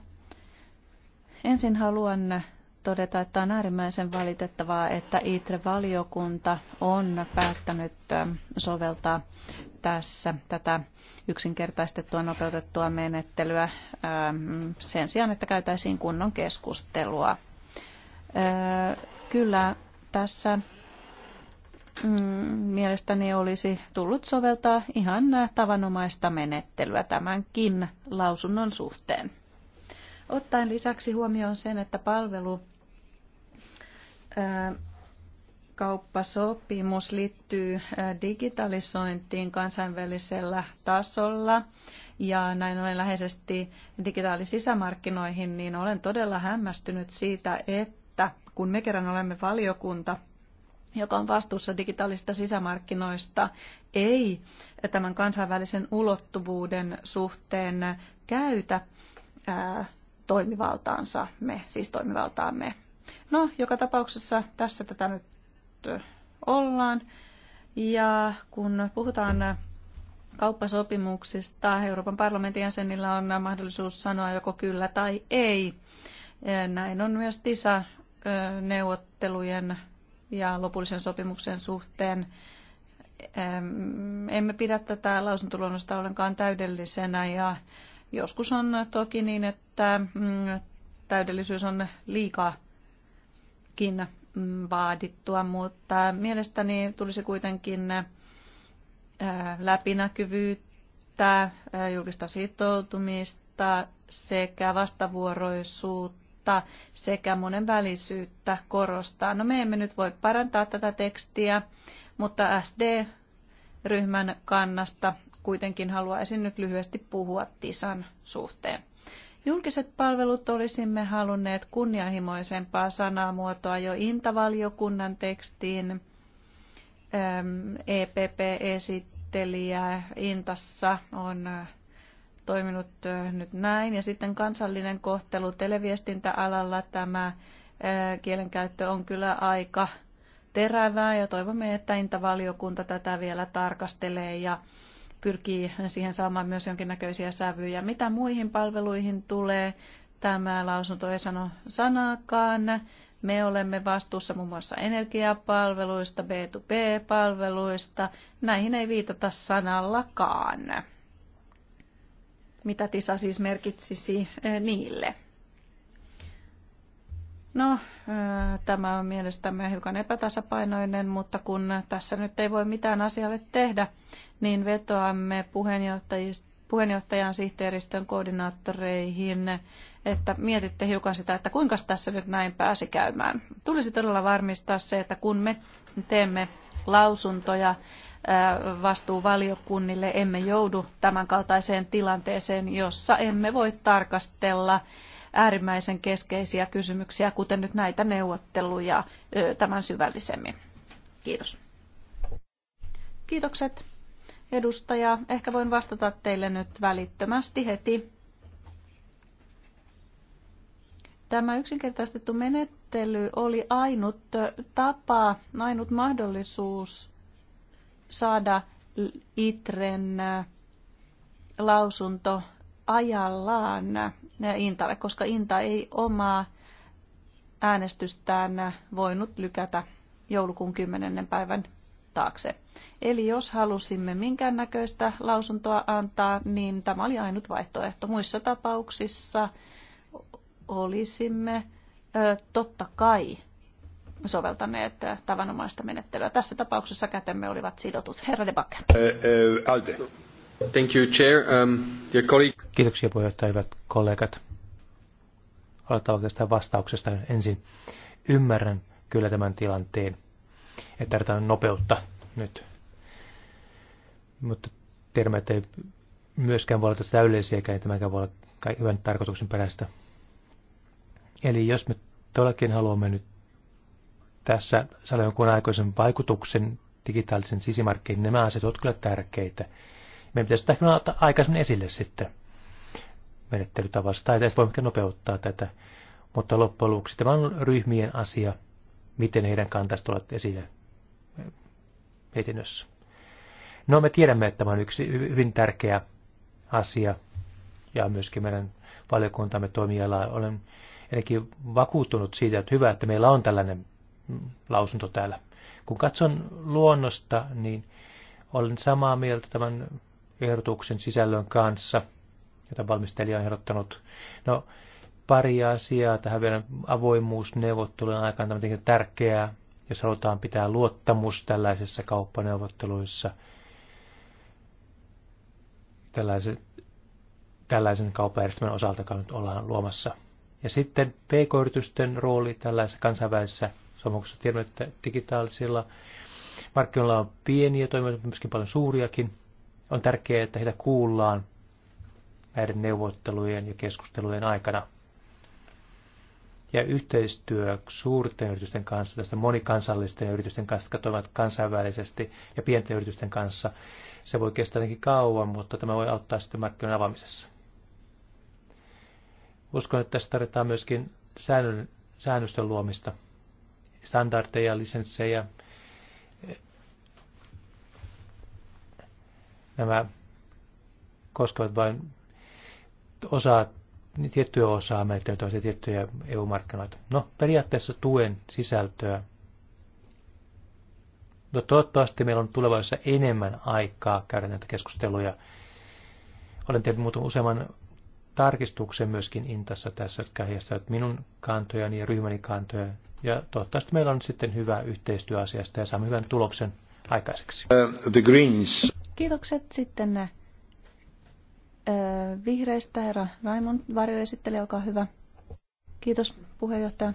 Ensin haluan todeta, että on äärimmäisen valitettavaa, että ITRE-valiokunta on päättänyt soveltaa tässä tätä yksinkertaistettua nopeutettua menettelyä sen sijaan, että käytäisiin kunnon keskustelua. Kyllä tässä Mm, mielestäni olisi tullut soveltaa ihan tavanomaista menettelyä tämänkin lausunnon suhteen. Ottaen lisäksi huomioon sen, että palvelu kauppasopimus liittyy digitalisointiin kansainvälisellä tasolla ja näin olen läheisesti digitaalisisämarkkinoihin, niin olen todella hämmästynyt siitä, että kun me kerran olemme valiokunta, joka on vastuussa digitaalisista sisämarkkinoista, ei tämän kansainvälisen ulottuvuuden suhteen käytä ää, toimivaltaansa, me, siis toimivaltaamme. No, joka tapauksessa tässä tätä nyt ollaan. Ja kun puhutaan kauppasopimuksista, Euroopan parlamentin jäsenillä on mahdollisuus sanoa joko kyllä tai ei. Näin on myös TISA-neuvottelujen ja lopullisen sopimuksen suhteen. Emme pidä tätä lausuntoluonnosta ollenkaan täydellisenä ja joskus on toki niin, että mm, täydellisyys on liikakin vaadittua, mutta mielestäni tulisi kuitenkin läpinäkyvyyttä, julkista sitoutumista sekä vastavuoroisuutta avoimuutta sekä monenvälisyyttä korostaa. No me emme nyt voi parantaa tätä tekstiä, mutta SD-ryhmän kannasta kuitenkin haluaisin nyt lyhyesti puhua TISAn suhteen. Julkiset palvelut olisimme halunneet kunnianhimoisempaa sanamuotoa jo intavaliokunnan tekstiin. EPP esittelijä Intassa on toiminut nyt näin. Ja sitten kansallinen kohtelu televiestintäalalla tämä kielenkäyttö on kyllä aika terävää ja toivomme, että Intavaliokunta tätä vielä tarkastelee ja pyrkii siihen saamaan myös jonkinnäköisiä sävyjä. Mitä muihin palveluihin tulee, tämä lausunto ei sano sanaakaan. Me olemme vastuussa muun muassa energiapalveluista, B2B-palveluista. Näihin ei viitata sanallakaan mitä TISA siis merkitsisi niille. No, tämä on mielestämme hiukan epätasapainoinen, mutta kun tässä nyt ei voi mitään asialle tehdä, niin vetoamme puheenjohtajan sihteeristön koordinaattoreihin, että mietitte hiukan sitä, että kuinka tässä nyt näin pääsi käymään. Tulisi todella varmistaa se, että kun me teemme lausuntoja vastuuvaliokunnille. Emme joudu tämänkaltaiseen tilanteeseen, jossa emme voi tarkastella äärimmäisen keskeisiä kysymyksiä, kuten nyt näitä neuvotteluja tämän syvällisemmin. Kiitos. Kiitokset edustaja. Ehkä voin vastata teille nyt välittömästi heti. Tämä yksinkertaistettu menettely menettely oli ainut tapa, ainut mahdollisuus saada ITREN äh, lausunto ajallaan äh, Intalle, koska Inta ei omaa äänestystään äh, voinut lykätä joulukuun 10. päivän taakse. Eli jos halusimme minkäännäköistä lausuntoa antaa, niin tämä oli ainut vaihtoehto. Muissa tapauksissa olisimme totta kai soveltaneet tavanomaista menettelyä. Tässä tapauksessa kätemme olivat sidotut. Herra de Backer. Alte. Thank you, Chair. Um, dear colleague. Kiitoksia puheenjohtaja, hyvät kollegat. Aloitetaan oikeastaan vastauksesta ensin. Ymmärrän kyllä tämän tilanteen, että tarvitaan nopeutta nyt. Mutta tiedämme, että ei myöskään voi olla ei tämäkään voi olla hyvän tarkoituksen perästä. Eli jos me todellakin haluamme nyt tässä saada jonkun aikuisen vaikutuksen digitaalisen sisämarkkinoihin, niin nämä asiat ovat kyllä tärkeitä. Meidän pitäisi ehkä ottaa aikaisemmin esille sitten menettelytavasta, tai tästä voimme nopeuttaa tätä. Mutta loppujen lopuksi tämä on ryhmien asia, miten heidän kantaisi tulla esille mietinnössä. No me tiedämme, että tämä on yksi hyvin tärkeä asia, ja myöskin meidän valiokuntamme toimiala. Olen ainakin vakuuttunut siitä, että hyvä, että meillä on tällainen lausunto täällä. Kun katson luonnosta, niin olen samaa mieltä tämän ehdotuksen sisällön kanssa, jota valmistelija on ehdottanut. No, pari asiaa tähän vielä avoimuusneuvottelujen aikana, tämä on tärkeää, jos halutaan pitää luottamus tällaisissa kauppaneuvotteluissa, tällaisen kauppajärjestelmän osalta, nyt ollaan luomassa – ja sitten pk-yritysten rooli tällaisessa kansainvälisessä sopimuksessa. tiedon, että digitaalisilla markkinoilla on pieniä toimijoita, myöskin paljon suuriakin. On tärkeää, että heitä kuullaan näiden neuvottelujen ja keskustelujen aikana. Ja yhteistyö suurten yritysten kanssa, tästä monikansallisten yritysten kanssa, jotka toimivat kansainvälisesti, ja pienten yritysten kanssa, se voi kestää kauan, mutta tämä voi auttaa sitten markkinoiden avaamisessa. Uskon, että tässä tarvitaan myöskin säännön, säännöstön luomista, standardeja, lisenssejä. Nämä koskevat vain osaa, tiettyä osaa menettelytoista tiettyjä EU-markkinoita. No, periaatteessa tuen sisältöä. No, toivottavasti meillä on tulevaisuudessa enemmän aikaa käydä näitä keskusteluja. Olen tehnyt muutaman useamman tarkistuksen myöskin Intassa tässä, jotka että minun kantojani ja ryhmäni kantoja. Ja toivottavasti meillä on sitten hyvä yhteistyö asiasta ja saamme hyvän tuloksen aikaiseksi. Uh, the Greens. Kiitokset sitten uh, vihreistä herra Raimon varjoesittelijä, olkaa hyvä. Kiitos puheenjohtaja.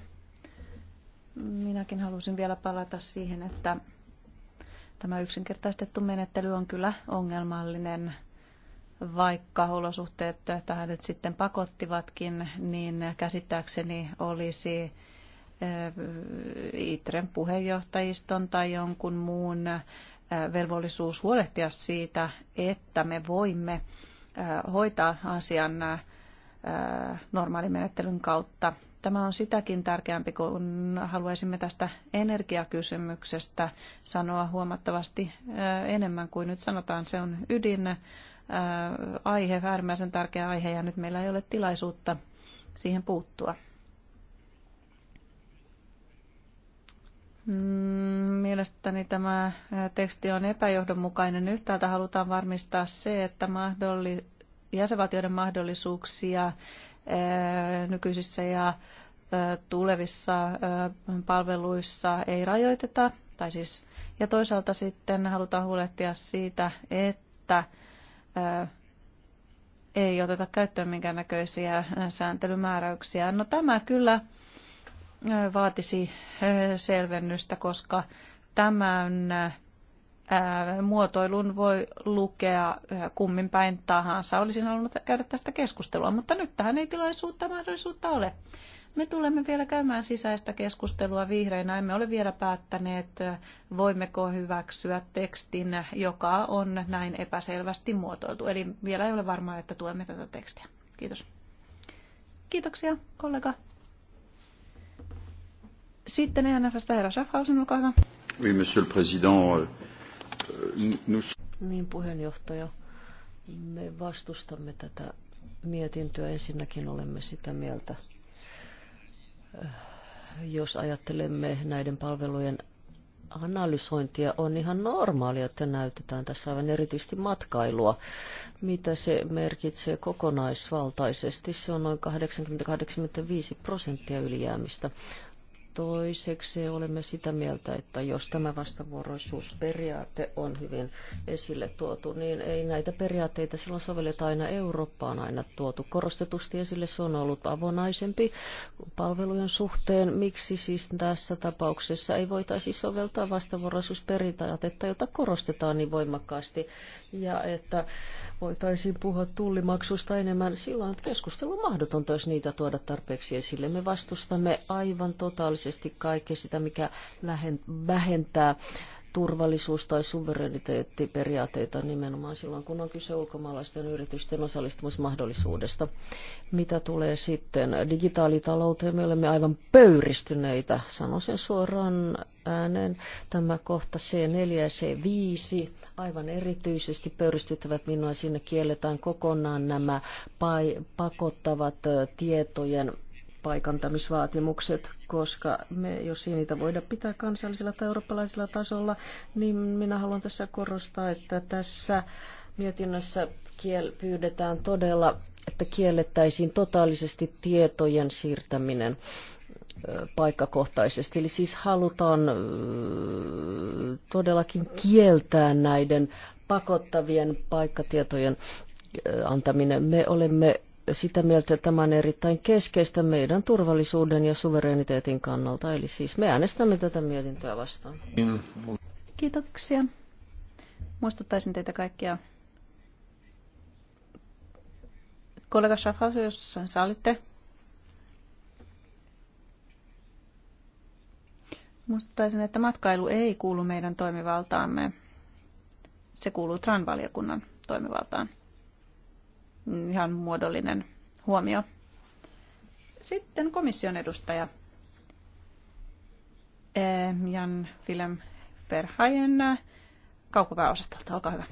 Minäkin halusin vielä palata siihen, että tämä yksinkertaistettu menettely on kyllä ongelmallinen vaikka olosuhteet tähän nyt sitten pakottivatkin, niin käsittääkseni olisi ITREn puheenjohtajiston tai jonkun muun velvollisuus huolehtia siitä, että me voimme hoitaa asian normaalimenettelyn kautta. Tämä on sitäkin tärkeämpi, kun haluaisimme tästä energiakysymyksestä sanoa huomattavasti enemmän kuin nyt sanotaan. Se on ydin aihe, äärimmäisen tärkeä aihe, ja nyt meillä ei ole tilaisuutta siihen puuttua. Mm, mielestäni tämä teksti on epäjohdonmukainen. Yhtäältä halutaan varmistaa se, että mahdolli, jäsenvaltioiden mahdollisuuksia nykyisissä ja tulevissa palveluissa ei rajoiteta. Tai siis, ja toisaalta sitten halutaan huolehtia siitä, että ei oteta käyttöön minkäännäköisiä sääntelymääräyksiä. No tämä kyllä vaatisi selvennystä, koska tämän muotoilun voi lukea kummin päin tahansa. Olisin halunnut käydä tästä keskustelua, mutta nyt tähän ei tilaisuutta mahdollisuutta ole. Me tulemme vielä käymään sisäistä keskustelua vihreinä. Emme ole vielä päättäneet, voimmeko hyväksyä tekstin, joka on näin epäselvästi muotoiltu. Eli vielä ei ole varmaa, että tuemme tätä tekstiä. Kiitos. Kiitoksia, kollega. Sitten ENFstä herra Schaffhausen, olkaa hyvä. Oui, monsieur le président. Euh, nous... Niin, puheenjohtaja. Me vastustamme tätä mietintöä. Ensinnäkin olemme sitä mieltä, jos ajattelemme näiden palvelujen analysointia on ihan normaalia, että näytetään tässä aivan erityisesti matkailua. Mitä se merkitsee kokonaisvaltaisesti? Se on noin 80-85 prosenttia ylijäämistä. Toiseksi olemme sitä mieltä, että jos tämä vastavuoroisuusperiaate on hyvin esille tuotu, niin ei näitä periaatteita silloin sovelleta aina Eurooppaan aina tuotu. Korostetusti esille se on ollut avonaisempi palvelujen suhteen. Miksi siis tässä tapauksessa ei voitaisi soveltaa vastavuoroisuusperiaatetta, jota korostetaan niin voimakkaasti ja että voitaisiin puhua tullimaksusta enemmän, silloin keskustelu on mahdotonta, jos niitä tuoda tarpeeksi esille. Me vastustamme aivan totaalisesti kaikkea sitä, mikä vähentää turvallisuus- tai suvereniteettiperiaatteita nimenomaan silloin, kun on kyse ulkomaalaisten yritysten osallistumismahdollisuudesta. Mitä tulee sitten digitaalitalouteen, me olemme aivan pöyristyneitä, sanon sen suoraan ääneen. Tämä kohta C4 ja C5 aivan erityisesti pöyristyttävät minua, sinne kielletään kokonaan nämä pakottavat tietojen paikantamisvaatimukset, koska me, jos ei niitä voida pitää kansallisella tai eurooppalaisella tasolla, niin minä haluan tässä korostaa, että tässä mietinnössä kiel- pyydetään todella, että kiellettäisiin totaalisesti tietojen siirtäminen paikkakohtaisesti. Eli siis halutaan todellakin kieltää näiden pakottavien paikkatietojen antaminen. Me olemme sitä mieltä, että tämä on erittäin keskeistä meidän turvallisuuden ja suvereniteetin kannalta. Eli siis me äänestämme tätä mietintöä vastaan. Kiitoksia. Muistuttaisin teitä kaikkia. Kollega Schaffhaus, jos sallitte. Muistuttaisin, että matkailu ei kuulu meidän toimivaltaamme. Se kuuluu Tran-valiokunnan toimivaltaan ihan muodollinen huomio. Sitten komission edustaja Jan Willem Verhaen kauppapääosastolta. Olkaa hyvä.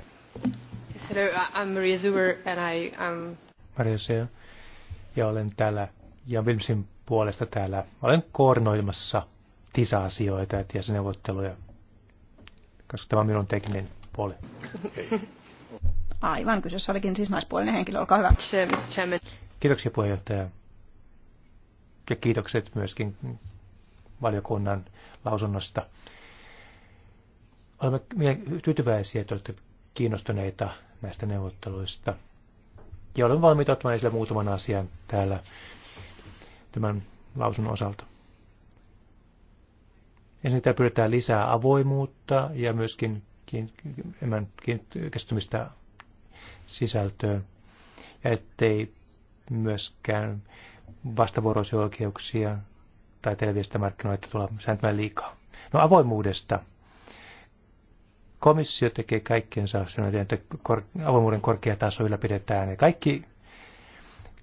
Hello, I'm Maria Zuber and I am... Maria Zuber ja olen täällä ja Wilmsin puolesta täällä. Olen koordinoimassa TISA-asioita ja jäsenneuvotteluja, koska tämä on minun tekninen puoli. Okay. Aivan, kyseessä olikin siis naispuolinen henkilö, olkaa hyvä. Kiitoksia puheenjohtaja. Ja kiitokset myöskin valiokunnan lausunnosta. Olemme tyytyväisiä, että olette kiinnostuneita näistä neuvotteluista. Ja olen valmiita ottamaan esille muutaman asian täällä tämän lausunnon osalta. Ensinnäkin pyydetään lisää avoimuutta ja myöskin kiinnittymistä sisältöön ja ettei myöskään vastavuoroisia oikeuksia tai televisiomarkkinoita tulla sääntämään liikaa. No avoimuudesta. Komissio tekee kaikkiensa sen eteen, että kor- avoimuuden korkea taso ylläpidetään ja kaikki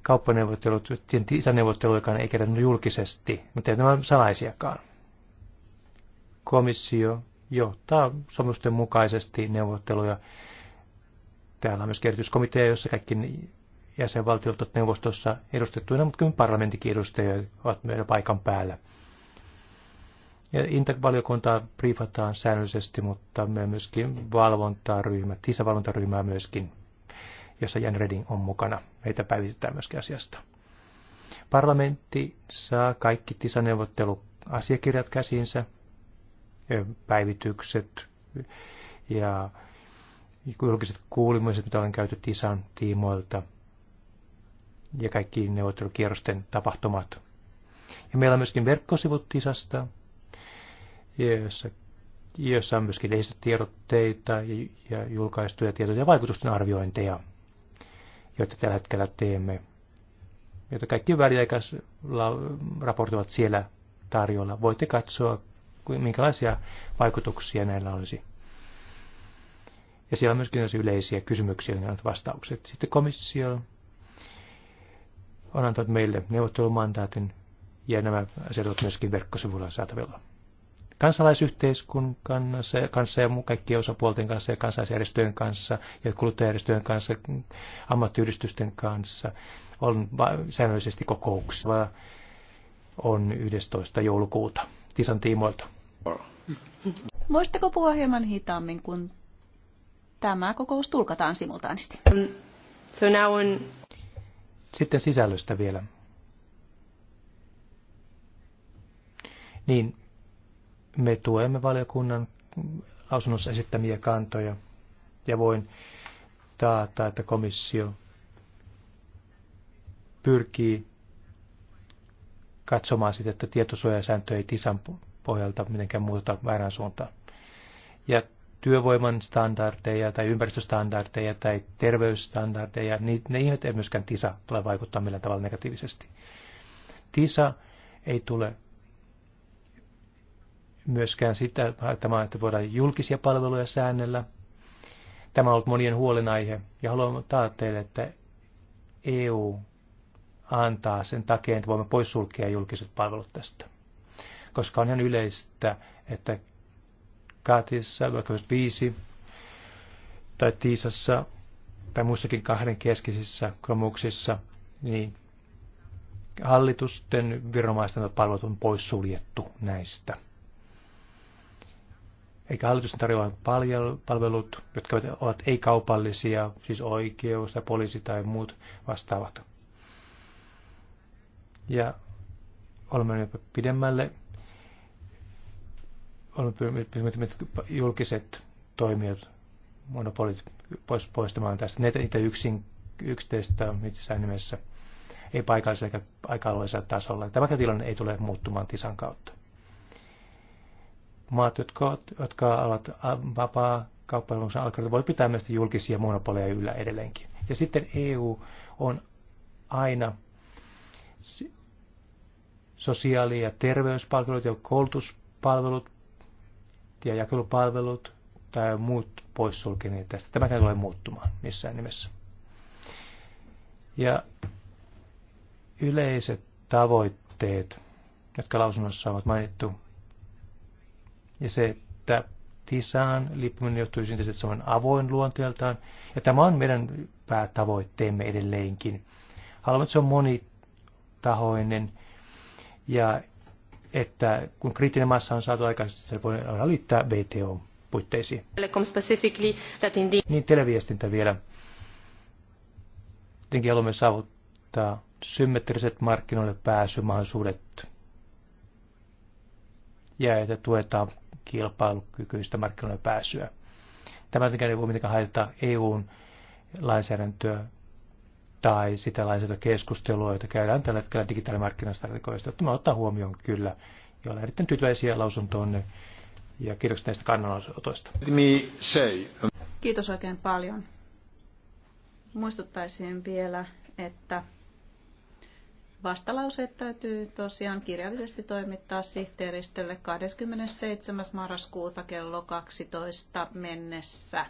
kauppaneuvottelut, isäneuvotteluikaan ei kerätä julkisesti, mutta ei nämä salaisiakaan. Komissio johtaa sopimusten mukaisesti neuvotteluja Täällä on myös kehityskomitea, jossa kaikki jäsenvaltiot ovat neuvostossa edustettuina, mutta kyllä parlamentin edustajia ovat meidän paikan päällä. Ja Intac-valiokuntaa briefataan säännöllisesti, mutta me myöskin valvontaryhmä, TISA-valvontaryhmää myöskin, jossa Jan Reding on mukana. Meitä päivitetään myöskin asiasta. Parlamentti saa kaikki TISA-neuvotteluasiakirjat käsiinsä, päivitykset ja julkiset kuulimiset, mitä olen käyty Tisan tiimoilta ja kaikki neuvottelukierrosten tapahtumat. Ja meillä on myöskin verkkosivut Tisasta, jossa, jossa on myöskin lehdistötiedotteita ja, ja julkaistuja tietoja ja vaikutusten arviointeja, joita tällä hetkellä teemme. Joita kaikki väliaikais raportoivat siellä tarjolla. Voitte katsoa, minkälaisia vaikutuksia näillä olisi. Ja siellä on myöskin yleisiä kysymyksiä, ja vastaukset. Sitten komissio on antanut meille neuvottelumandaatin ja nämä asiat ovat myöskin verkkosivuilla saatavilla. Kansalaisyhteiskunnan kanssa, kanssa ja kaikkien osapuolten kanssa ja kansalaisjärjestöjen kanssa ja kuluttajajärjestöjen kanssa, ammattiyhdistysten kanssa on säännöllisesti kokouksia. On 11. joulukuuta Tisan tiimoilta. Muistako puhua hieman hitaammin, kun Tämä kokous tulkataan simultaanisti. Um, so now on... Sitten sisällöstä vielä. Niin, me tuemme valiokunnan lausunnossa esittämiä kantoja ja voin taata, että komissio pyrkii katsomaan sitä, että tietosuojasääntö ei TISAN pohjalta mitenkään muuta väärään suuntaan. Ja työvoiman standardeja tai ympäristöstandardeja tai terveysstandardeja, niin ne eivät myöskään TISA tule vaikuttaa millään tavalla negatiivisesti. TISA ei tule myöskään sitä, tämä, että voidaan julkisia palveluja säännellä. Tämä on ollut monien huolenaihe ja haluan taata teille, että EU antaa sen takia, että voimme poissulkea julkiset palvelut tästä. Koska on ihan yleistä, että Kaatissa, luokka 5, tai Tiisassa, tai muissakin kahden keskisissä kromuksissa, niin hallitusten viranomaisten palvelut on poissuljettu näistä. Eikä hallitus tarjoa palvelut, jotka ovat ei-kaupallisia, siis oikeus tai poliisi tai muut vastaavat. Ja olemme jopa pidemmälle on pyrkinyt julkiset toimijat, monopolit pois, poistamaan tästä. Ne niitä yksin, yksityistä missään nimessä, ei paikallisella eikä aika-alueellisella tasolla. Tämä tilanne ei tule muuttumaan TISAN kautta. Maat, jotka, jotka ovat vapaa kauppailuksen alkoholta, voi pitää myös julkisia monopoleja yllä edelleenkin. Ja sitten EU on aina sosiaali- ja terveyspalvelut ja koulutuspalvelut ja jakelupalvelut tai muut poissulkeneet tästä. Tämäkään ei tule muuttumaan missään nimessä. Ja yleiset tavoitteet, jotka lausunnossa ovat mainittu, ja se, että Tisaan liippuminen johtuu siitä, että se on avoin luonteeltaan, ja tämä on meidän päätavoitteemme edelleenkin. Haluamme, että se on monitahoinen ja että kun kriittinen massa on saatu aikaisesti, se voi liittää VTO puitteisiin. Niin televiestintä vielä. Tietenkin haluamme saavuttaa symmetriset markkinoille pääsymahdollisuudet ja että tuetaan kilpailukykyistä markkinoille pääsyä. Tämä ei voi mitenkään haittaa EUn lainsäädäntöä tai sitä keskustelua, joita käydään tällä hetkellä digitaalimarkkinastrategioista. Tämä ottaa huomioon kyllä, ja olen erittäin tyytyväisiä lausuntoonne ja kiitokset näistä kannanotoista. Kiitos oikein paljon. Muistuttaisin vielä, että vastalauseet täytyy tosiaan kirjallisesti toimittaa sihteeristölle 27. marraskuuta kello 12 mennessä.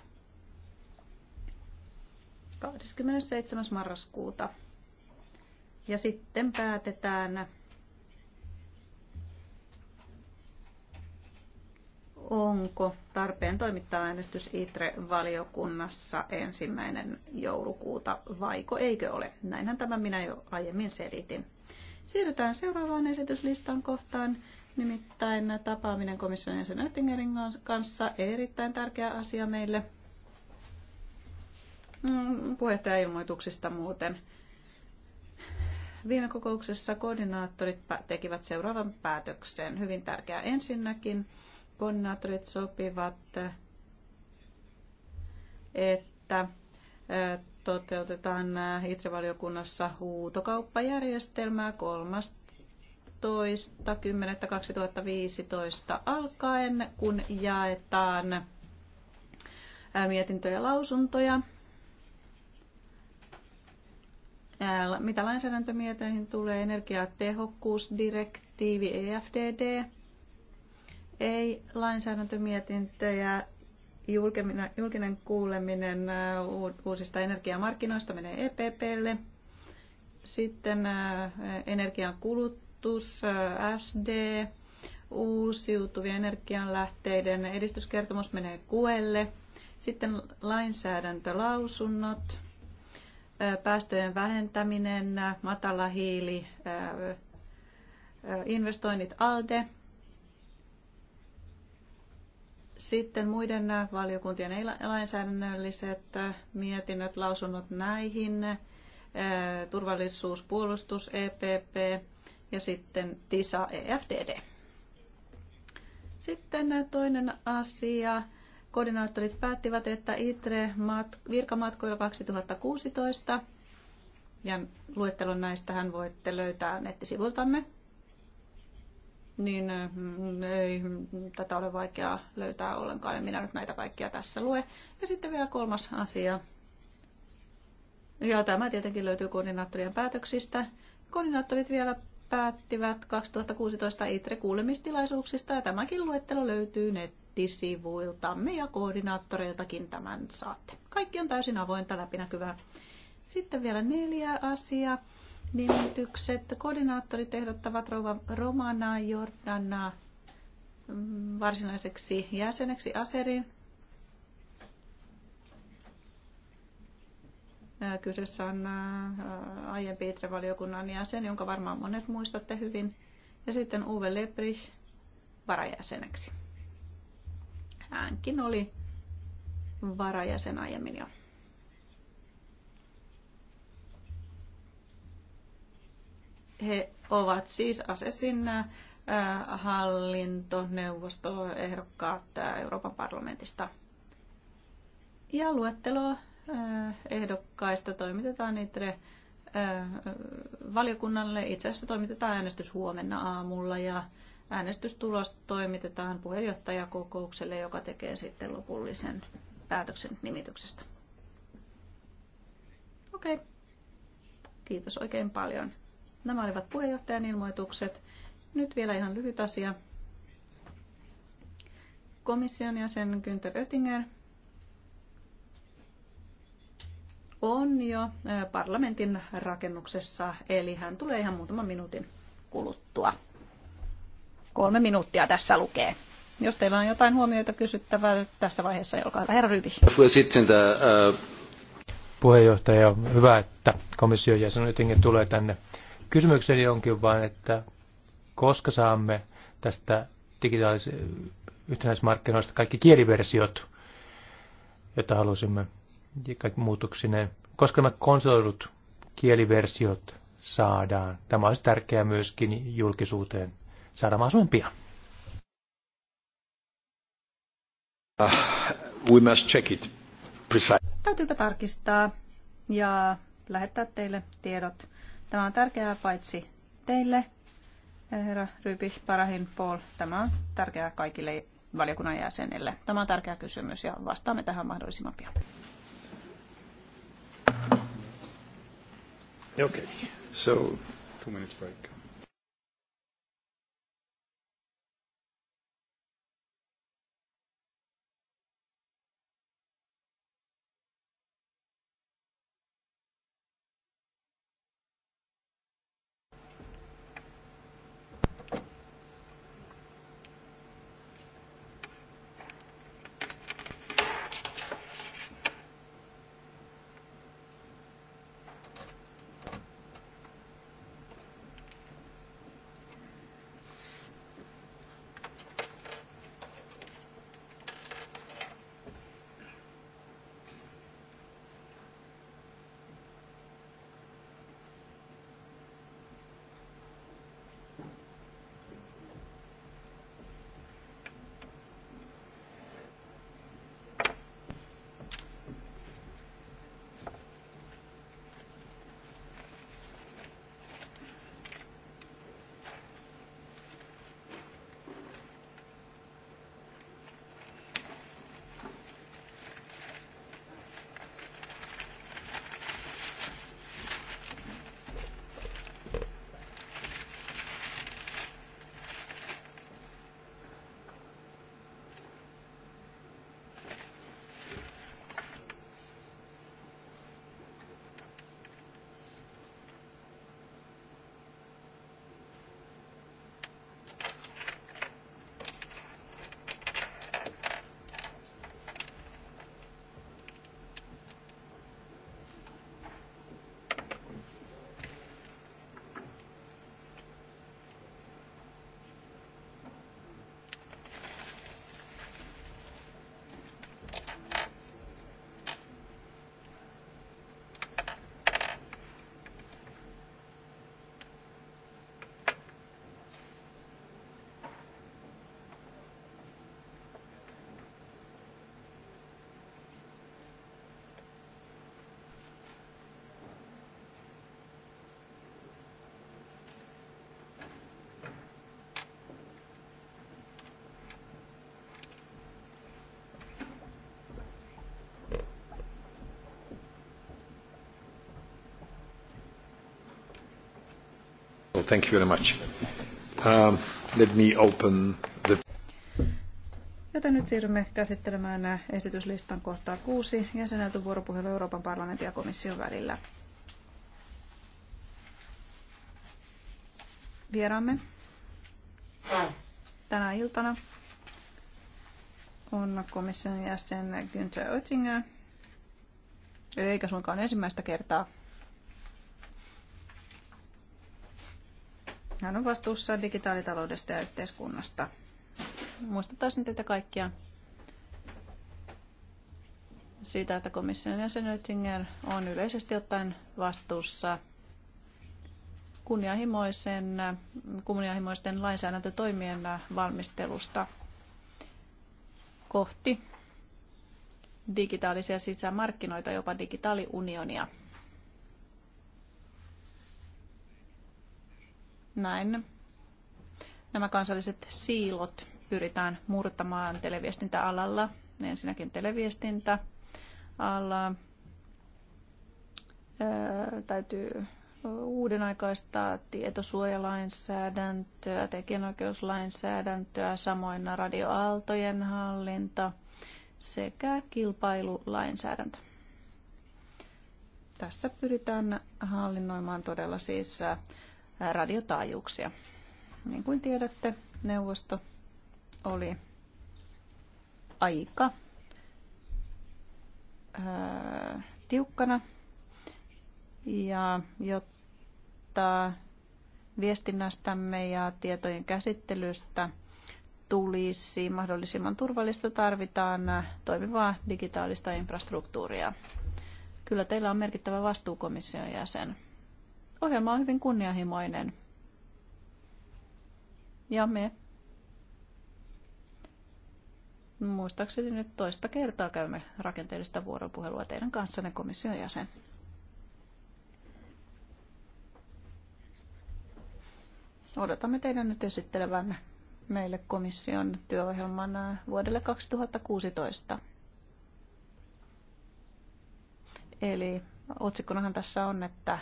27. marraskuuta. Ja sitten päätetään onko tarpeen toimittaa äänestys ITRE-valiokunnassa ensimmäinen joulukuuta vaiko eikö ole. Näinhän tämä minä jo aiemmin selitin. Siirrytään seuraavaan esityslistan kohtaan, nimittäin tapaaminen komission jäsen Oettingerin kanssa. Erittäin tärkeä asia meille. Mm, puheenjohtajailmoituksista muuten. Viime kokouksessa koordinaattorit tekivät seuraavan päätöksen. Hyvin tärkeää ensinnäkin. Koordinaattorit sopivat, että toteutetaan itre huutokauppajärjestelmää 13.10.2015 alkaen, kun jaetaan mietintöjä ja lausuntoja mitä lainsäädäntömieteihin tulee, energiatehokkuusdirektiivi EFDD, ei lainsäädäntömietintöjä, julkinen kuuleminen uusista energiamarkkinoista menee EPPlle, sitten energian kulutus, SD, uusiutuvien energianlähteiden edistyskertomus menee kuelle. Sitten lainsäädäntölausunnot, päästöjen vähentäminen, matala hiili, investoinnit ALDE. Sitten muiden valiokuntien lainsäädännölliset mietinnöt, lausunnot näihin, turvallisuus, puolustus, EPP ja sitten TISA, EFDD. Sitten toinen asia koordinaattorit päättivät, että ITRE virkamatkoilla 2016, ja luettelon näistähän voitte löytää nettisivultamme, niin mm, ei mm, tätä ole vaikeaa löytää ollenkaan, ja minä nyt näitä kaikkia tässä lue. Ja sitten vielä kolmas asia, ja tämä tietenkin löytyy koordinaattorien päätöksistä. Koordinaattorit vielä päättivät 2016 ITRE-kuulemistilaisuuksista ja tämäkin luettelo löytyy nettisivuiltamme ja koordinaattoreiltakin tämän saatte. Kaikki on täysin avointa läpinäkyvää. Sitten vielä neljä asiaa. Nimitykset. Koordinaattorit ehdottavat Rova, Romana Jordana mm, varsinaiseksi jäseneksi Aserin Kyseessä on aiempi ITRE-valiokunnan jäsen, jonka varmaan monet muistatte hyvin. Ja sitten Uwe Leprich varajäseneksi. Hänkin oli varajäsen aiemmin jo. He ovat siis asesin hallintoneuvostoehdokkaat Euroopan parlamentista. Ja luettelo ehdokkaista toimitetaan niitä valiokunnalle. Itse asiassa toimitetaan äänestys huomenna aamulla ja äänestystulosta toimitetaan puheenjohtajakokoukselle, joka tekee sitten lopullisen päätöksen nimityksestä. Okei. Okay. Kiitos oikein paljon. Nämä olivat puheenjohtajan ilmoitukset. Nyt vielä ihan lyhyt asia. Komission jäsen Günther Oettinger on jo parlamentin rakennuksessa, eli hän tulee ihan muutaman minuutin kuluttua. Kolme minuuttia tässä lukee. Jos teillä on jotain huomioita kysyttävää tässä vaiheessa, niin olkaa hyvä, herra Ryvi. Puheenjohtaja, hyvä, että komission jäsen jotenkin tulee tänne. Kysymykseni onkin vain, että koska saamme tästä digitaalisesta yhtenäismarkkinoista kaikki kieliversiot, joita halusimme ja kaikki muutoksineen, koska nämä konsolidut kieliversiot saadaan. Tämä olisi tärkeää myöskin julkisuuteen saada mahdollisimman pian. Uh, we must check it. Precise. Täytyypä tarkistaa ja lähettää teille tiedot. Tämä on tärkeää paitsi teille, herra Rypi, Parahin, Paul. Tämä on tärkeää kaikille valiokunnan jäsenille. Tämä on tärkeä kysymys ja vastaamme tähän mahdollisimman pian. Okay. So, two minutes break. Thank you very much. Um, let me open the... Joten nyt siirrymme käsittelemään esityslistan kohtaa kuusi jäsenelty vuoropuhelu Euroopan parlamentin ja komission välillä. Vieraamme tänä iltana on komission jäsen Günther Oettinger, eikä suinkaan ensimmäistä kertaa Hän on vastuussa digitaalitaloudesta ja yhteiskunnasta. Muistuttaisin teitä kaikkia siitä, että komission jäsen Oettinger on yleisesti ottaen vastuussa kunnianhimoisen, kunnianhimoisten lainsäädäntötoimien valmistelusta kohti digitaalisia sisämarkkinoita, jopa digitaaliunionia. Näin nämä kansalliset siilot pyritään murtamaan televiestintäalalla. Ensinnäkin televiestintäala täytyy uudenaikaistaa tietosuojalainsäädäntöä, tekijänoikeuslainsäädäntöä, samoin radioaaltojen hallinta sekä kilpailulainsäädäntö. Tässä pyritään hallinnoimaan todella siis radiotaajuuksia. Niin kuin tiedätte, neuvosto oli aika ää, tiukkana ja jotta viestinnästämme ja tietojen käsittelystä tulisi mahdollisimman turvallista, tarvitaan toimivaa digitaalista infrastruktuuria. Kyllä teillä on merkittävä vastuukomission jäsen. Ohjelma on hyvin kunnianhimoinen. Ja me muistaakseni nyt toista kertaa käymme rakenteellista vuoropuhelua teidän kanssanne komission jäsen. Odotamme teidän nyt esittelevän meille komission työohjelman äh, vuodelle 2016. Eli otsikkonahan tässä on, että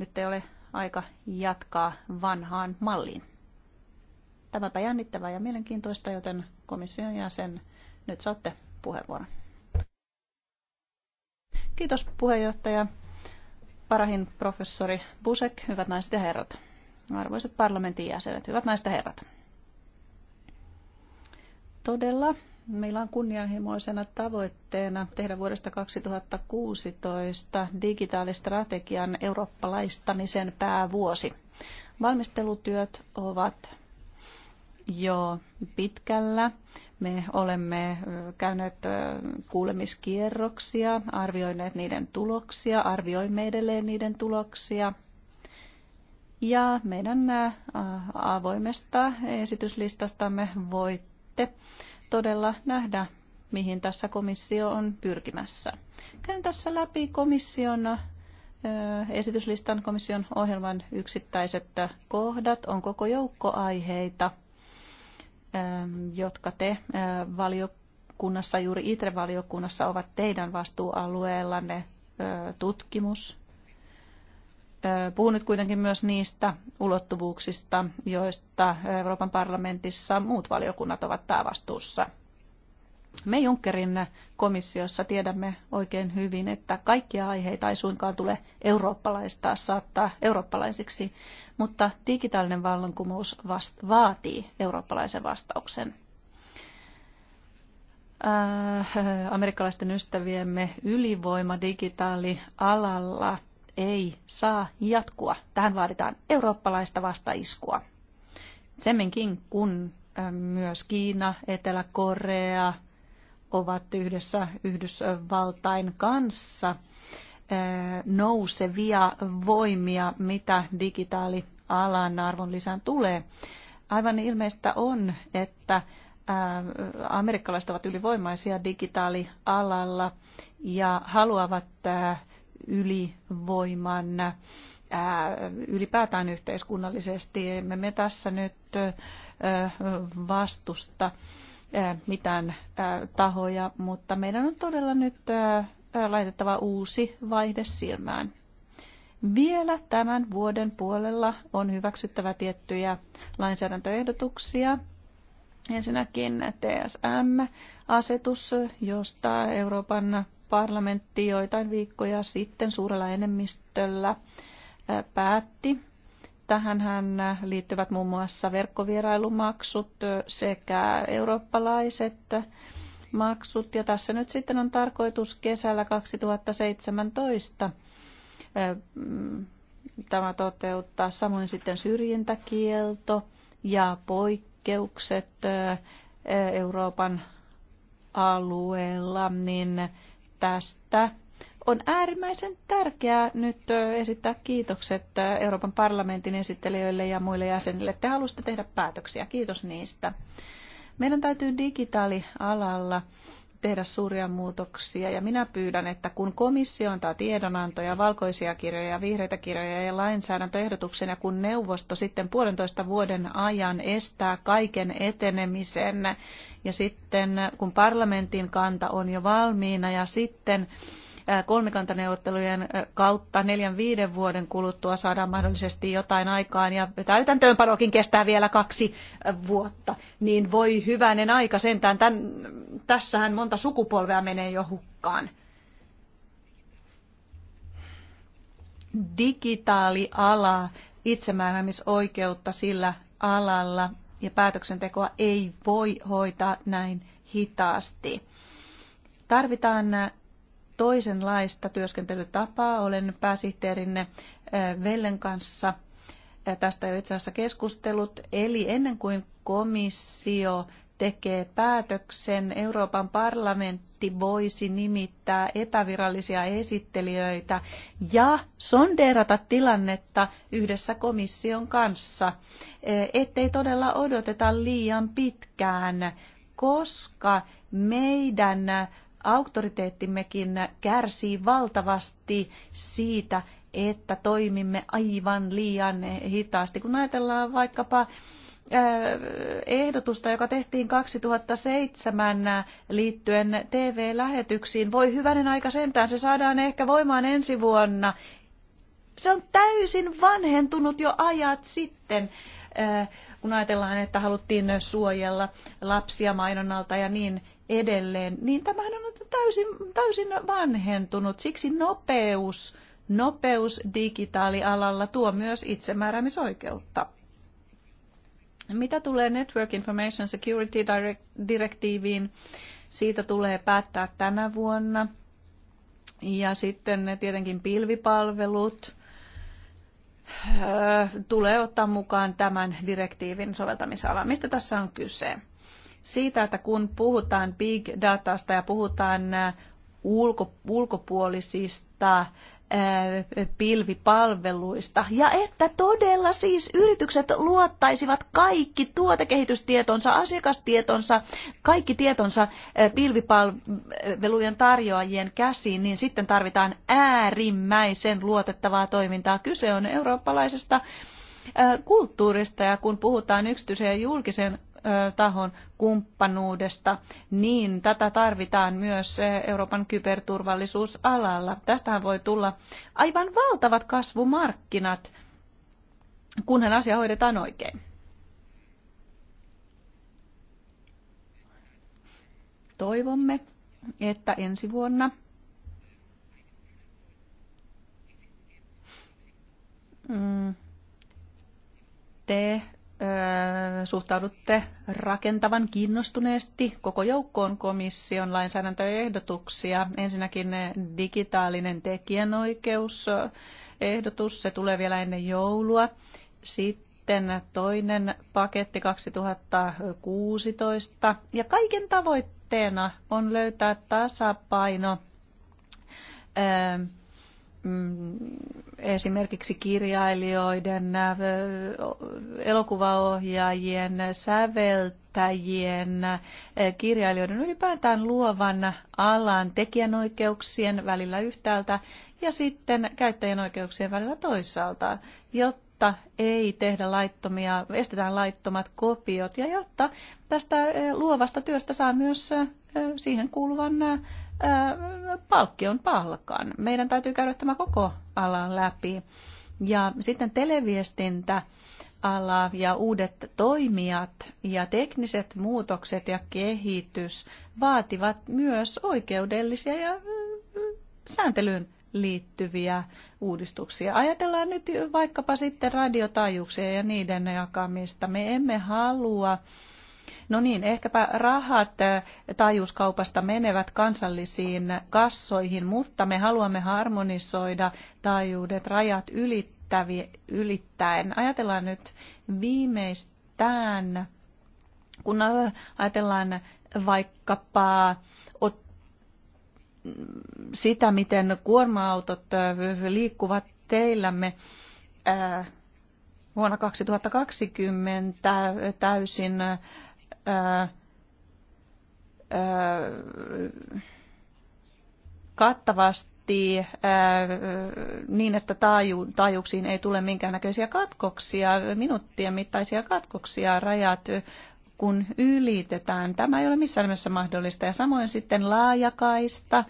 nyt ei ole aika jatkaa vanhaan malliin. Tämäpä jännittävää ja mielenkiintoista, joten komission jäsen, nyt saatte puheenvuoron. Kiitos puheenjohtaja Parahin professori Busek, hyvät naiset ja herrat. Arvoisat parlamentin jäsenet, hyvät naiset ja herrat. Todella Meillä on kunnianhimoisena tavoitteena tehdä vuodesta 2016 digitaalistrategian eurooppalaistamisen päävuosi. Valmistelutyöt ovat jo pitkällä. Me olemme käyneet kuulemiskierroksia, arvioineet niiden tuloksia, arvioimme edelleen niiden tuloksia. Ja meidän avoimesta esityslistastamme voitte todella nähdä, mihin tässä komissio on pyrkimässä. Käyn tässä läpi komission esityslistan komission ohjelman yksittäiset kohdat. On koko joukko aiheita, jotka te valiokunnassa, juuri ITRE-valiokunnassa, ovat teidän vastuualueellanne. Tutkimus, nyt kuitenkin myös niistä ulottuvuuksista, joista Euroopan parlamentissa muut valiokunnat ovat päävastuussa. Me Junckerin komissiossa tiedämme oikein hyvin, että kaikkia aiheita ei suinkaan tule eurooppalaistaa, saattaa eurooppalaisiksi, mutta digitaalinen vallankumous vast- vaatii eurooppalaisen vastauksen. Äh, amerikkalaisten ystäviemme ylivoima digitaalialalla – ei saa jatkua. Tähän vaaditaan eurooppalaista vastaiskua. Semminkin kun myös Kiina, Etelä-Korea ovat yhdessä Yhdysvaltain kanssa nousevia voimia, mitä digitaalialan arvon lisään tulee. Aivan ilmeistä on, että amerikkalaiset ovat ylivoimaisia digitaalialalla ja haluavat ylivoiman äh, ylipäätään yhteiskunnallisesti. Emme me tässä nyt äh, vastusta äh, mitään tahoja, mutta meidän on todella nyt laitettava uusi vaihde silmään. Vielä tämän vuoden puolella on hyväksyttävä tiettyjä lainsäädäntöehdotuksia. Ensinnäkin TSM-asetus, josta Euroopan parlamentti joitain viikkoja sitten suurella enemmistöllä päätti. Tähän liittyvät muun muassa verkkovierailumaksut sekä eurooppalaiset maksut. Ja tässä nyt sitten on tarkoitus kesällä 2017 mm, tämä toteuttaa. Samoin sitten syrjintäkielto ja poikkeukset Euroopan alueella, niin tästä. On äärimmäisen tärkeää nyt esittää kiitokset Euroopan parlamentin esittelijöille ja muille jäsenille. Te halusitte tehdä päätöksiä. Kiitos niistä. Meidän täytyy digitaalialalla tehdä suuria muutoksia. Ja minä pyydän, että kun komissio antaa tiedonantoja, valkoisia kirjoja, vihreitä kirjoja ja lainsäädäntöehdotuksen, ja kun neuvosto sitten puolentoista vuoden ajan estää kaiken etenemisen, ja sitten kun parlamentin kanta on jo valmiina, ja sitten Äh, kolmikantaneuvottelujen äh, kautta neljän viiden vuoden kuluttua saadaan mahdollisesti jotain aikaan ja täytäntöönpanokin kestää vielä kaksi äh, vuotta, niin voi hyvänen aika sentään. tässähän monta sukupolvea menee jo hukkaan. Digitaaliala, itsemääräämisoikeutta sillä alalla ja päätöksentekoa ei voi hoitaa näin hitaasti. Tarvitaan toisenlaista työskentelytapaa. Olen pääsihteerinne eh, Vellen kanssa tästä jo itse asiassa keskustelut. Eli ennen kuin komissio tekee päätöksen, Euroopan parlamentti voisi nimittää epävirallisia esittelijöitä ja sondeerata tilannetta yhdessä komission kanssa, eh, ettei todella odoteta liian pitkään, koska meidän auktoriteettimmekin kärsii valtavasti siitä, että toimimme aivan liian hitaasti. Kun ajatellaan vaikkapa ehdotusta, joka tehtiin 2007 liittyen TV-lähetyksiin. Voi hyvänen aika sentään, se saadaan ehkä voimaan ensi vuonna. Se on täysin vanhentunut jo ajat sitten, kun ajatellaan, että haluttiin suojella lapsia mainonnalta ja niin edelleen, niin tämähän on täysin, täysin vanhentunut. Siksi nopeus, nopeus digitaalialalla tuo myös itsemääräämisoikeutta. Mitä tulee Network Information Security direktiiviin, siitä tulee päättää tänä vuonna. Ja sitten tietenkin pilvipalvelut öö, tulee ottaa mukaan tämän direktiivin soveltamisala. Mistä tässä on kyse? siitä, että kun puhutaan big datasta ja puhutaan äh, ulko, ulkopuolisista äh, pilvipalveluista. Ja että todella siis yritykset luottaisivat kaikki tuotekehitystietonsa, asiakastietonsa, kaikki tietonsa äh, pilvipalvelujen tarjoajien käsiin, niin sitten tarvitaan äärimmäisen luotettavaa toimintaa. Kyse on eurooppalaisesta kulttuurista ja kun puhutaan yksityisen ja julkisen tahon kumppanuudesta, niin tätä tarvitaan myös Euroopan kyberturvallisuusalalla. Tästähän voi tulla aivan valtavat kasvumarkkinat, kunhan asia hoidetaan oikein. Toivomme, että ensi vuonna mm, te suhtaudutte rakentavan kiinnostuneesti koko joukkoon komission lainsäädäntöehdotuksia. Ensinnäkin digitaalinen tekijänoikeusehdotus, se tulee vielä ennen joulua. Sitten toinen paketti 2016. Ja kaiken tavoitteena on löytää tasapaino Mm, esimerkiksi kirjailijoiden, äh, elokuvaohjaajien, säveltäjien, äh, kirjailijoiden ylipäätään luovan alan tekijänoikeuksien välillä yhtäältä ja sitten käyttäjän oikeuksien välillä toisaalta, jotta ei tehdä laittomia, estetään laittomat kopiot ja jotta tästä äh, luovasta työstä saa myös siihen kuuluvan Äh, palkkion palkan. Meidän täytyy käydä tämä koko ala läpi. Ja sitten televiestintä ala ja uudet toimijat ja tekniset muutokset ja kehitys vaativat myös oikeudellisia ja äh, sääntelyyn liittyviä uudistuksia. Ajatellaan nyt vaikkapa sitten radiotaajuuksia ja niiden jakamista. Me emme halua No niin, ehkäpä rahat eh, taajuuskaupasta menevät kansallisiin kassoihin, mutta me haluamme harmonisoida taajuudet rajat ylittäen. Ajatellaan nyt viimeistään, kun eh, ajatellaan vaikkapa sitä, miten kuorma-autot eh, liikkuvat teillämme vuonna 2020 täysin kattavasti niin, että taajuuksiin ei tule minkäännäköisiä katkoksia, minuuttien mittaisia katkoksia, rajat kun ylitetään. Tämä ei ole missään nimessä mahdollista. Ja samoin sitten laajakaista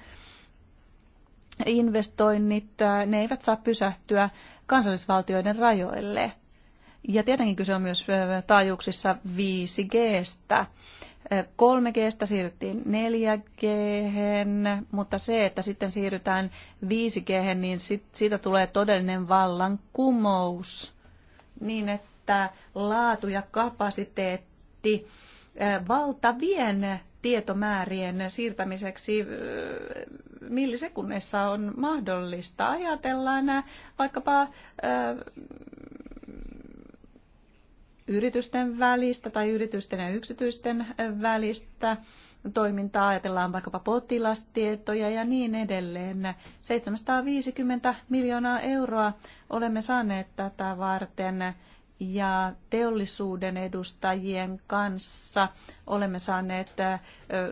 investoinnit, ne eivät saa pysähtyä kansallisvaltioiden rajoille. Ja tietenkin kyse on myös taajuuksissa 5Gstä. 3Gstä siirryttiin 4G, mutta se, että sitten siirrytään 5G, niin siitä tulee todellinen vallankumous. Niin, että laatu ja kapasiteetti valtavien tietomäärien siirtämiseksi millisekunneissa on mahdollista. Ajatellaan vaikkapa yritysten välistä tai yritysten ja yksityisten välistä toimintaa, ajatellaan vaikkapa potilastietoja ja niin edelleen. 750 miljoonaa euroa olemme saaneet tätä varten ja teollisuuden edustajien kanssa olemme saaneet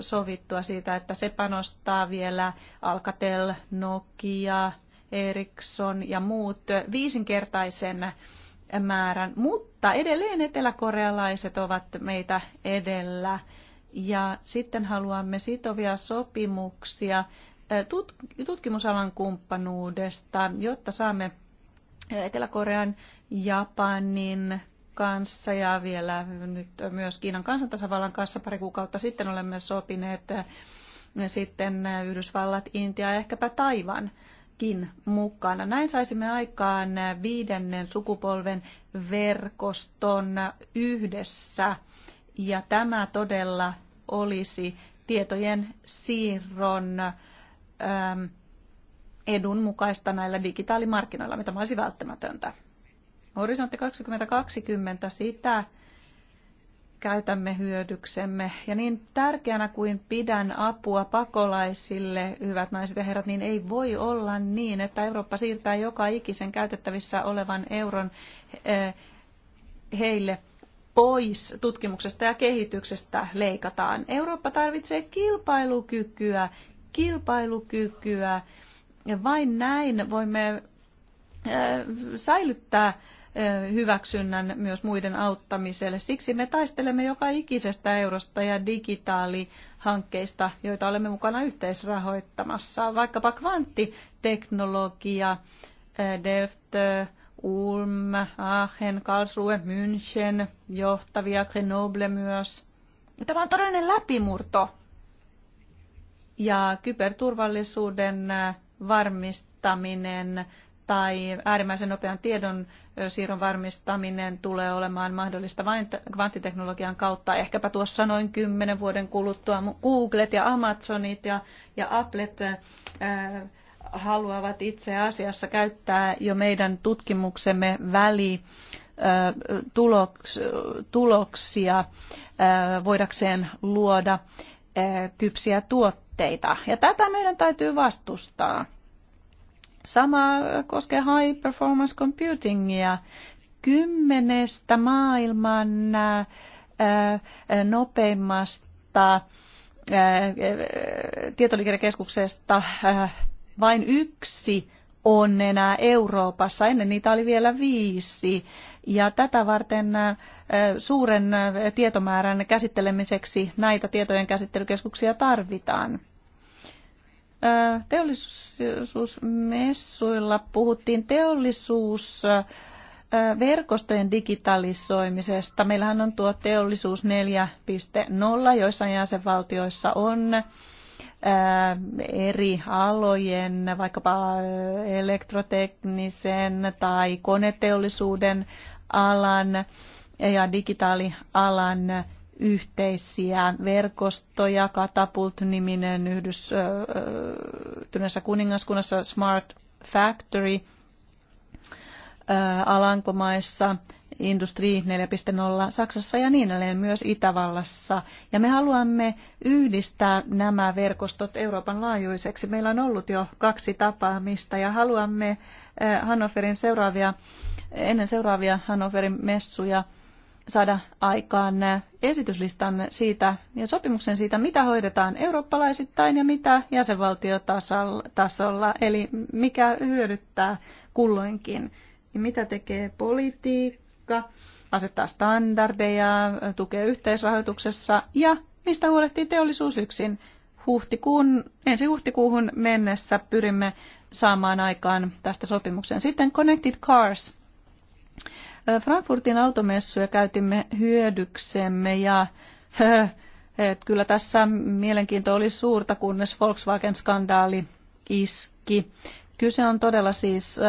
sovittua siitä, että se panostaa vielä Alcatel, Nokia, Ericsson ja muut viisinkertaisen määrän, mutta edelleen eteläkorealaiset ovat meitä edellä. Ja sitten haluamme sitovia sopimuksia tutkimusalan kumppanuudesta, jotta saamme Etelä-Korean, Japanin kanssa ja vielä nyt myös Kiinan kansantasavallan kanssa pari kuukautta sitten olemme sopineet sitten Yhdysvallat, Intia ja ehkäpä Taivan kin mukana. Näin saisimme aikaan viidennen sukupolven verkoston yhdessä ja tämä todella olisi tietojen siirron äm, edun mukaista näillä digitaalimarkkinoilla, mitä olisi välttämätöntä. Horisontti 2020 sitä käytämme hyödyksemme. Ja niin tärkeänä kuin pidän apua pakolaisille, hyvät naiset ja herrat, niin ei voi olla niin, että Eurooppa siirtää joka ikisen käytettävissä olevan euron eh, heille pois tutkimuksesta ja kehityksestä leikataan. Eurooppa tarvitsee kilpailukykyä, kilpailukykyä. Ja vain näin voimme eh, säilyttää hyväksynnän myös muiden auttamiselle. Siksi me taistelemme joka ikisestä eurosta ja digitaalihankkeista, joita olemme mukana yhteisrahoittamassa. Vaikkapa kvanttiteknologia, Delft, Ulm, Aachen, Karlsruhe, München, johtavia, Grenoble myös. Tämä on todellinen läpimurto ja kyberturvallisuuden varmistaminen tai äärimmäisen nopean tiedon siirron varmistaminen tulee olemaan mahdollista vain kvanttiteknologian kautta. Ehkäpä tuossa noin kymmenen vuoden kuluttua Googlet ja Amazonit ja, ja Applet ää, haluavat itse asiassa käyttää jo meidän tutkimuksemme väli tuloksia voidakseen luoda kypsiä tuotteita. Ja tätä meidän täytyy vastustaa Sama koskee high performance computingia. Kymmenestä maailman äh, äh, nopeimmasta äh, tietoliikennekeskuksesta vain yksi on enää Euroopassa. Ennen niitä oli vielä viisi. Ja tätä varten suuren tietomäärän käsittelemiseksi näitä tietojen käsittelykeskuksia tarvitaan teollisuusmessuilla puhuttiin teollisuus verkostojen digitalisoimisesta. Meillähän on tuo teollisuus 4.0, joissain jäsenvaltioissa on eri alojen, vaikkapa elektroteknisen tai koneteollisuuden alan ja digitaalialan yhteisiä verkostoja, Katapult-niminen Yhdistyneessä kuningaskunnassa Smart Factory Alankomaissa, Industri 4.0 Saksassa ja niin edelleen myös Itävallassa. Ja me haluamme yhdistää nämä verkostot Euroopan laajuiseksi. Meillä on ollut jo kaksi tapaamista ja haluamme Hannoverin seuraavia, ennen seuraavia Hannoverin messuja – saada aikaan esityslistan siitä ja sopimuksen siitä, mitä hoidetaan eurooppalaisittain ja mitä jäsenvaltiotasolla, eli mikä hyödyttää kulloinkin, mitä tekee politiikka, asettaa standardeja, tukee yhteisrahoituksessa ja mistä huolehtii teollisuus yksin. Huhtikuun, ensi huhtikuuhun mennessä pyrimme saamaan aikaan tästä sopimuksen. Sitten Connected Cars Frankfurtin automessuja käytimme hyödyksemme ja että kyllä tässä mielenkiinto oli suurta, kunnes Volkswagen-skandaali iski. Kyse on todella siis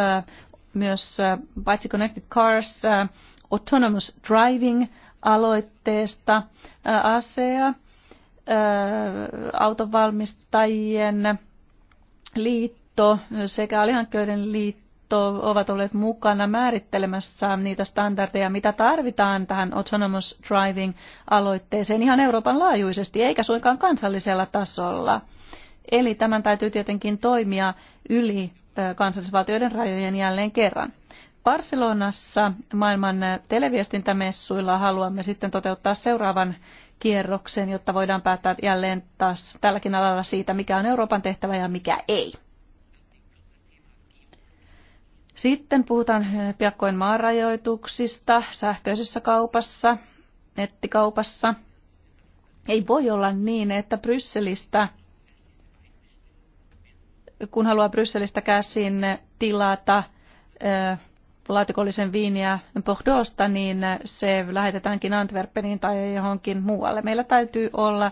myös paitsi Connected Cars, Autonomous Driving-aloitteesta ASEA, autonvalmistajien liitto sekä alihankkijoiden liitto ovat olleet mukana määrittelemässä niitä standardeja, mitä tarvitaan tähän autonomous driving-aloitteeseen ihan Euroopan laajuisesti, eikä suinkaan kansallisella tasolla. Eli tämän täytyy tietenkin toimia yli kansallisvaltioiden rajojen jälleen kerran. Barcelonassa maailman televiestintämessuilla haluamme sitten toteuttaa seuraavan kierroksen, jotta voidaan päättää jälleen taas tälläkin alalla siitä, mikä on Euroopan tehtävä ja mikä ei. Sitten puhutaan eh, piakkoin maarajoituksista sähköisessä kaupassa, nettikaupassa. Ei voi olla niin, että Brysselistä, kun haluaa Brysselistä käsin tilata eh, laatikollisen viiniä Bordeauxsta, niin se lähetetäänkin Antwerpeniin tai johonkin muualle. Meillä täytyy olla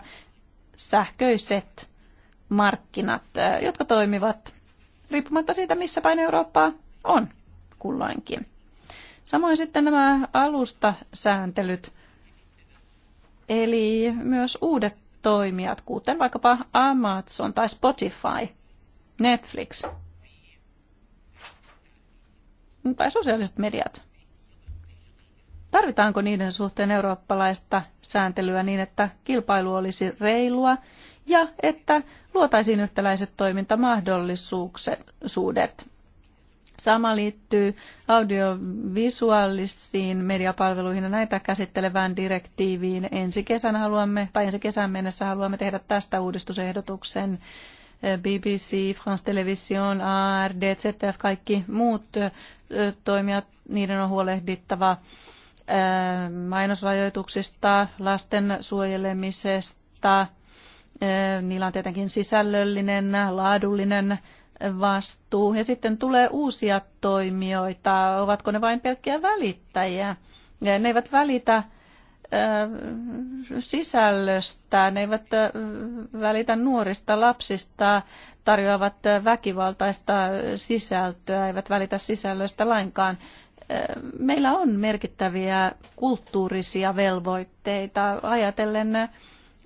sähköiset markkinat, eh, jotka toimivat riippumatta siitä, missä päin Eurooppaa on kulloinkin. Samoin sitten nämä alustasääntelyt, eli myös uudet toimijat, kuten vaikkapa Amazon tai Spotify, Netflix tai sosiaaliset mediat. Tarvitaanko niiden suhteen eurooppalaista sääntelyä niin, että kilpailu olisi reilua ja että luotaisiin yhtäläiset toimintamahdollisuudet? Sama liittyy audiovisuaalisiin mediapalveluihin ja näitä käsittelevään direktiiviin. Ensi kesän haluamme, tai ensi kesän mennessä haluamme tehdä tästä uudistusehdotuksen. BBC, France Television, ARD, ZF, kaikki muut toimijat, niiden on huolehdittava mainosrajoituksista, lasten suojelemisesta, Niillä on tietenkin sisällöllinen, laadullinen vastuu ja sitten tulee uusia toimijoita. Ovatko ne vain pelkkiä välittäjiä? Ne eivät välitä sisällöstä, ne eivät välitä nuorista lapsista, tarjoavat väkivaltaista sisältöä, eivät välitä sisällöstä lainkaan. Meillä on merkittäviä kulttuurisia velvoitteita ajatellen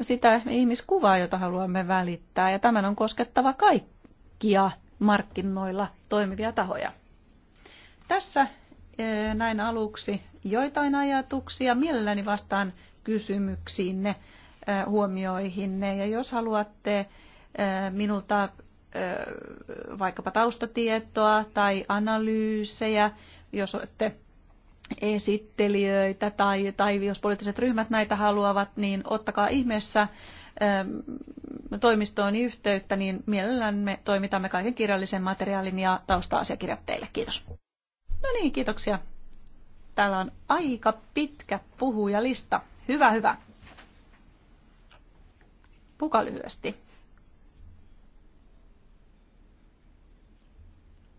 sitä ihmiskuvaa, jota haluamme välittää, ja tämän on koskettava kaikkia markkinoilla toimivia tahoja. Tässä eh, näin aluksi joitain ajatuksia. Mielelläni vastaan kysymyksiinne, eh, huomioihinne. Ja jos haluatte eh, minulta vaikkapa taustatietoa tai analyysejä, jos olette esittelijöitä tai, tai jos poliittiset ryhmät näitä haluavat, niin ottakaa ihmeessä Ähm, toimistooni yhteyttä, niin mielellämme toimitamme kaiken kirjallisen materiaalin ja tausta-asiakirjat teille. Kiitos. No niin, kiitoksia. Täällä on aika pitkä puhujalista. Hyvä, hyvä. Puka lyhyesti.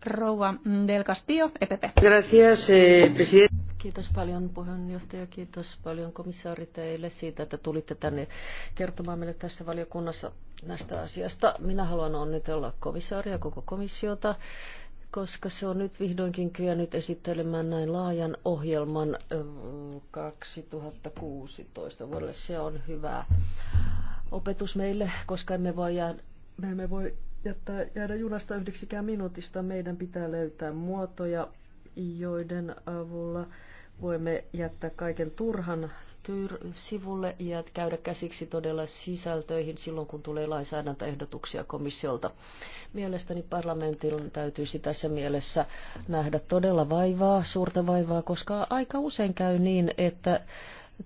Rouva Del Castillo, EPP. Gracias, eh, presidente. Kiitos paljon puheenjohtaja, kiitos paljon komissaari teille siitä, että tulitte tänne kertomaan meille tässä valiokunnassa näistä asiasta. Minä haluan onnitella komissaaria koko komissiota koska se on nyt vihdoinkin kyennyt esittelemään näin laajan ohjelman 2016 vuodelle. Se on hyvä opetus meille, koska emme voi jäädä, me emme voi jättää, jäädä junasta yhdeksikään minuutista. Meidän pitää löytää muotoja, joiden avulla voimme jättää kaiken turhan tyr- sivulle ja käydä käsiksi todella sisältöihin silloin, kun tulee lainsäädäntöehdotuksia komissiolta. Mielestäni parlamentin täytyisi tässä mielessä nähdä todella vaivaa, suurta vaivaa, koska aika usein käy niin, että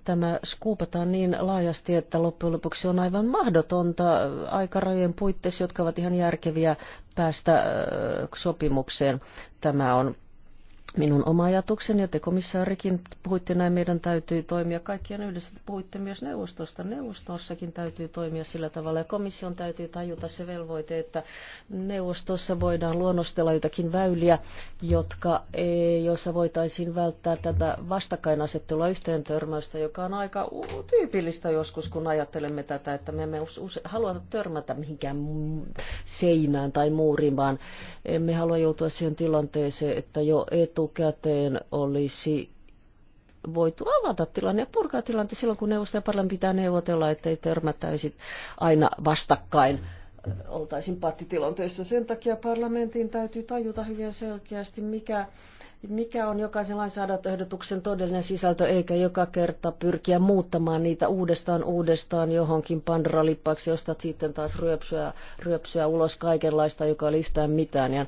tämä skuupataan niin laajasti, että loppujen lopuksi on aivan mahdotonta aikarajojen puitteissa, jotka ovat ihan järkeviä päästä sopimukseen. Tämä on minun oma ajatukseni, ja te komissaarikin puhuitte näin, meidän täytyy toimia kaikkien yhdessä. Puhuitte myös neuvostosta. Neuvostossakin täytyy toimia sillä tavalla, ja komission täytyy tajuta se velvoite, että neuvostossa voidaan luonnostella jotakin väyliä, jotka, joissa voitaisiin välttää tätä vastakkainasettelua yhteen törmäystä, joka on aika tyypillistä joskus, kun ajattelemme tätä, että me emme use, halua törmätä mihinkään seinään tai muuriin, vaan emme halua joutua siihen tilanteeseen, että jo et etukäteen olisi voitu avata tilanne ja purkaa tilanne silloin, kun neuvosto ja parlamentti pitää neuvotella, ettei törmätäisi aina vastakkain oltaisiin pattitilanteessa. Sen takia parlamentin täytyy tajuta hyvin selkeästi, mikä, mikä on jokaisen lainsäädäntöehdotuksen todellinen sisältö, eikä joka kerta pyrkiä muuttamaan niitä uudestaan uudestaan johonkin pandralippaksi, josta sitten taas ryöpsyä, ryöpsyä ulos kaikenlaista, joka oli yhtään mitään. Ja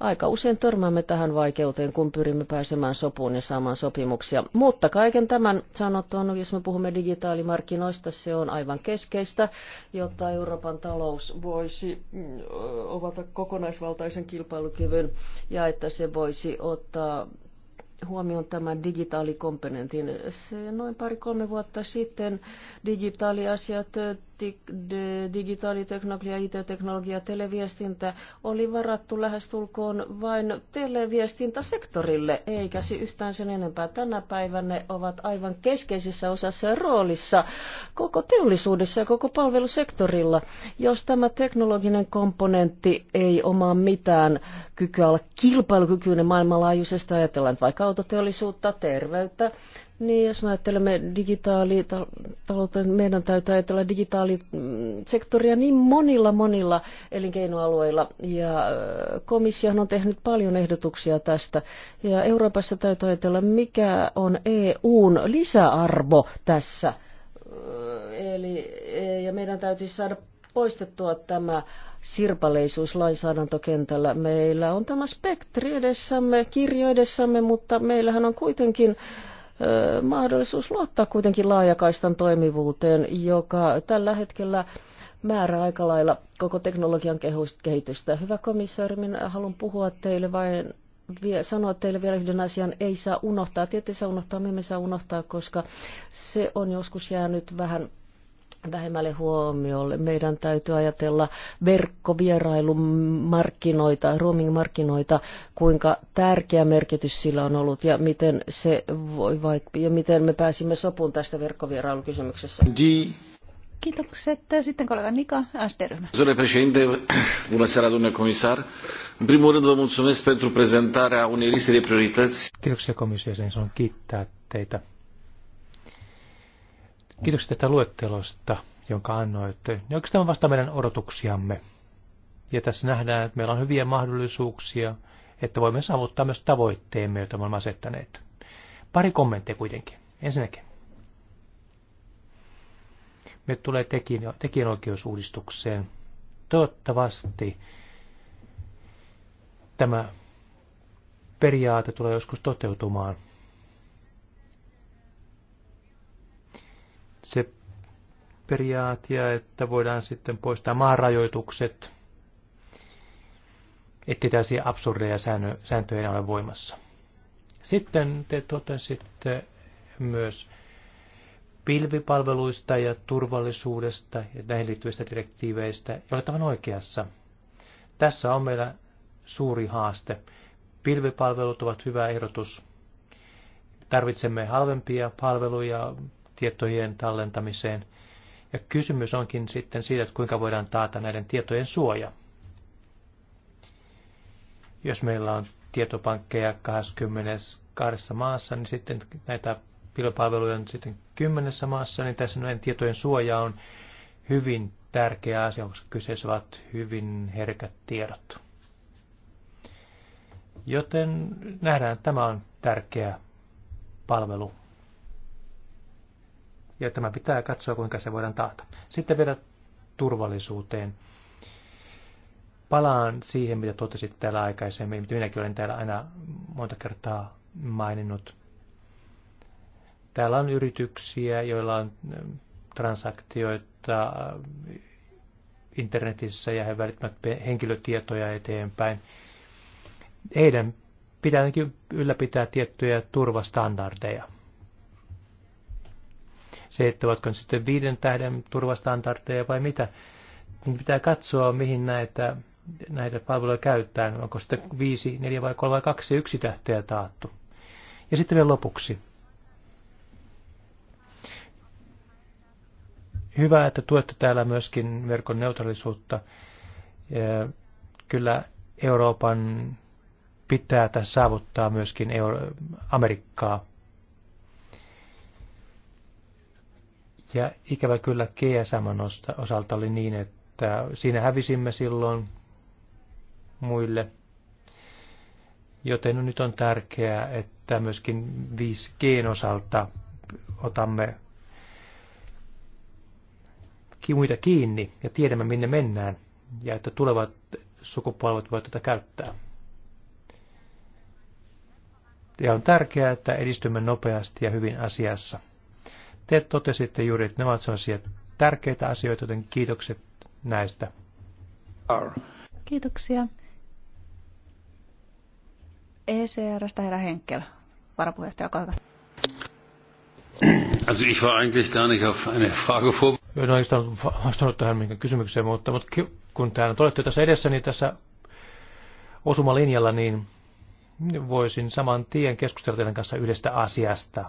Aika usein törmäämme tähän vaikeuteen, kun pyrimme pääsemään sopuun ja saamaan sopimuksia. Mutta kaiken tämän sanottuun, no, jos me puhumme digitaalimarkkinoista, se on aivan keskeistä, jotta Euroopan talous voisi ovata mm, kokonaisvaltaisen kilpailukyvyn ja että se voisi ottaa huomioon tämän digitaalikomponentin. Se noin pari-kolme vuotta sitten digitaaliasiat digitaaliteknologia, IT-teknologia, televiestintä oli varattu lähestulkoon vain televiestintäsektorille, eikä se yhtään sen enempää. Tänä päivänä ne ovat aivan keskeisessä osassa ja roolissa koko teollisuudessa ja koko palvelusektorilla. Jos tämä teknologinen komponentti ei omaa mitään kykyä olla kilpailukykyinen maailmanlaajuisesti, ajatellaan vaikka autoteollisuutta, terveyttä, niin, jos me ajattelemme digitaalitaloutta, meidän täytyy ajatella digitaalisektoria niin monilla monilla elinkeinoalueilla. Ja komissiohan on tehnyt paljon ehdotuksia tästä. Ja Euroopassa täytyy ajatella, mikä on EUn lisäarvo tässä. Eli, e, ja meidän täytyisi saada poistettua tämä sirpaleisuus lainsäädäntökentällä. Meillä on tämä spektri edessämme, kirjo edessämme, mutta meillähän on kuitenkin äh, mahdollisuus luottaa kuitenkin laajakaistan toimivuuteen, joka tällä hetkellä määrää aika lailla koko teknologian kehitystä. Hyvä komissaari, minä haluan puhua teille vain sanoa teille vielä yhden asian, ei saa unohtaa, tietysti saa unohtaa, me emme saa unohtaa, koska se on joskus jäänyt vähän vähemmälle huomiolle. Meidän täytyy ajatella verkkovierailumarkkinoita, roaming-markkinoita, kuinka tärkeä merkitys sillä on ollut ja miten, se voi vaik- ja miten me pääsimme sopuun tästä verkkovierailukysymyksessä. D. Kiitokset. Sitten kollega Nika, SD-ryhmä. Domnule presidente, bună seara, domnule comisar. În primul rând vă mulțumesc pentru prezentarea unei liste de priorități. Kiitoksia komissiosen, sanon kiittää teitä Kiitoksia tästä luettelosta, jonka annoitte. Ja oikeastaan vasta meidän odotuksiamme. Ja tässä nähdään, että meillä on hyviä mahdollisuuksia, että voimme saavuttaa myös tavoitteemme, joita me olemme asettaneet. Pari kommenttia kuitenkin. Ensinnäkin. Me tulee tekijänoikeusuudistukseen. Toivottavasti tämä periaate tulee joskus toteutumaan – se periaatia, että voidaan sitten poistaa maarajoitukset, ettei tällaisia absurdeja sääntöjä ole voimassa. Sitten te totesitte myös pilvipalveluista ja turvallisuudesta ja näihin liittyvistä direktiiveistä, ja olet aivan oikeassa. Tässä on meillä suuri haaste. Pilvipalvelut ovat hyvä ehdotus. Tarvitsemme halvempia palveluja, tietojen tallentamiseen. Ja kysymys onkin sitten siitä, että kuinka voidaan taata näiden tietojen suoja. Jos meillä on tietopankkeja 22 maassa, niin sitten näitä pilopalveluja on sitten 10 maassa, niin tässä näiden tietojen suoja on hyvin tärkeä asia, koska kyseessä ovat hyvin herkät tiedot. Joten nähdään, että tämä on tärkeä palvelu ja tämä pitää katsoa, kuinka se voidaan taata. Sitten vielä turvallisuuteen. Palaan siihen, mitä totesit täällä aikaisemmin, mitä minäkin olen täällä aina monta kertaa maininnut. Täällä on yrityksiä, joilla on mm, transaktioita mm, internetissä ja he välittävät henkilötietoja eteenpäin. Heidän pitää ainakin ylläpitää tiettyjä turvastandardeja se, että ovatko sitten viiden tähden turvastandardeja vai mitä, niin pitää katsoa, mihin näitä, näitä palveluja käyttää. Onko sitten viisi, neljä vai kolme vai kaksi yksi tähteä taattu. Ja sitten vielä lopuksi. Hyvä, että tuette täällä myöskin verkon neutraalisuutta. Kyllä Euroopan pitää tässä saavuttaa myöskin Euro- Amerikkaa Ja ikävä kyllä GSM osalta oli niin, että siinä hävisimme silloin muille. Joten nyt on tärkeää, että myöskin 5 g osalta otamme muita kiinni ja tiedämme minne mennään ja että tulevat sukupolvet voivat tätä käyttää. Ja on tärkeää, että edistymme nopeasti ja hyvin asiassa. Te totesitte juuri, että ne ovat sellaisia tärkeitä asioita, joten kiitokset näistä. Kiitoksia. ECRstä herra Henkel, varapuheenjohtaja, olkaa hyvä. Also ich war eigentlich gar nicht auf eine Frage vorbereitet. vor. En oikeastaan vastannut tähän minkään kysymykseen, mutta, mutta kun täällä olette tässä edessä, niin tässä osumalinjalla, niin voisin saman tien keskustella teidän kanssa yhdestä asiasta,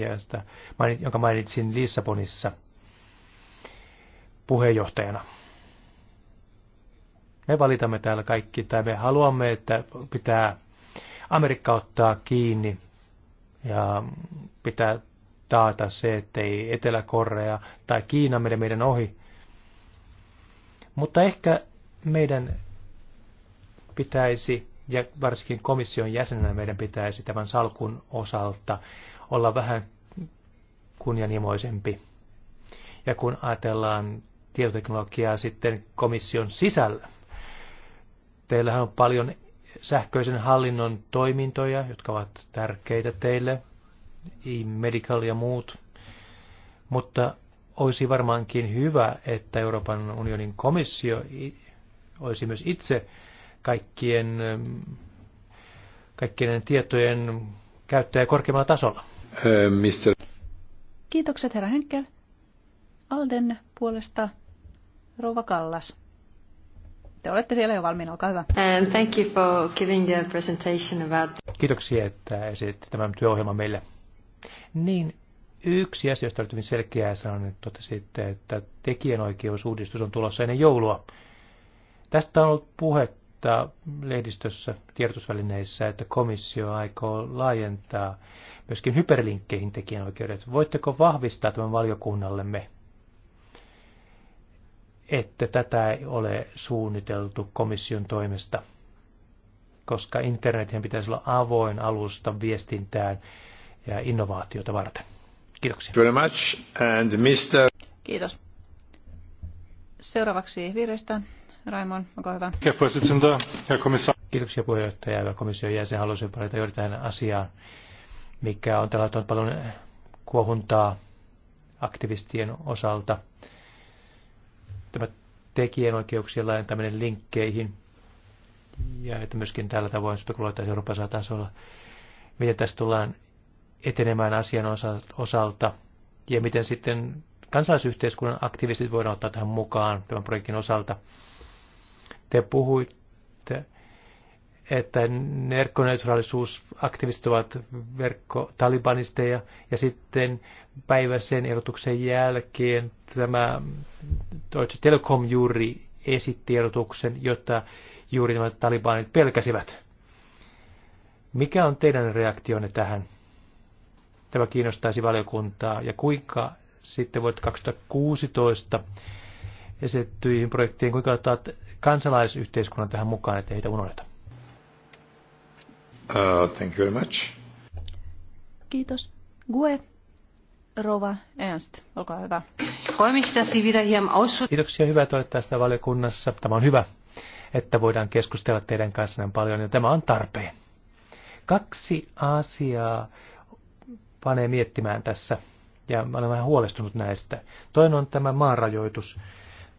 josta, jonka mainitsin Lissabonissa puheenjohtajana. Me valitamme täällä kaikki, tai me haluamme, että pitää Amerikka ottaa kiinni ja pitää taata se, ettei Etelä-Korea tai Kiina mene meidän ohi. Mutta ehkä meidän pitäisi, ja varsinkin komission jäsenenä meidän pitäisi tämän salkun osalta olla vähän kunnianhimoisempi. Ja kun ajatellaan tietoteknologiaa sitten komission sisällä, teillähän on paljon sähköisen hallinnon toimintoja, jotka ovat tärkeitä teille, e-medical ja muut, mutta olisi varmaankin hyvä, että Euroopan unionin komissio olisi myös itse kaikkien, kaikkien tietojen käyttäjä korkeammalla tasolla. Eh, Kiitokset herra Henkel. Alden puolesta Rova Kallas. Te olette siellä jo valmiina, olkaa hyvä. And thank you for giving a presentation about... Kiitoksia, että esititte tämän työohjelman meille. Niin, yksi asia, josta olet hyvin selkeää sanonut, että totesitte, että tekijänoikeusuudistus on tulossa ennen joulua. Tästä on ollut puhe mainittaa lehdistössä, tiedotusvälineissä, että komissio aikoo laajentaa myöskin hyperlinkkeihin tekijänoikeudet. Voitteko vahvistaa tämän valiokunnallemme, että tätä ei ole suunniteltu komission toimesta? koska internetin pitäisi olla avoin alusta viestintään ja innovaatiota varten. Kiitoksia. Very much. And Mr. Kiitos. Seuraavaksi vierestä Raimon, olkaa hyvä. Kiitoksia puheenjohtaja ja komission jäsen. Haluaisin palata juuri tähän asiaan, mikä on tällä on paljon kuohuntaa aktivistien osalta. Tämä tekijänoikeuksien laajentaminen linkkeihin ja että myöskin tällä tavoin spekuloitaisiin Euroopan tasolla. Miten tässä tullaan etenemään asian osalta ja miten sitten kansalaisyhteiskunnan aktivistit voidaan ottaa tähän mukaan tämän projektin osalta te puhuitte, että verkkoneutraalisuusaktivistit ovat verkkotalibanisteja ja sitten päivä sen erotuksen jälkeen tämä Deutsche Telekom juuri esitti erotuksen, jotta juuri nämä talibanit pelkäsivät. Mikä on teidän reaktionne tähän? Tämä kiinnostaisi valiokuntaa ja kuinka sitten vuotta 2016 esitettyihin projekteihin, kuinka ottaa kansalaisyhteiskunnan tähän mukaan, ettei heitä unohdeta? Uh, thank you very much. Kiitos. Gue, Rova Ernst, olkaa hyvä. Kiitoksia, hyvä, että olette tästä valiokunnassa. Tämä on hyvä, että voidaan keskustella teidän kanssa näin paljon, ja tämä on tarpeen. Kaksi asiaa panee miettimään tässä, ja olen vähän huolestunut näistä. Toinen on tämä maanrajoitus.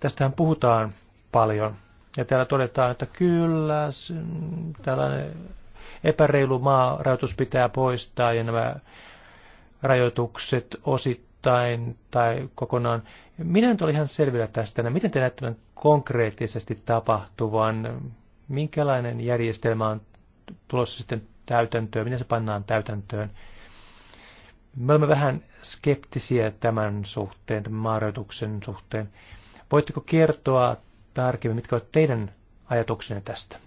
Tästähän puhutaan paljon. Ja täällä todetaan, että kyllä, tällainen epäreilu maarajoitus pitää poistaa ja nämä rajoitukset osittain tai kokonaan. Minä nyt olin ihan selvillä tästä, miten te näette konkreettisesti tapahtuvan, minkälainen järjestelmä on tulossa sitten täytäntöön, miten se pannaan täytäntöön. Me olemme vähän skeptisiä tämän suhteen, tämän maarajoituksen suhteen. Voitteko kertoa tarkemmin, mitkä ovat teidän ajatuksenne tästä?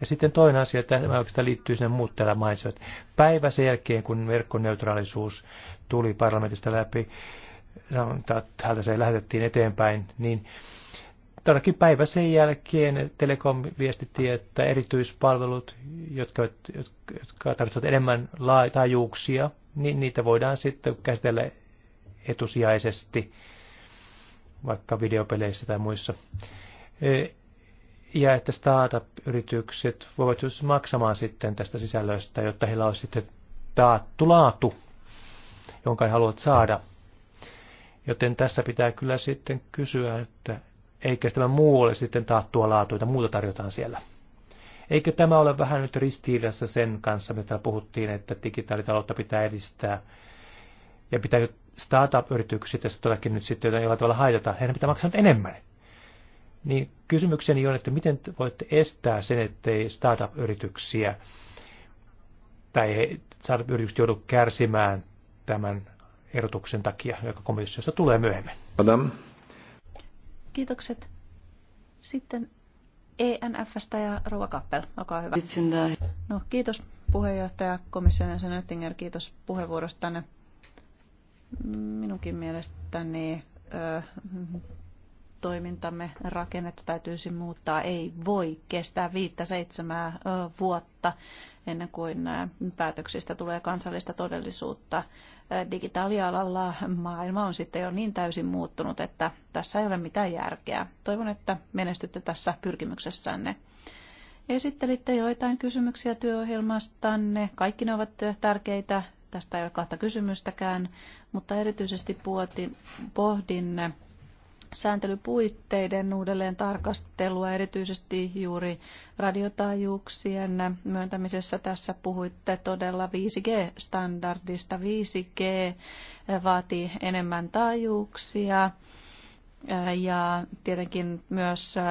Ja sitten toinen asia, että tämä oikeastaan liittyy sinne muut täällä mainitsivat. Päivä sen jälkeen, kun verkkoneutraalisuus tuli parlamentista läpi, täältä se lähetettiin eteenpäin, niin todellakin päivä sen jälkeen Telekom viestitti, että erityispalvelut, jotka, jotka tarvitsevat enemmän laajuuksia, niin niitä voidaan sitten käsitellä etusijaisesti vaikka videopeleissä tai muissa. E, ja että startup-yritykset voivat just siis maksamaan sitten tästä sisällöstä, jotta heillä olisi sitten taattu laatu, jonka he haluavat saada. Joten tässä pitää kyllä sitten kysyä, että eikä tämä muu ole sitten taattua laatua, että muuta tarjotaan siellä. Eikö tämä ole vähän nyt ristiriidassa sen kanssa, mitä puhuttiin, että digitaalitaloutta pitää edistää ja pitää startup-yrityksiä tässä todellakin nyt sitten jollain tavalla haitata, heidän pitää maksaa enemmän. Niin kysymykseni on, että miten voitte estää sen, ettei startup-yrityksiä tai startup-yritykset joudu kärsimään tämän erotuksen takia, joka komissiossa tulee myöhemmin. Adam. Kiitokset. Sitten ENFstä ja Rova Kappel, olkaa hyvä. No, kiitos puheenjohtaja komission jäsen Oettinger, kiitos puheenvuorostanne minunkin mielestäni toimintamme rakennetta täytyisi muuttaa. Ei voi kestää viittä seitsemää vuotta ennen kuin päätöksistä tulee kansallista todellisuutta. Digitaalialalla maailma on sitten jo niin täysin muuttunut, että tässä ei ole mitään järkeä. Toivon, että menestytte tässä pyrkimyksessänne. Esittelitte joitain kysymyksiä työohjelmastanne. Kaikki ne ovat tärkeitä Tästä ei ole kahta kysymystäkään, mutta erityisesti pohdin sääntelypuitteiden uudelleen tarkastelua, erityisesti juuri radiotaajuuksien myöntämisessä. Tässä puhuitte todella 5G-standardista. 5G vaatii enemmän taajuuksia eh, ja tietenkin myös eh,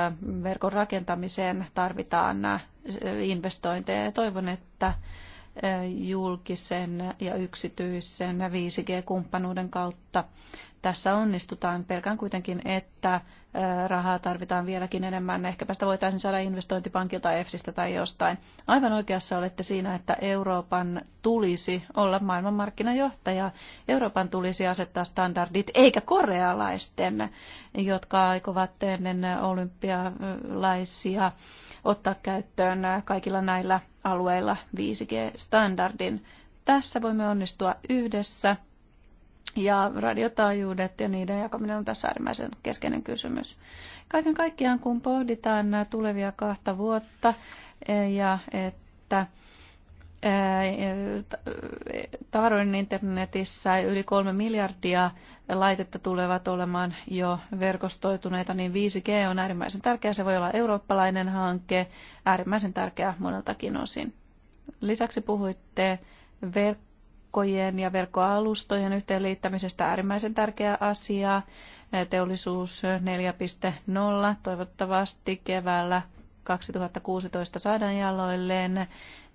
verkon rakentamiseen tarvitaan eh, investointeja. Toivon, että julkisen ja yksityisen 5G-kumppanuuden kautta. Tässä onnistutaan. Pelkään kuitenkin, että rahaa tarvitaan vieläkin enemmän. Ehkäpä sitä voitaisiin saada investointipankilta, EFSistä tai jostain. Aivan oikeassa olette siinä, että Euroopan tulisi olla maailmanmarkkinajohtaja. Euroopan tulisi asettaa standardit, eikä korealaisten, jotka aikovat ennen olympialaisia ottaa käyttöön kaikilla näillä alueilla 5G-standardin. Tässä voimme onnistua yhdessä ja radiotaajuudet ja niiden jakaminen on tässä äärimmäisen keskeinen kysymys. Kaiken kaikkiaan kun pohditaan tulevia kahta vuotta ja että tavaroiden internetissä yli kolme miljardia laitetta tulevat olemaan jo verkostoituneita, niin 5G on äärimmäisen tärkeä. Se voi olla eurooppalainen hanke, äärimmäisen tärkeä moneltakin osin. Lisäksi puhuitte verkkojen ja verkkoalustojen yhteenliittämisestä äärimmäisen tärkeä asia. Teollisuus 4.0 toivottavasti keväällä 2016 saadaan jaloilleen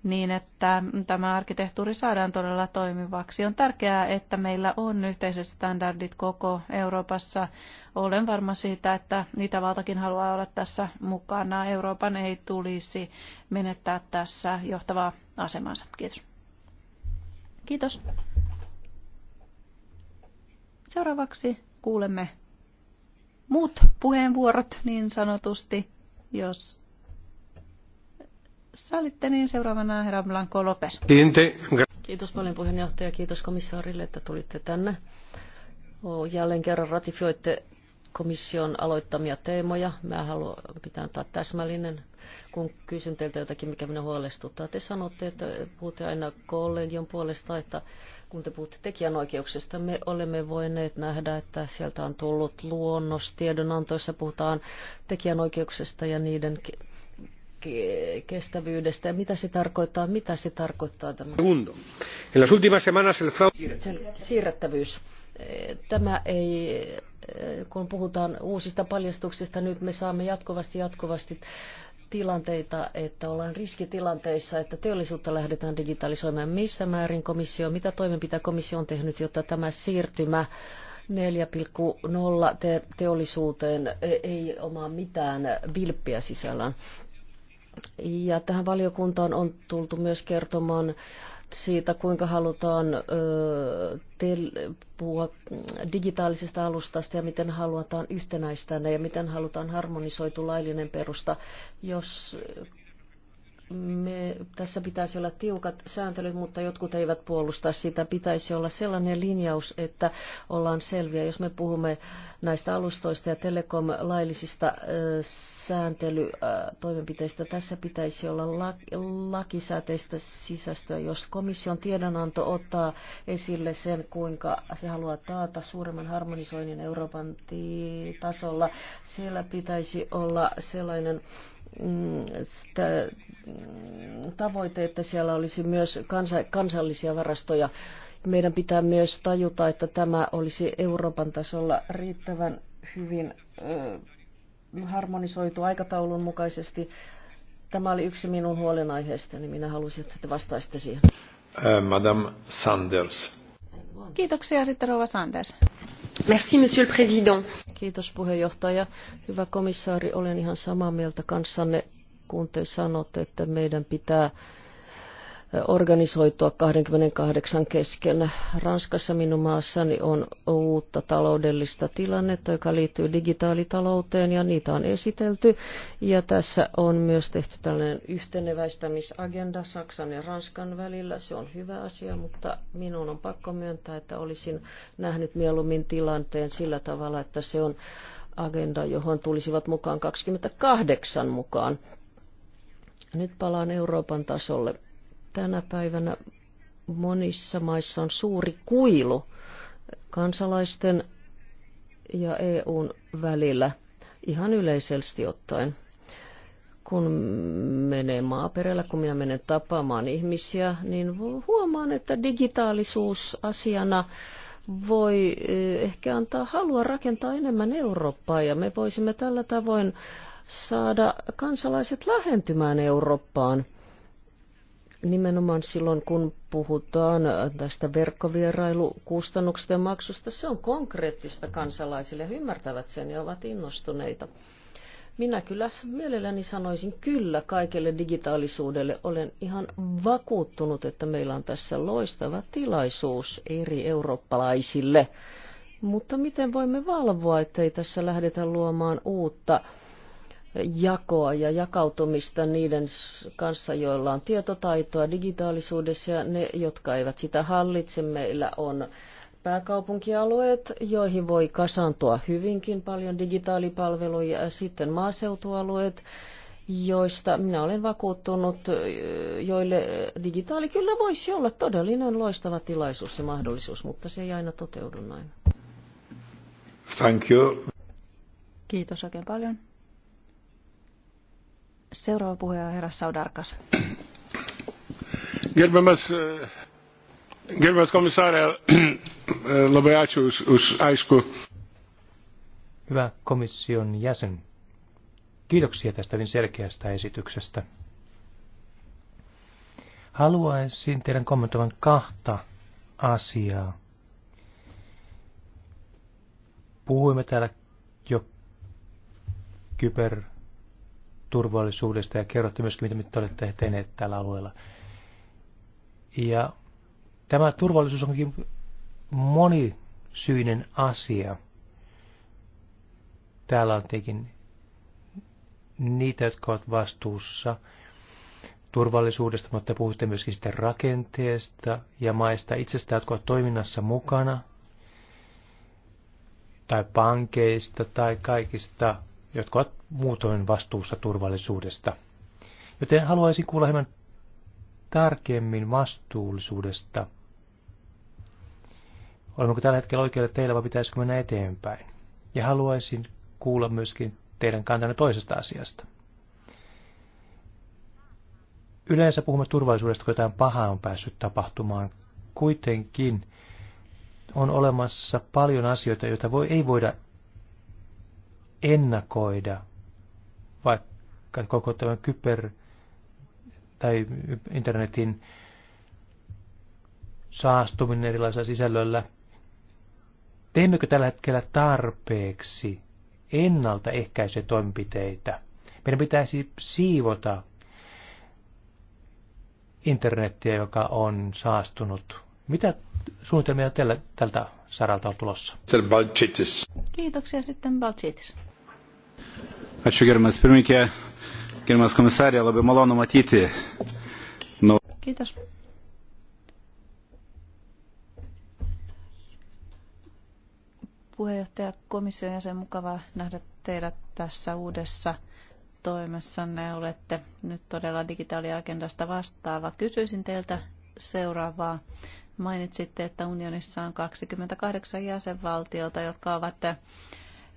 niin, että tämä arkkitehtuuri saadaan todella toimivaksi. On tärkeää, että meillä on yhteiset standardit koko Euroopassa. Olen varma siitä, että Itävaltakin haluaa olla tässä mukana. Euroopan ei tulisi menettää tässä johtavaa asemansa. Kiitos. Kiitos. Seuraavaksi kuulemme muut puheenvuorot niin sanotusti, jos sallitte, niin seuraavana herra Blanco Lopes. Kiitos paljon puheenjohtaja, kiitos komissaarille, että tulitte tänne. Jälleen kerran ratifioitte komission aloittamia teemoja. Mä haluan pitää antaa täsmällinen, kun kysyn teiltä jotakin, mikä minä huolestuttaa. Te sanotte, että puhutte aina kollegion puolesta, että kun te puhutte tekijänoikeuksista, me olemme voineet nähdä, että sieltä on tullut luonnos. Tiedonantoissa puhutaan tekijänoikeuksista ja niiden kestävyydestä ja mitä se tarkoittaa, mitä se tarkoittaa tämä. En las últimas semanas el siirrettävyys. Tämä ei, kun puhutaan uusista paljastuksista, nyt me saamme jatkuvasti jatkuvasti tilanteita, että ollaan riskitilanteissa, että teollisuutta lähdetään digitalisoimaan. Missä määrin komissio, mitä toimenpiteitä komissio on tehnyt, jotta tämä siirtymä 4,0 teollisuuteen ei omaa mitään vilppiä sisällään. Ja tähän valiokuntaan on tultu myös kertomaan siitä, kuinka halutaan puhua digitaalisesta alustasta ja miten halutaan yhtenäistää ne ja miten halutaan harmonisoitu laillinen perusta. Jos me, tässä pitäisi olla tiukat sääntelyt, mutta jotkut eivät puolusta sitä. Pitäisi olla sellainen linjaus, että ollaan selviä. Jos me puhumme näistä alustoista ja telekom-laillisista sääntelytoimenpiteistä, tässä pitäisi olla lakisääteistä sisästöä. Jos komission tiedonanto ottaa esille sen, kuinka se haluaa taata suuremman harmonisoinnin Euroopan tasolla, siellä pitäisi olla sellainen sitä mm, tavoite, että siellä olisi myös kansallisia varastoja. Meidän pitää myös tajuta, että tämä olisi Euroopan tasolla riittävän hyvin harmonisoitu aikataulun mukaisesti. Tämä oli yksi minun huolenaiheestani. Niin minä halusin, että te vastaisitte siihen. Madame Sanders. Kiitoksia sitten Rova Sanders monsieur le président. Kiitos puheenjohtaja. Hyvä komissaari, olen ihan samaa mieltä kanssanne, kun te sanotte, että meidän pitää organisoitua 28 kesken. Ranskassa minun maassani on uutta taloudellista tilannetta, joka liittyy digitaalitalouteen ja niitä on esitelty. Ja tässä on myös tehty tällainen yhteneväistämisagenda Saksan ja Ranskan välillä. Se on hyvä asia, mutta minun on pakko myöntää, että olisin nähnyt mieluummin tilanteen sillä tavalla, että se on agenda, johon tulisivat mukaan 28 mukaan. Nyt palaan Euroopan tasolle Tänä päivänä monissa maissa on suuri kuilu kansalaisten ja EUn välillä ihan yleisesti ottaen. Kun menee maaperällä, kun minä menen tapaamaan ihmisiä, niin huomaan, että digitaalisuus asiana voi eh, ehkä antaa halua rakentaa enemmän Eurooppaa ja me voisimme tällä tavoin saada kansalaiset lähentymään Eurooppaan – nimenomaan silloin, kun puhutaan tästä verkkovierailukustannuksista ja maksusta, se on konkreettista kansalaisille. He ymmärtävät sen ja ovat innostuneita. Minä kyllä mielelläni sanoisin kyllä kaikelle digitaalisuudelle. Olen ihan vakuuttunut, että meillä on tässä loistava tilaisuus eri eurooppalaisille. Mutta miten voimme valvoa, ettei tässä lähdetä luomaan uutta jakoa ja jakautumista niiden kanssa, joilla on tietotaitoa digitaalisuudessa ja ne, jotka eivät sitä hallitse. Meillä on pääkaupunkialueet, joihin voi kasantua hyvinkin paljon digitaalipalveluja ja sitten maaseutualueet, joista minä olen vakuuttunut, joille digitaali kyllä voisi olla todellinen loistava tilaisuus ja mahdollisuus, mutta se ei aina toteudu näin. Thank you. Kiitos oikein paljon. Seuraava puhuja on herra Saudarkas. Gerbiamas, e, gerbiamas komissaarė, e, labai ačiū už, už aišku. Hyvä komission jäsen. Kiitoksia tästä hyvin selkeästä esityksestä. Haluaisin teidän kommentoivan kahta asiaa. Puhuimme täällä jo kyber turvallisuudesta ja kerrotte myöskin, mitä te olette tehneet tällä alueella. Ja tämä turvallisuus onkin monisyinen asia. Täällä on tietenkin niitä, jotka ovat vastuussa turvallisuudesta, mutta puhutte myöskin sitä rakenteesta ja maista itsestä, jotka ovat toiminnassa mukana, tai pankeista, tai kaikista jotka ovat muutoin vastuussa turvallisuudesta. Joten haluaisin kuulla hieman tarkemmin vastuullisuudesta. Olemmeko tällä hetkellä oikealla teillä vai pitäisikö mennä eteenpäin? Ja haluaisin kuulla myöskin teidän kantanne toisesta asiasta. Yleensä puhumme turvallisuudesta, kun jotain pahaa on päässyt tapahtumaan. Kuitenkin on olemassa paljon asioita, joita voi, ei voida ennakoida vaikka koko tämän kyber- tai internetin saastuminen erilaisella sisällöllä. Teemmekö tällä hetkellä tarpeeksi ennaltaehkäisyä toimenpiteitä? Meidän pitäisi siivota internettiä, joka on saastunut mitä suunnitelmia teillä tältä saralta on tulossa? Kiitoksia sitten Balchitis. Ačiū gerbiamas pirmininkė, gerbiamas komisarė, labai malonu matyti. No. Kiitos. Puheenjohtaja komission jäsen, mukava nähdä teidät tässä uudessa toimessanne. Olette nyt todella digitaaliagendasta vastaava. Kysyisin teiltä seuraavaa. Mainitsitte, että unionissa on 28 jäsenvaltiota, jotka ovat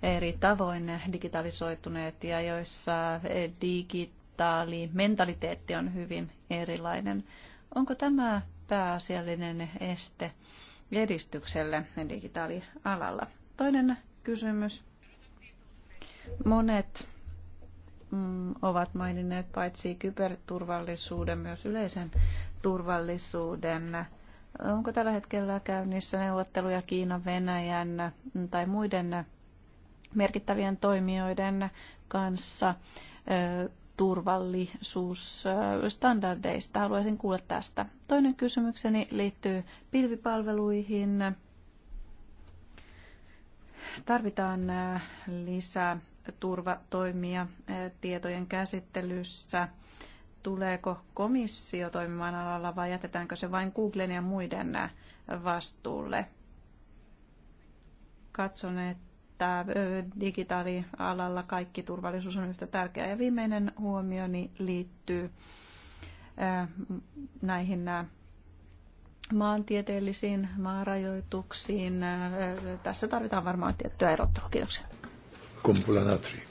eri tavoin digitalisoituneet ja joissa digitaali mentaliteetti on hyvin erilainen. Onko tämä pääasiallinen este edistykselle digitaalialalla? Toinen kysymys. Monet mm, ovat maininneet paitsi kyberturvallisuuden myös yleisen turvallisuuden Onko tällä hetkellä käynnissä neuvotteluja Kiinan, Venäjän tai muiden merkittävien toimijoiden kanssa turvallisuusstandardeista? Haluaisin kuulla tästä. Toinen kysymykseni liittyy pilvipalveluihin. Tarvitaan lisää turvatoimia tietojen käsittelyssä – tuleeko komissio toimimaan alalla vai jätetäänkö se vain Googlen ja muiden vastuulle. Katson, että digitaalialalla kaikki turvallisuus on yhtä tärkeää. Ja viimeinen huomioni liittyy näihin maantieteellisiin maarajoituksiin. Tässä tarvitaan varmaan tiettyä erottelua. Kiitoksia. Kumpula Natri.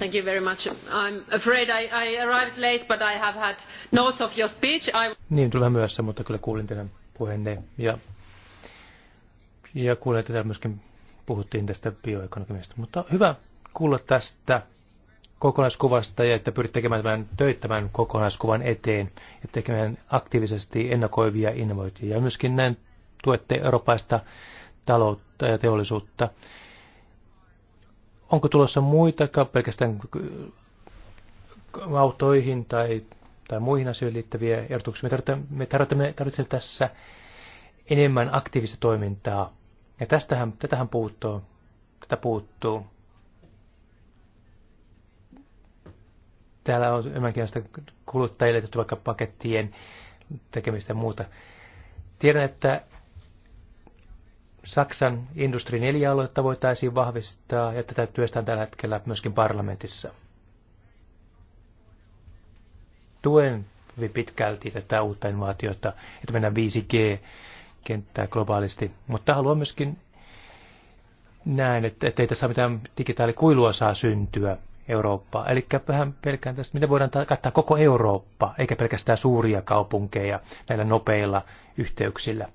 I'm afraid I, I arrived late, but I have had notes of your speech. I... Niin, tulin myöhässä, mutta kyllä kuulin teidän puheenne ja, ja kuulin, että täällä myöskin puhuttiin tästä bioekonomiasta. Mutta hyvä kuulla tästä kokonaiskuvasta ja että pyrit tekemään tämän, töittämään kokonaiskuvan eteen ja tekemään aktiivisesti ennakoivia innovointia. Ja myöskin näin tuette eurooppaista taloutta ja teollisuutta Onko tulossa muita pelkästään autoihin tai, tai muihin asioihin liittäviä ehdotuksia? Me tarvitsemme, me tarvitsemme tässä enemmän aktiivista toimintaa. Ja tästähän, tätähän puuttuu. Tätä puuttuu. Täällä on enemmänkin sitä kuluttajille tehty vaikka pakettien tekemistä ja muuta. Tiedän, että Saksan Industri 4 aluetta voitaisiin vahvistaa, ja tätä työstään tällä hetkellä myöskin parlamentissa. Tuen hyvin pitkälti tätä uutta innovaatiota, että mennään 5G-kenttää globaalisti, mutta haluan myöskin näin, että, että ei tässä mitään digitaalikuilua saa syntyä Eurooppaa. Eli vähän pelkään tästä, miten voidaan kattaa koko Eurooppa, eikä pelkästään suuria kaupunkeja näillä nopeilla yhteyksillä.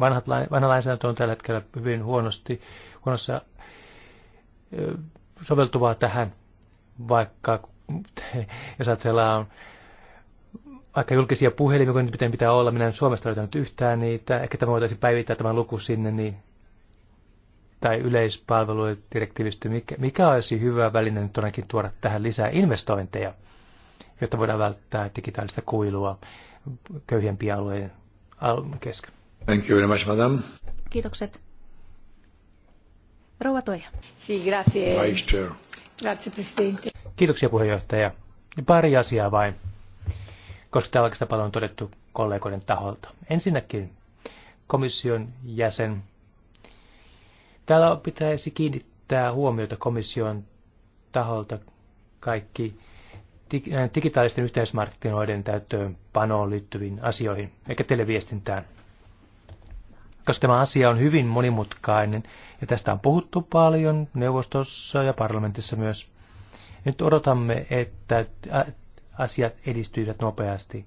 Vanhat, vanha lainsäädäntö on tällä hetkellä hyvin huonosti, huonossa soveltuvaa tähän, vaikka jos ajatellaan vaikka julkisia puhelimia, kun miten pitää olla, minä en Suomesta löytänyt yhtään niitä, ehkä tämä voitaisiin päivittää tämän luku sinne, niin, tai yleispalveludirektiivistä, mikä, mikä olisi hyvä väline nyt ainakin tuoda tähän lisää investointeja, jotta voidaan välttää digitaalista kuilua köyhempien alueiden kesken. Thank you very much, madam. Kiitokset. Rouva Toija. Si, grazie. Vice chair. Grazie, presidente. Kiitoksia puheenjohtaja. Pari asiaa vain, koska täällä oikeastaan paljon on todettu kollegoiden taholta. Ensinnäkin komission jäsen. Täällä pitäisi kiinnittää huomiota komission taholta kaikki digitaalisten yhteismarkkinoiden täyttöön panoon liittyviin asioihin, eikä televiestintään koska tämä asia on hyvin monimutkainen ja tästä on puhuttu paljon neuvostossa ja parlamentissa myös. Nyt odotamme, että asiat edistyivät nopeasti.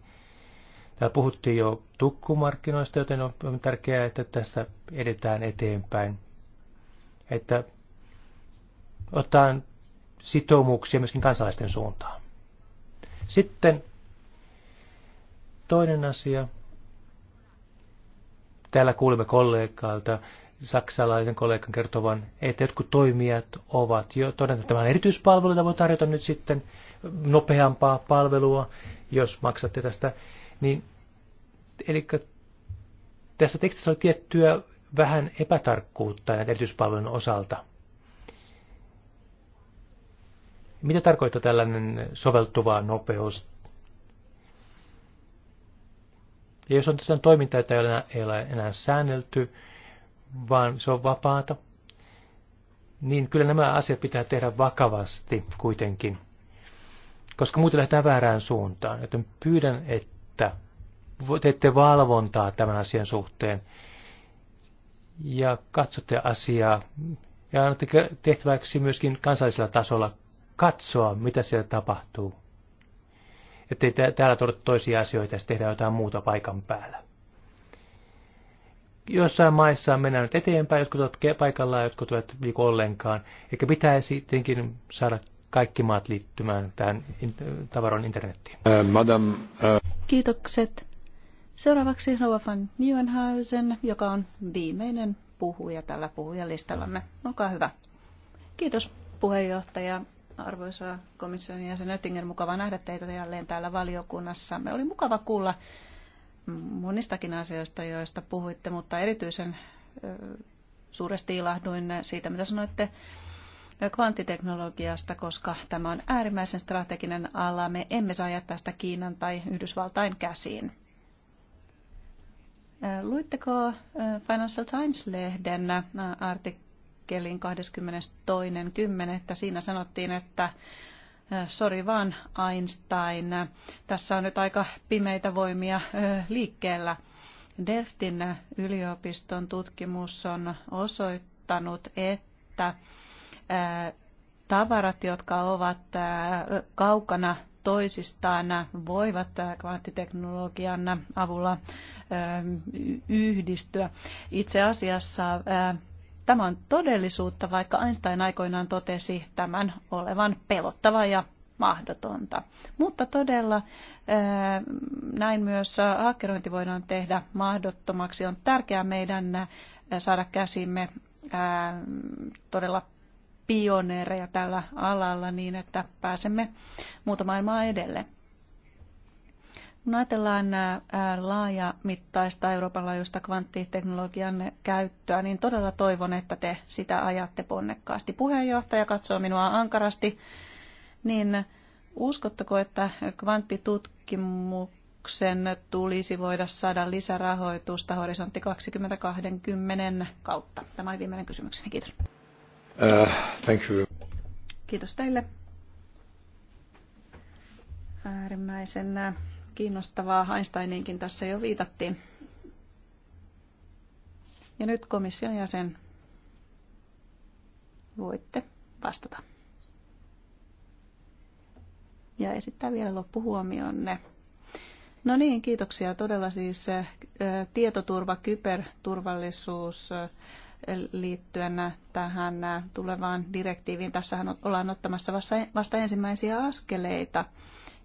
Täällä puhuttiin jo tukkumarkkinoista, joten on tärkeää, että tässä edetään eteenpäin. Että otetaan sitoumuksia myöskin kansalaisten suuntaan. Sitten toinen asia Täällä kuulemme kollegalta, saksalainen kollega kertovan, että jotkut toimijat ovat jo todenneet, että tämä erityispalvelu, voi tarjota nyt sitten nopeampaa palvelua, jos maksatte tästä. Niin, eli tässä tekstissä oli tiettyä vähän epätarkkuutta näiden erityispalvelun osalta. Mitä tarkoittaa tällainen soveltuva nopeus Ja jos on tässä toimintaa, jota ei ole, enää, ei ole enää säännelty, vaan se on vapaata, niin kyllä nämä asiat pitää tehdä vakavasti kuitenkin, koska muuten lähdetään väärään suuntaan. Joten pyydän, että teette valvontaa tämän asian suhteen ja katsotte asiaa ja annatte tehtäväksi myöskin kansallisella tasolla katsoa, mitä siellä tapahtuu ei täällä tuoda toisia asioita ja tehdä jotain muuta paikan päällä. Jossain maissa on mennyt eteenpäin, jotkut ovat paikallaan, jotkut ovat liiku ollenkaan. Eikä pitäisi tietenkin saada kaikki maat liittymään tähän tavaron internettiin. Ää, äh, madam, ää... Äh. Kiitokset. Seuraavaksi Rova van Nieuwenhuizen, joka on viimeinen puhuja tällä puhujalistallamme. Olkaa hyvä. Kiitos puheenjohtaja arvoisa komission jäsen Oettingen. Mukava nähdä teitä jälleen täällä valiokunnassa. Me oli mukava kuulla monistakin asioista, joista puhuitte, mutta erityisen suuresti ilahduin siitä, mitä sanoitte kvanttiteknologiasta, koska tämä on äärimmäisen strateginen ala. Me emme saa jättää sitä Kiinan tai Yhdysvaltain käsiin. Luitteko Financial Times-lehden artikkelin? artikkeliin 22.10. Siinä sanottiin, että sori vaan Einstein, tässä on nyt aika pimeitä voimia liikkeellä. Delftin yliopiston tutkimus on osoittanut, että tavarat, jotka ovat kaukana toisistaan voivat kvanttiteknologian avulla yhdistyä. Itse asiassa Tämä on todellisuutta, vaikka Einstein aikoinaan totesi tämän olevan pelottava ja mahdotonta. Mutta todella näin myös hakkerointi voidaan tehdä mahdottomaksi. On tärkeää meidän saada käsimme todella pioneereja tällä alalla niin, että pääsemme muutamaan maailmaa kun ajatellaan äh, laajamittaista Euroopan laajuista kvanttiteknologian käyttöä, niin todella toivon, että te sitä ajatte ponnekkaasti. Puheenjohtaja katsoo minua ankarasti, niin uskotteko, että kvanttitutkimuksen tulisi voida saada lisärahoitusta horisontti 2020 kautta? Tämä on viimeinen kysymykseni. Kiitos. Uh, thank you. Kiitos teille. Äärimmäisen äh, kiinnostavaa. Einsteininkin tässä jo viitattiin. Ja nyt komission jäsen voitte vastata. Ja esittää vielä loppuhuomionne. No niin, kiitoksia. Todella siis eh, tietoturva, kyberturvallisuus eh, liittyen tähän eh, tulevaan direktiiviin. Tässähän ollaan ottamassa vasta e-, ensimmäisiä askeleita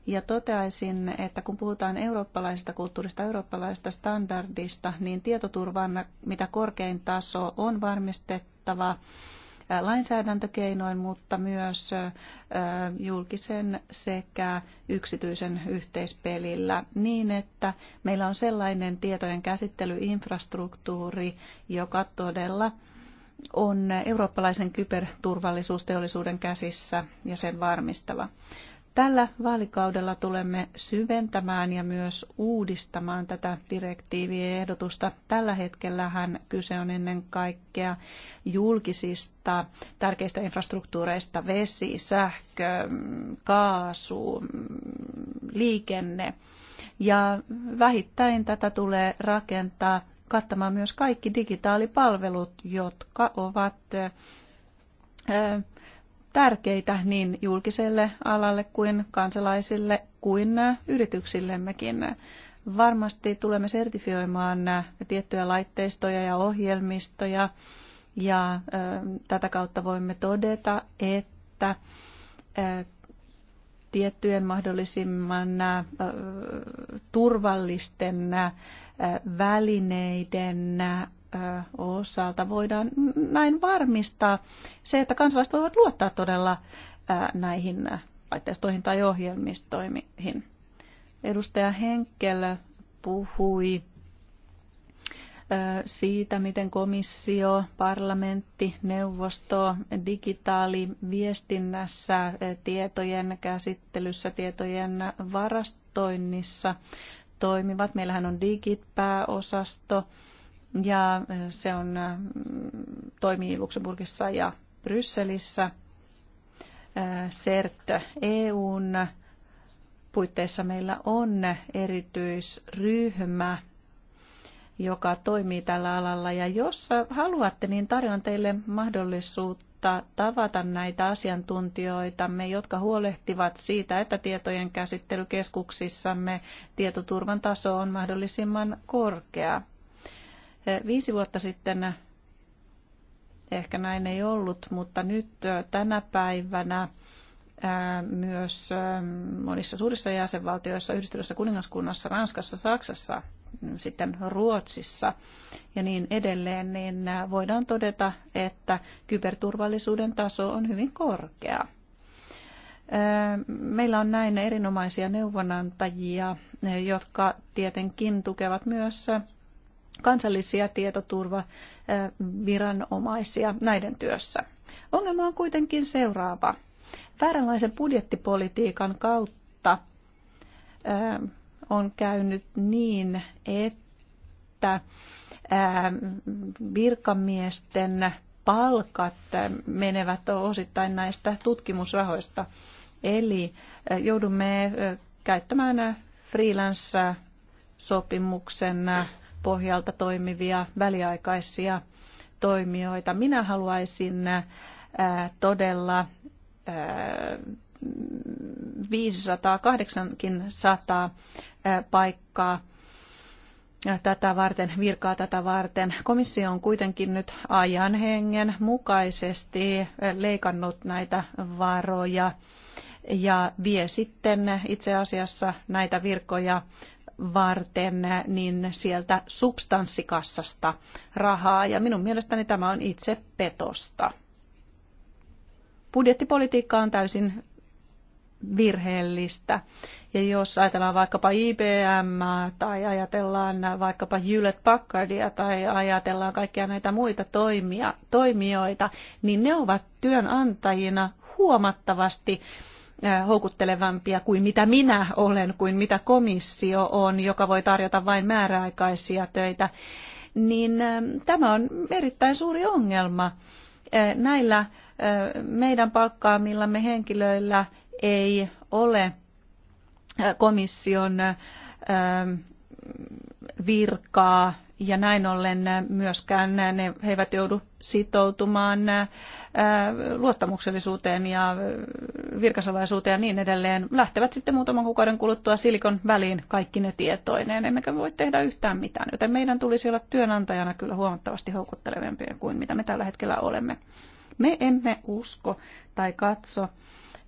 ja toteaisin, että kun puhutaan eurooppalaisesta kulttuurista, eurooppalaisesta standardista, niin tietoturvan mitä korkein taso on varmistettava lainsäädäntökeinoin, mutta myös julkisen sekä yksityisen yhteispelillä niin, että meillä on sellainen tietojen käsittelyinfrastruktuuri, joka todella on eurooppalaisen kyberturvallisuusteollisuuden käsissä ja sen varmistava. Tällä vaalikaudella tulemme syventämään ja myös uudistamaan tätä direktiiviä ehdotusta. Tällä hetkellähän kyse on ennen kaikkea julkisista tärkeistä infrastruktuureista, vesi, sähkö, kaasu, liikenne. Ja vähittäin tätä tulee rakentaa kattamaan myös kaikki digitaalipalvelut, jotka ovat tärkeitä niin julkiselle alalle kuin kansalaisille kuin yrityksillemmekin. Varmasti tulemme sertifioimaan tiettyjä laitteistoja ja ohjelmistoja ja tätä kautta voimme todeta, että tiettyjen mahdollisimman turvallisten välineiden osalta voidaan näin varmistaa se, että kansalaiset voivat luottaa todella näihin laitteistoihin tai ohjelmistoihin. Edustaja Henkel puhui siitä, miten komissio, parlamentti, neuvosto digitaaliviestinnässä, tietojen käsittelyssä, tietojen varastoinnissa toimivat. Meillähän on digit-pääosasto, ja eh, se on, eh, toimii Luxemburgissa ja Brysselissä. Eh, CERT EUn puitteissa meillä on erityisryhmä, joka toimii tällä alalla. Ja jos haluatte, niin tarjoan teille mahdollisuutta tavata näitä asiantuntijoitamme, jotka huolehtivat siitä, että tietojen käsittelykeskuksissamme tietoturvan taso on mahdollisimman korkea. Viisi vuotta sitten ehkä näin ei ollut, mutta nyt tänä päivänä myös monissa suurissa jäsenvaltioissa, yhdistyneessä kuningaskunnassa, Ranskassa, Saksassa, mm, sitten Ruotsissa ja niin edelleen, niin voidaan todeta, että kyberturvallisuuden taso on hyvin korkea. Meillä on näin erinomaisia neuvonantajia, jotka tietenkin tukevat myös kansallisia tietoturvaviranomaisia näiden työssä. Ongelma on kuitenkin seuraava. Vääränlaisen budjettipolitiikan kautta on käynyt niin, että virkamiesten palkat menevät osittain näistä tutkimusrahoista. Eli joudumme käyttämään freelance-sopimuksen pohjalta toimivia väliaikaisia toimijoita. Minä haluaisin äh, todella 500, äh, 800 äh, paikkaa tätä varten, virkaa tätä varten. Komissio on kuitenkin nyt ajan hengen mukaisesti leikannut näitä varoja ja vie sitten itse asiassa näitä virkoja varten, niin sieltä substanssikassasta rahaa. Ja minun mielestäni tämä on itse petosta. Budjettipolitiikka on täysin virheellistä. Ja jos ajatellaan vaikkapa IBM tai ajatellaan vaikkapa Hewlett Packardia tai ajatellaan kaikkia näitä muita toimia, toimijoita, niin ne ovat työnantajina huomattavasti houkuttelevampia kuin mitä minä olen, kuin mitä komissio on, joka voi tarjota vain määräaikaisia töitä, niin tämä on erittäin suuri ongelma. Näillä meidän palkkaamillamme henkilöillä ei ole komission virkaa ja näin ollen myöskään ne, he eivät joudu sitoutumaan äh, luottamuksellisuuteen ja äh, virkasalaisuuteen ja niin edelleen. Lähtevät sitten muutaman kuukauden kuluttua silikon väliin kaikki ne tietoineen, emmekä voi tehdä yhtään mitään, joten meidän tulisi olla työnantajana kyllä huomattavasti houkuttelevampia kuin mitä me tällä hetkellä olemme. Me emme usko tai katso,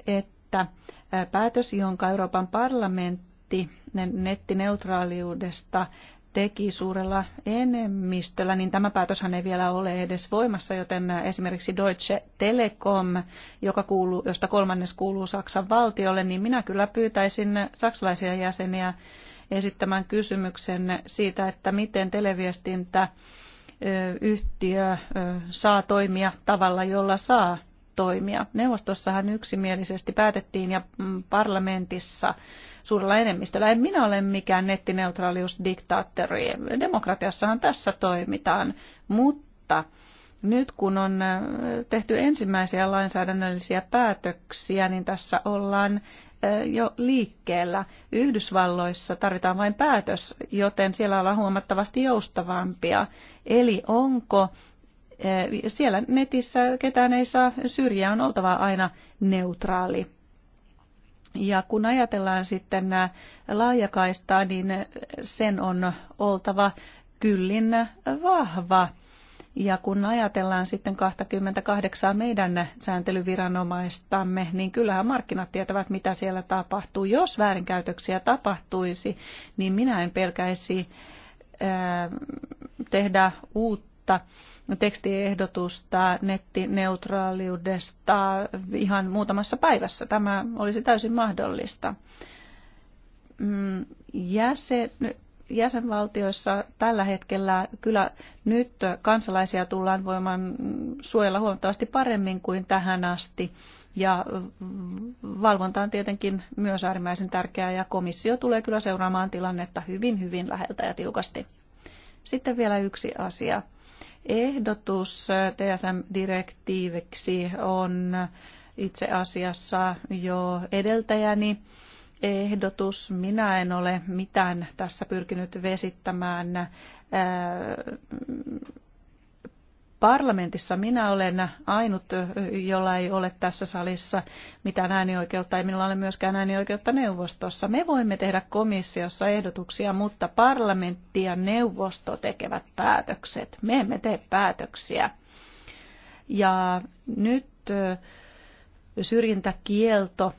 että äh, päätös, jonka Euroopan parlamentti nettineutraaliudesta teki suurella enemmistöllä, niin tämä päätöshän ei vielä ole edes voimassa, joten esimerkiksi Deutsche Telekom, joka kuuluu, josta kolmannes kuuluu Saksan valtiolle, niin minä kyllä pyytäisin saksalaisia jäseniä esittämään kysymyksen siitä, että miten televiestintä yhtiö saa toimia tavalla, jolla saa toimia. Neuvostossahan yksimielisesti päätettiin ja mm, parlamentissa suurella enemmistöllä. En minä ole mikään nettineutraaliusdiktaattori. Demokratiassahan tässä toimitaan, mutta nyt kun on äh, tehty ensimmäisiä lainsäädännöllisiä päätöksiä, niin tässä ollaan äh, jo liikkeellä. Yhdysvalloissa tarvitaan vain päätös, joten siellä ollaan huomattavasti joustavampia. Eli onko äh, siellä netissä ketään ei saa syrjää, on oltava aina neutraali ja kun ajatellaan sitten äh, laajakaistaa, niin sen on oltava kyllin vahva. Ja kun ajatellaan sitten 28 meidän sääntelyviranomaistamme, niin kyllähän markkinat tietävät, mitä siellä tapahtuu. Jos väärinkäytöksiä tapahtuisi, niin minä en pelkäisi äh, tehdä uutta uutta tekstiehdotusta nettineutraaliudesta ihan muutamassa päivässä. Tämä olisi täysin mahdollista. Mm, jäsen, jäsenvaltioissa tällä hetkellä kyllä nyt kansalaisia tullaan voimaan suojella huomattavasti paremmin kuin tähän asti. Ja valvonta on tietenkin myös äärimmäisen tärkeää ja komissio tulee kyllä seuraamaan tilannetta hyvin, hyvin läheltä ja tiukasti. Sitten vielä yksi asia ehdotus TSM-direktiiviksi on itse asiassa jo edeltäjäni ehdotus. Minä en ole mitään tässä pyrkinyt vesittämään parlamentissa minä olen ainut, jolla ei ole tässä salissa mitään äänioikeutta, ei minulla ole myöskään äänioikeutta neuvostossa. Me voimme tehdä komissiossa ehdotuksia, mutta parlamentti ja neuvosto tekevät päätökset. Me emme tee päätöksiä. Ja nyt syrjintäkielto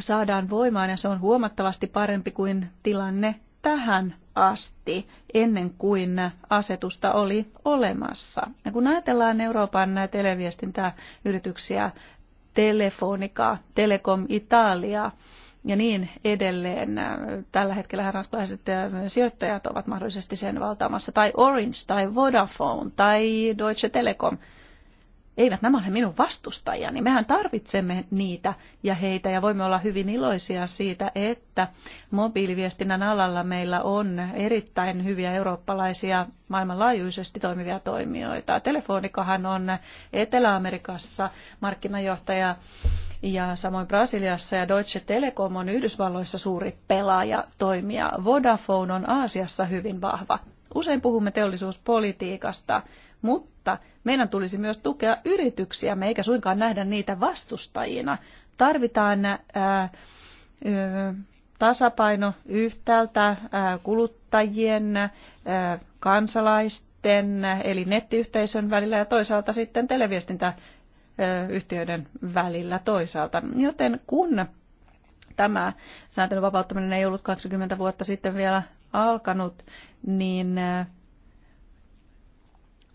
saadaan voimaan ja se on huomattavasti parempi kuin tilanne tähän asti ennen kuin asetusta oli olemassa. Ja kun ajatellaan Euroopan televiestintäyrityksiä, Telefonica, Telekom Italia ja niin edelleen. Tällä hetkellä ranskalaiset äh, sijoittajat ovat mahdollisesti sen valtaamassa. Tai Orange, tai Vodafone, tai Deutsche Telekom – eivät nämä ole minun vastustajani. Mehän tarvitsemme niitä ja heitä ja voimme olla hyvin iloisia siitä, että mobiiliviestinnän alalla meillä on erittäin hyviä eurooppalaisia maailmanlaajuisesti toimivia toimijoita. Telefonikahan on Etelä-Amerikassa markkinajohtaja ja samoin Brasiliassa ja Deutsche Telekom on Yhdysvalloissa suuri pelaaja toimija. Vodafone on Aasiassa hyvin vahva Usein puhumme teollisuuspolitiikasta, mutta meidän tulisi myös tukea yrityksiä, me eikä suinkaan nähdä niitä vastustajina. Tarvitaan ää, ö, tasapaino yhtäältä ää, kuluttajien, ää, kansalaisten, eli nettiyhteisön välillä ja toisaalta sitten televiestintäyhtiöiden välillä toisaalta. Joten kun tämä sääntelyn vapauttaminen ei ollut 20 vuotta sitten vielä alkanut, niin äh,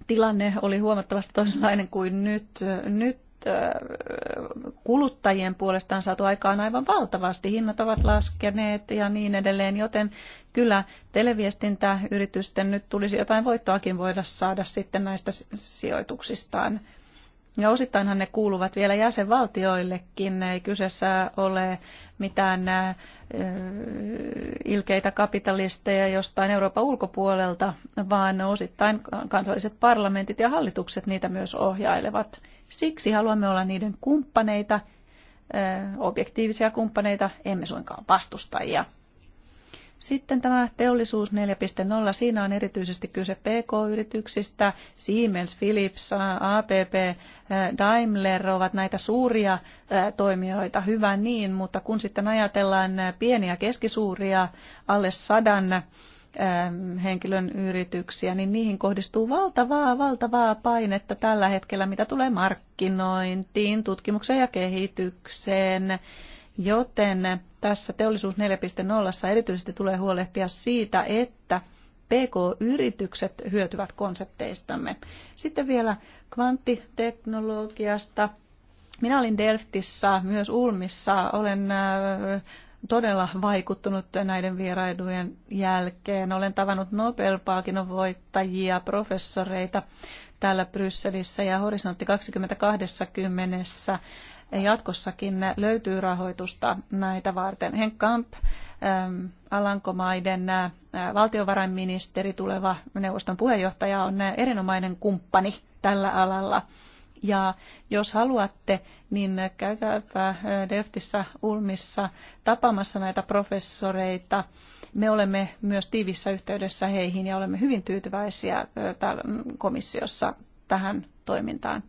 tilanne oli huomattavasti toisenlainen kuin nyt. Nyt äh, kuluttajien puolestaan saatu aikaan aivan valtavasti. Hinnat ovat laskeneet ja niin edelleen, joten kyllä televiestintäyritysten nyt tulisi jotain voittoakin voida saada sitten näistä sijoituksistaan. Ja osittainhan ne kuuluvat vielä jäsenvaltioillekin. Ei kyseessä ole mitään ilkeitä kapitalisteja jostain Euroopan ulkopuolelta, vaan osittain kansalliset parlamentit ja hallitukset niitä myös ohjailevat. Siksi haluamme olla niiden kumppaneita, objektiivisia kumppaneita, emme suinkaan vastustajia. Sitten tämä teollisuus 4.0, siinä on erityisesti kyse PK-yrityksistä. Siemens, Philips, APP, eh, Daimler ovat näitä suuria eh, toimijoita, hyvä niin, mutta kun sitten ajatellaan eh, pieniä keskisuuria alle sadan henkilön yrityksiä, niin niihin kohdistuu valtavaa, valtavaa painetta tällä hetkellä, mitä tulee markkinointiin, tutkimukseen ja kehitykseen, Joten tässä teollisuus 4.0 erityisesti tulee huolehtia siitä, että PK-yritykset hyötyvät konsepteistamme. Sitten vielä kvanttiteknologiasta. Minä olin Delftissä, myös Ulmissa. Olen äh, todella vaikuttunut näiden vierailujen jälkeen. Olen tavannut Nobel-palkinnon voittajia, professoreita täällä Brysselissä ja Horisontti 2020 jatkossakin löytyy rahoitusta näitä varten. Henk Kamp, Alankomaiden valtiovarainministeri, tuleva neuvoston puheenjohtaja, on erinomainen kumppani tällä alalla. Ja jos haluatte, niin käykääpä deftissä, Ulmissa tapaamassa näitä professoreita. Me olemme myös tiivissä yhteydessä heihin ja olemme hyvin tyytyväisiä täällä mm, komissiossa tähän toimintaan.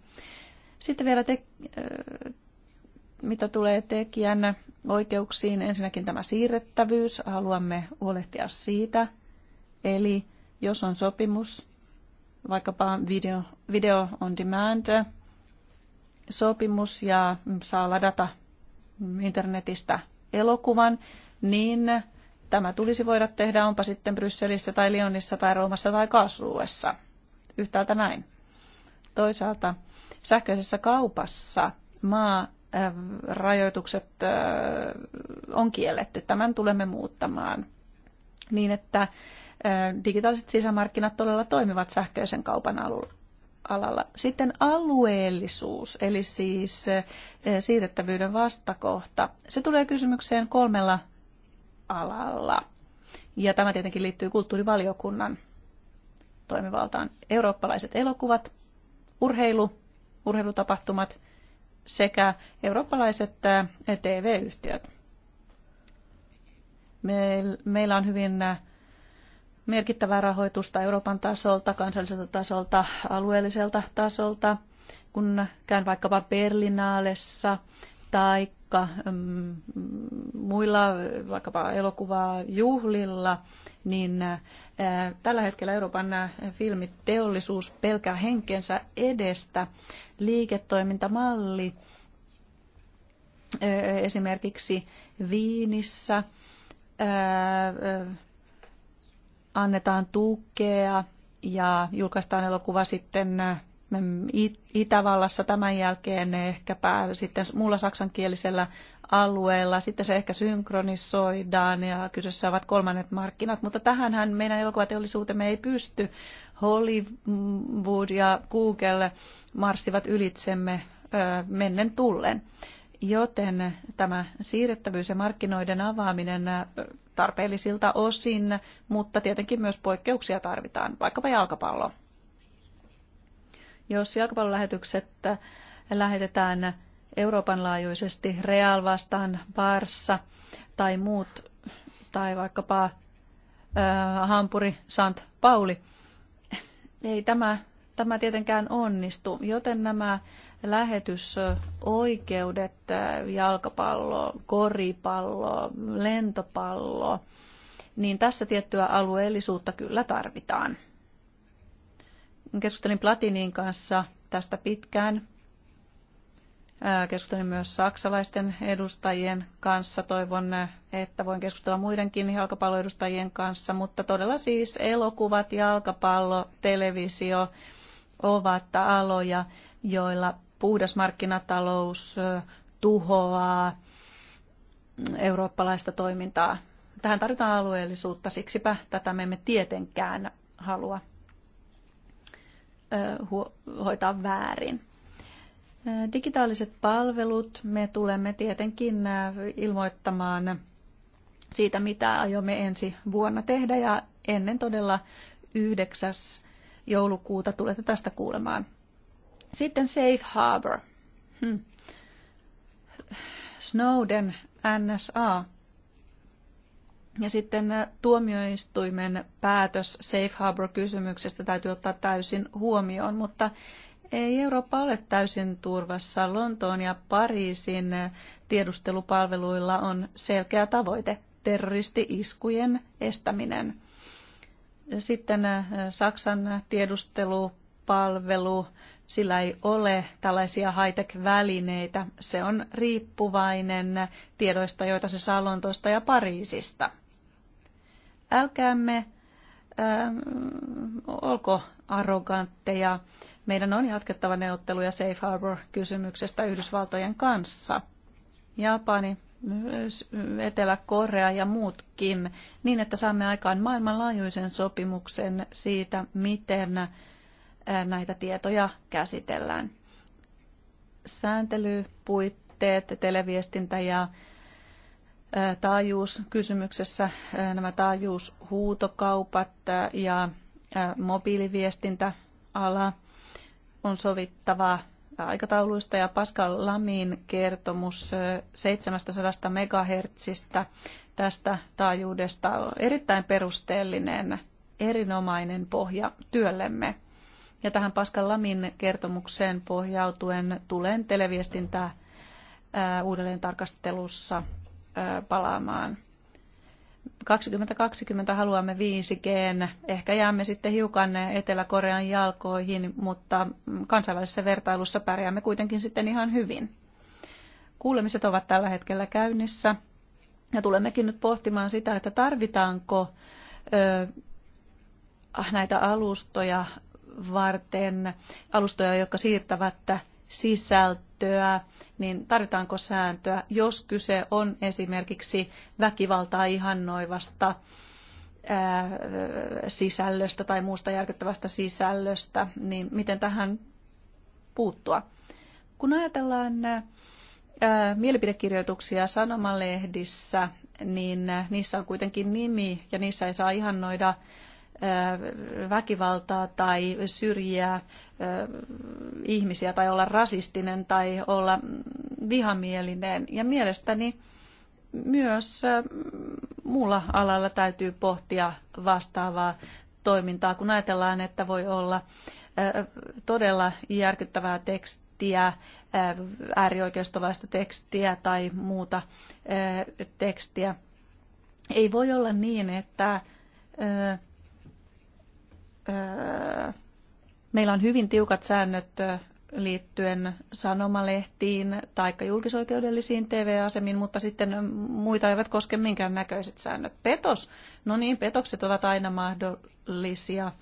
Sitten vielä te, mitä tulee tekijän oikeuksiin, ensinnäkin tämä siirrettävyys, haluamme huolehtia siitä. Eli jos on sopimus, vaikkapa video, video on demand sopimus ja saa ladata internetistä elokuvan, niin tämä tulisi voida tehdä onpa sitten Brysselissä tai Lyonissa tai Roomassa tai Kasruessa. Yhtäältä näin. Toisaalta sähköisessä kaupassa maa Ähm, rajoitukset äh, on kielletty. Tämän tulemme muuttamaan niin, että äh, digitaaliset sisämarkkinat todella toimivat sähköisen kaupan alalla. Sitten alueellisuus, eli siis äh, siirrettävyyden vastakohta, se tulee kysymykseen kolmella alalla. Ja tämä tietenkin liittyy kulttuurivaliokunnan toimivaltaan. Eurooppalaiset elokuvat, urheilu, urheilutapahtumat sekä eurooppalaiset TV-yhtiöt. Meillä on hyvin merkittävää rahoitusta Euroopan tasolta, kansalliselta tasolta, alueelliselta tasolta. Kun käyn vaikkapa Berlinaalessa, tai mm, muilla vaikkapa elokuvaa juhlilla, niin äh, tällä hetkellä Euroopan äh, filmiteollisuus pelkää henkensä edestä liiketoimintamalli äh, esimerkiksi Viinissä annetaan tukea ja julkaistaan elokuva sitten Itävallassa tämän jälkeen ehkäpä sitten muulla saksankielisellä alueella. Sitten se ehkä synkronisoidaan ja kyseessä ovat kolmannet markkinat, mutta tähänhän meidän elokuvateollisuutemme ei pysty. Hollywood ja Google marssivat ylitsemme mennen tullen. Joten tämä siirrettävyys ja markkinoiden avaaminen tarpeellisilta osin, mutta tietenkin myös poikkeuksia tarvitaan, vaikkapa jalkapallo jos jalkapallolähetykset lähetetään Euroopan laajuisesti Real vastaan Barssa tai muut, tai vaikkapa äh, Hampuri Sant Pauli, ei tämä, tämä tietenkään onnistu, joten nämä lähetysoikeudet, jalkapallo, koripallo, lentopallo, niin tässä tiettyä alueellisuutta kyllä tarvitaan. Keskustelin Platinin kanssa tästä pitkään. Keskustelin myös saksalaisten edustajien kanssa. Toivon, että voin keskustella muidenkin jalkapalloedustajien kanssa, mutta todella siis elokuvat, jalkapallo, televisio ovat aloja, joilla puhdas markkinatalous tuhoaa eurooppalaista toimintaa. Tähän tarvitaan alueellisuutta, siksipä tätä me emme tietenkään halua hoitaa väärin. Digitaaliset palvelut, me tulemme tietenkin ilmoittamaan siitä, mitä aiomme ensi vuonna tehdä ja ennen todella 9. joulukuuta tulette tästä kuulemaan. Sitten Safe Harbor. Hmm. Snowden NSA ja sitten äh, tuomioistuimen päätös Safe Harbor-kysymyksestä täytyy ottaa täysin huomioon, mutta ei Eurooppa ole täysin turvassa. Lontoon ja Pariisin äh, tiedustelupalveluilla on selkeä tavoite, terroristi-iskujen estäminen. Sitten äh, Saksan tiedustelupalvelu, sillä ei ole tällaisia high-tech-välineitä. Se on riippuvainen tiedoista, joita se saa Lontoosta ja Pariisista – Älkäämme ähm, olko arrogantteja. Meidän on jatkettava neuvotteluja Safe Harbor-kysymyksestä Yhdysvaltojen kanssa. Japani, Etelä-Korea ja muutkin, niin että saamme aikaan maailmanlaajuisen sopimuksen siitä, miten äh, näitä tietoja käsitellään. Sääntelypuitteet, televiestintä ja taajuuskysymyksessä kysymyksessä, nämä taajuushuutokaupat ja mobiiliviestintäala on sovittava aikatauluista ja Pascal Lamin kertomus 700 megahertsistä tästä taajuudesta on erittäin perusteellinen, erinomainen pohja työllemme. Ja tähän Pascal Lamin kertomukseen pohjautuen tulen televiestintää uudelleen tarkastelussa palaamaan. 2020 haluamme 5 g Ehkä jäämme sitten hiukan Etelä-Korean jalkoihin, mutta kansainvälisessä vertailussa pärjäämme kuitenkin sitten ihan hyvin. Kuulemiset ovat tällä hetkellä käynnissä ja tulemmekin nyt pohtimaan sitä, että tarvitaanko ö, näitä alustoja varten, alustoja, jotka siirtävät sisältöä sääntöä, niin tarvitaanko sääntöä, jos kyse on esimerkiksi väkivaltaa ihannoivasta sisällöstä tai muusta järkyttävästä sisällöstä, niin miten tähän puuttua? Kun ajatellaan mielipidekirjoituksia sanomalehdissä, niin niissä on kuitenkin nimi ja niissä ei saa ihannoida väkivaltaa tai syrjiä ihmisiä tai olla rasistinen tai olla vihamielinen. Ja mielestäni myös muulla alalla täytyy pohtia vastaavaa toimintaa, kun ajatellaan, että voi olla todella järkyttävää tekstiä, äärioikeistolaista tekstiä tai muuta tekstiä. Ei voi olla niin, että Öö, meillä on hyvin tiukat säännöt liittyen sanomalehtiin tai julkisoikeudellisiin TV-asemiin, mutta sitten muita eivät koske minkään näköiset säännöt. Petos, no niin, petokset ovat aina mahdollisia.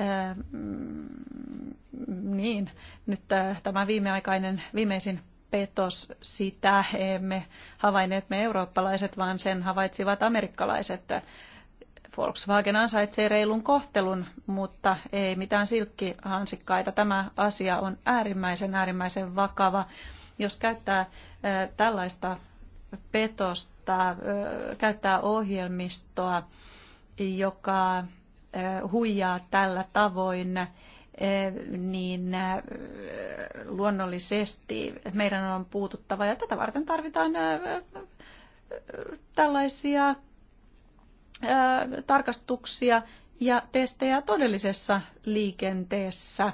Öö, mm, niin, nyt tämä viimeaikainen, viimeisin petos, sitä emme havainneet me eurooppalaiset, vaan sen havaitsivat amerikkalaiset Volkswagen ansaitsee reilun kohtelun, mutta ei mitään silkkihansikkaita. Tämä asia on äärimmäisen, äärimmäisen vakava. Jos käyttää tällaista petosta, käyttää ohjelmistoa, joka huijaa tällä tavoin, niin luonnollisesti meidän on puututtava ja tätä varten tarvitaan tällaisia tarkastuksia ja testejä todellisessa liikenteessä.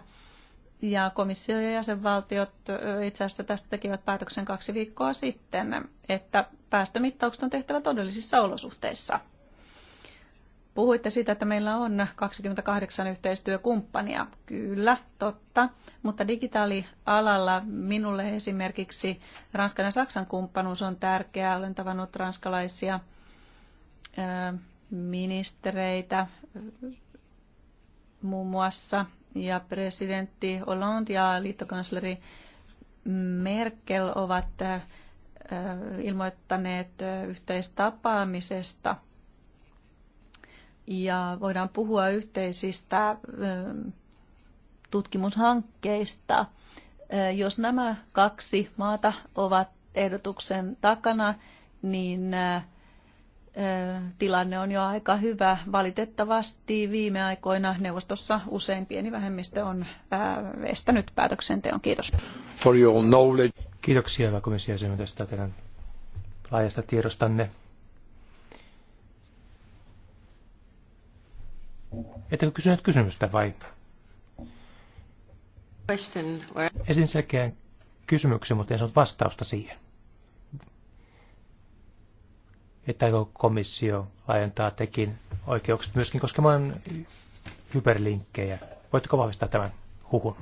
Ja komissio ja jäsenvaltiot itse asiassa tästä tekivät päätöksen kaksi viikkoa sitten, että päästömittaukset on tehtävä todellisissa olosuhteissa. Puhuitte siitä, että meillä on 28 yhteistyökumppania. Kyllä, totta. Mutta digitaalialalla minulle esimerkiksi Ranskan ja Saksan kumppanuus on tärkeää. Olen tavannut ranskalaisia ministereitä muun muassa ja presidentti Hollande ja liittokansleri Merkel ovat äh, ilmoittaneet äh, yhteistapaamisesta ja voidaan puhua yhteisistä äh, tutkimushankkeista. Jos nämä kaksi maata ovat ehdotuksen takana, niin tilanne on jo aika hyvä. Valitettavasti viime aikoina neuvostossa usein pieni vähemmistö on estänyt päätöksenteon. Kiitos. For your knowledge. Kiitoksia, hyvä komission tästä teidän laajasta tiedostanne. Ettekö kysynyt kysymystä vai? Question. Esin selkeän kysymyksen, mutta en saanut vastausta siihen että komissio laajentaa tekin oikeukset myöskin koskemaan hyperlinkkejä. Voitteko vahvistaa tämän huhun?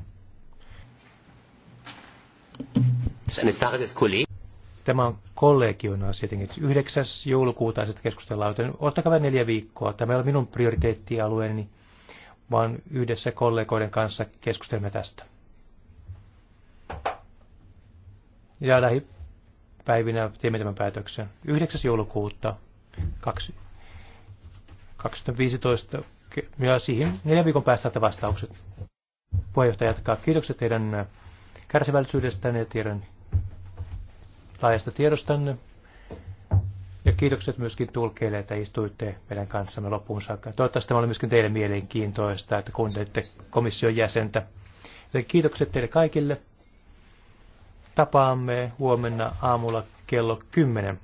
Tämä on kollegion asia tietenkin. 9. joulukuuta sitten keskustellaan, joten ottakaa neljä viikkoa. Tämä ei ole minun prioriteettialueeni, vaan yhdessä kollegoiden kanssa keskustelemme tästä. Ja lähi päivinä teemme tämän päätöksen. 9. joulukuuta 2015. Ja siihen neljän viikon päästä saatte vastaukset. Puheenjohtaja jatkaa. Kiitokset teidän kärsivällisyydestänne ja tiedon laajasta tiedostanne. Ja kiitokset myöskin tulkeille, että istuitte meidän kanssamme loppuun saakka. Toivottavasti tämä oli myöskin teille mielenkiintoista, että kuuntelitte komission jäsentä. Joten kiitokset teille kaikille tapaamme huomenna aamulla kello 10.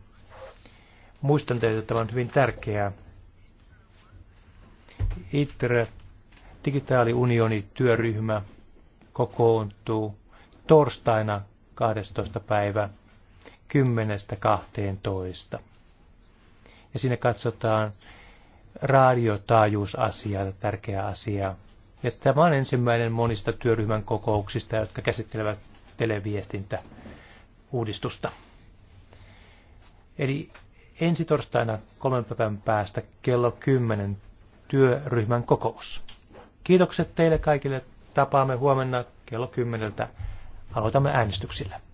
Muistan teitä, että tämä on hyvin tärkeää. ITRE, digitaaliunioni työryhmä, kokoontuu torstaina 12. päivä 10.12. Ja siinä katsotaan radiotaajuusasiaa, tärkeää asiaa. Ja tämä on ensimmäinen monista työryhmän kokouksista, jotka käsittelevät televiestintäuudistusta. Eli ensi torstaina kolmen päivän päästä kello 10 työryhmän kokous. Kiitokset teille kaikille. Tapaamme huomenna kello 10. Aloitamme äänestyksillä.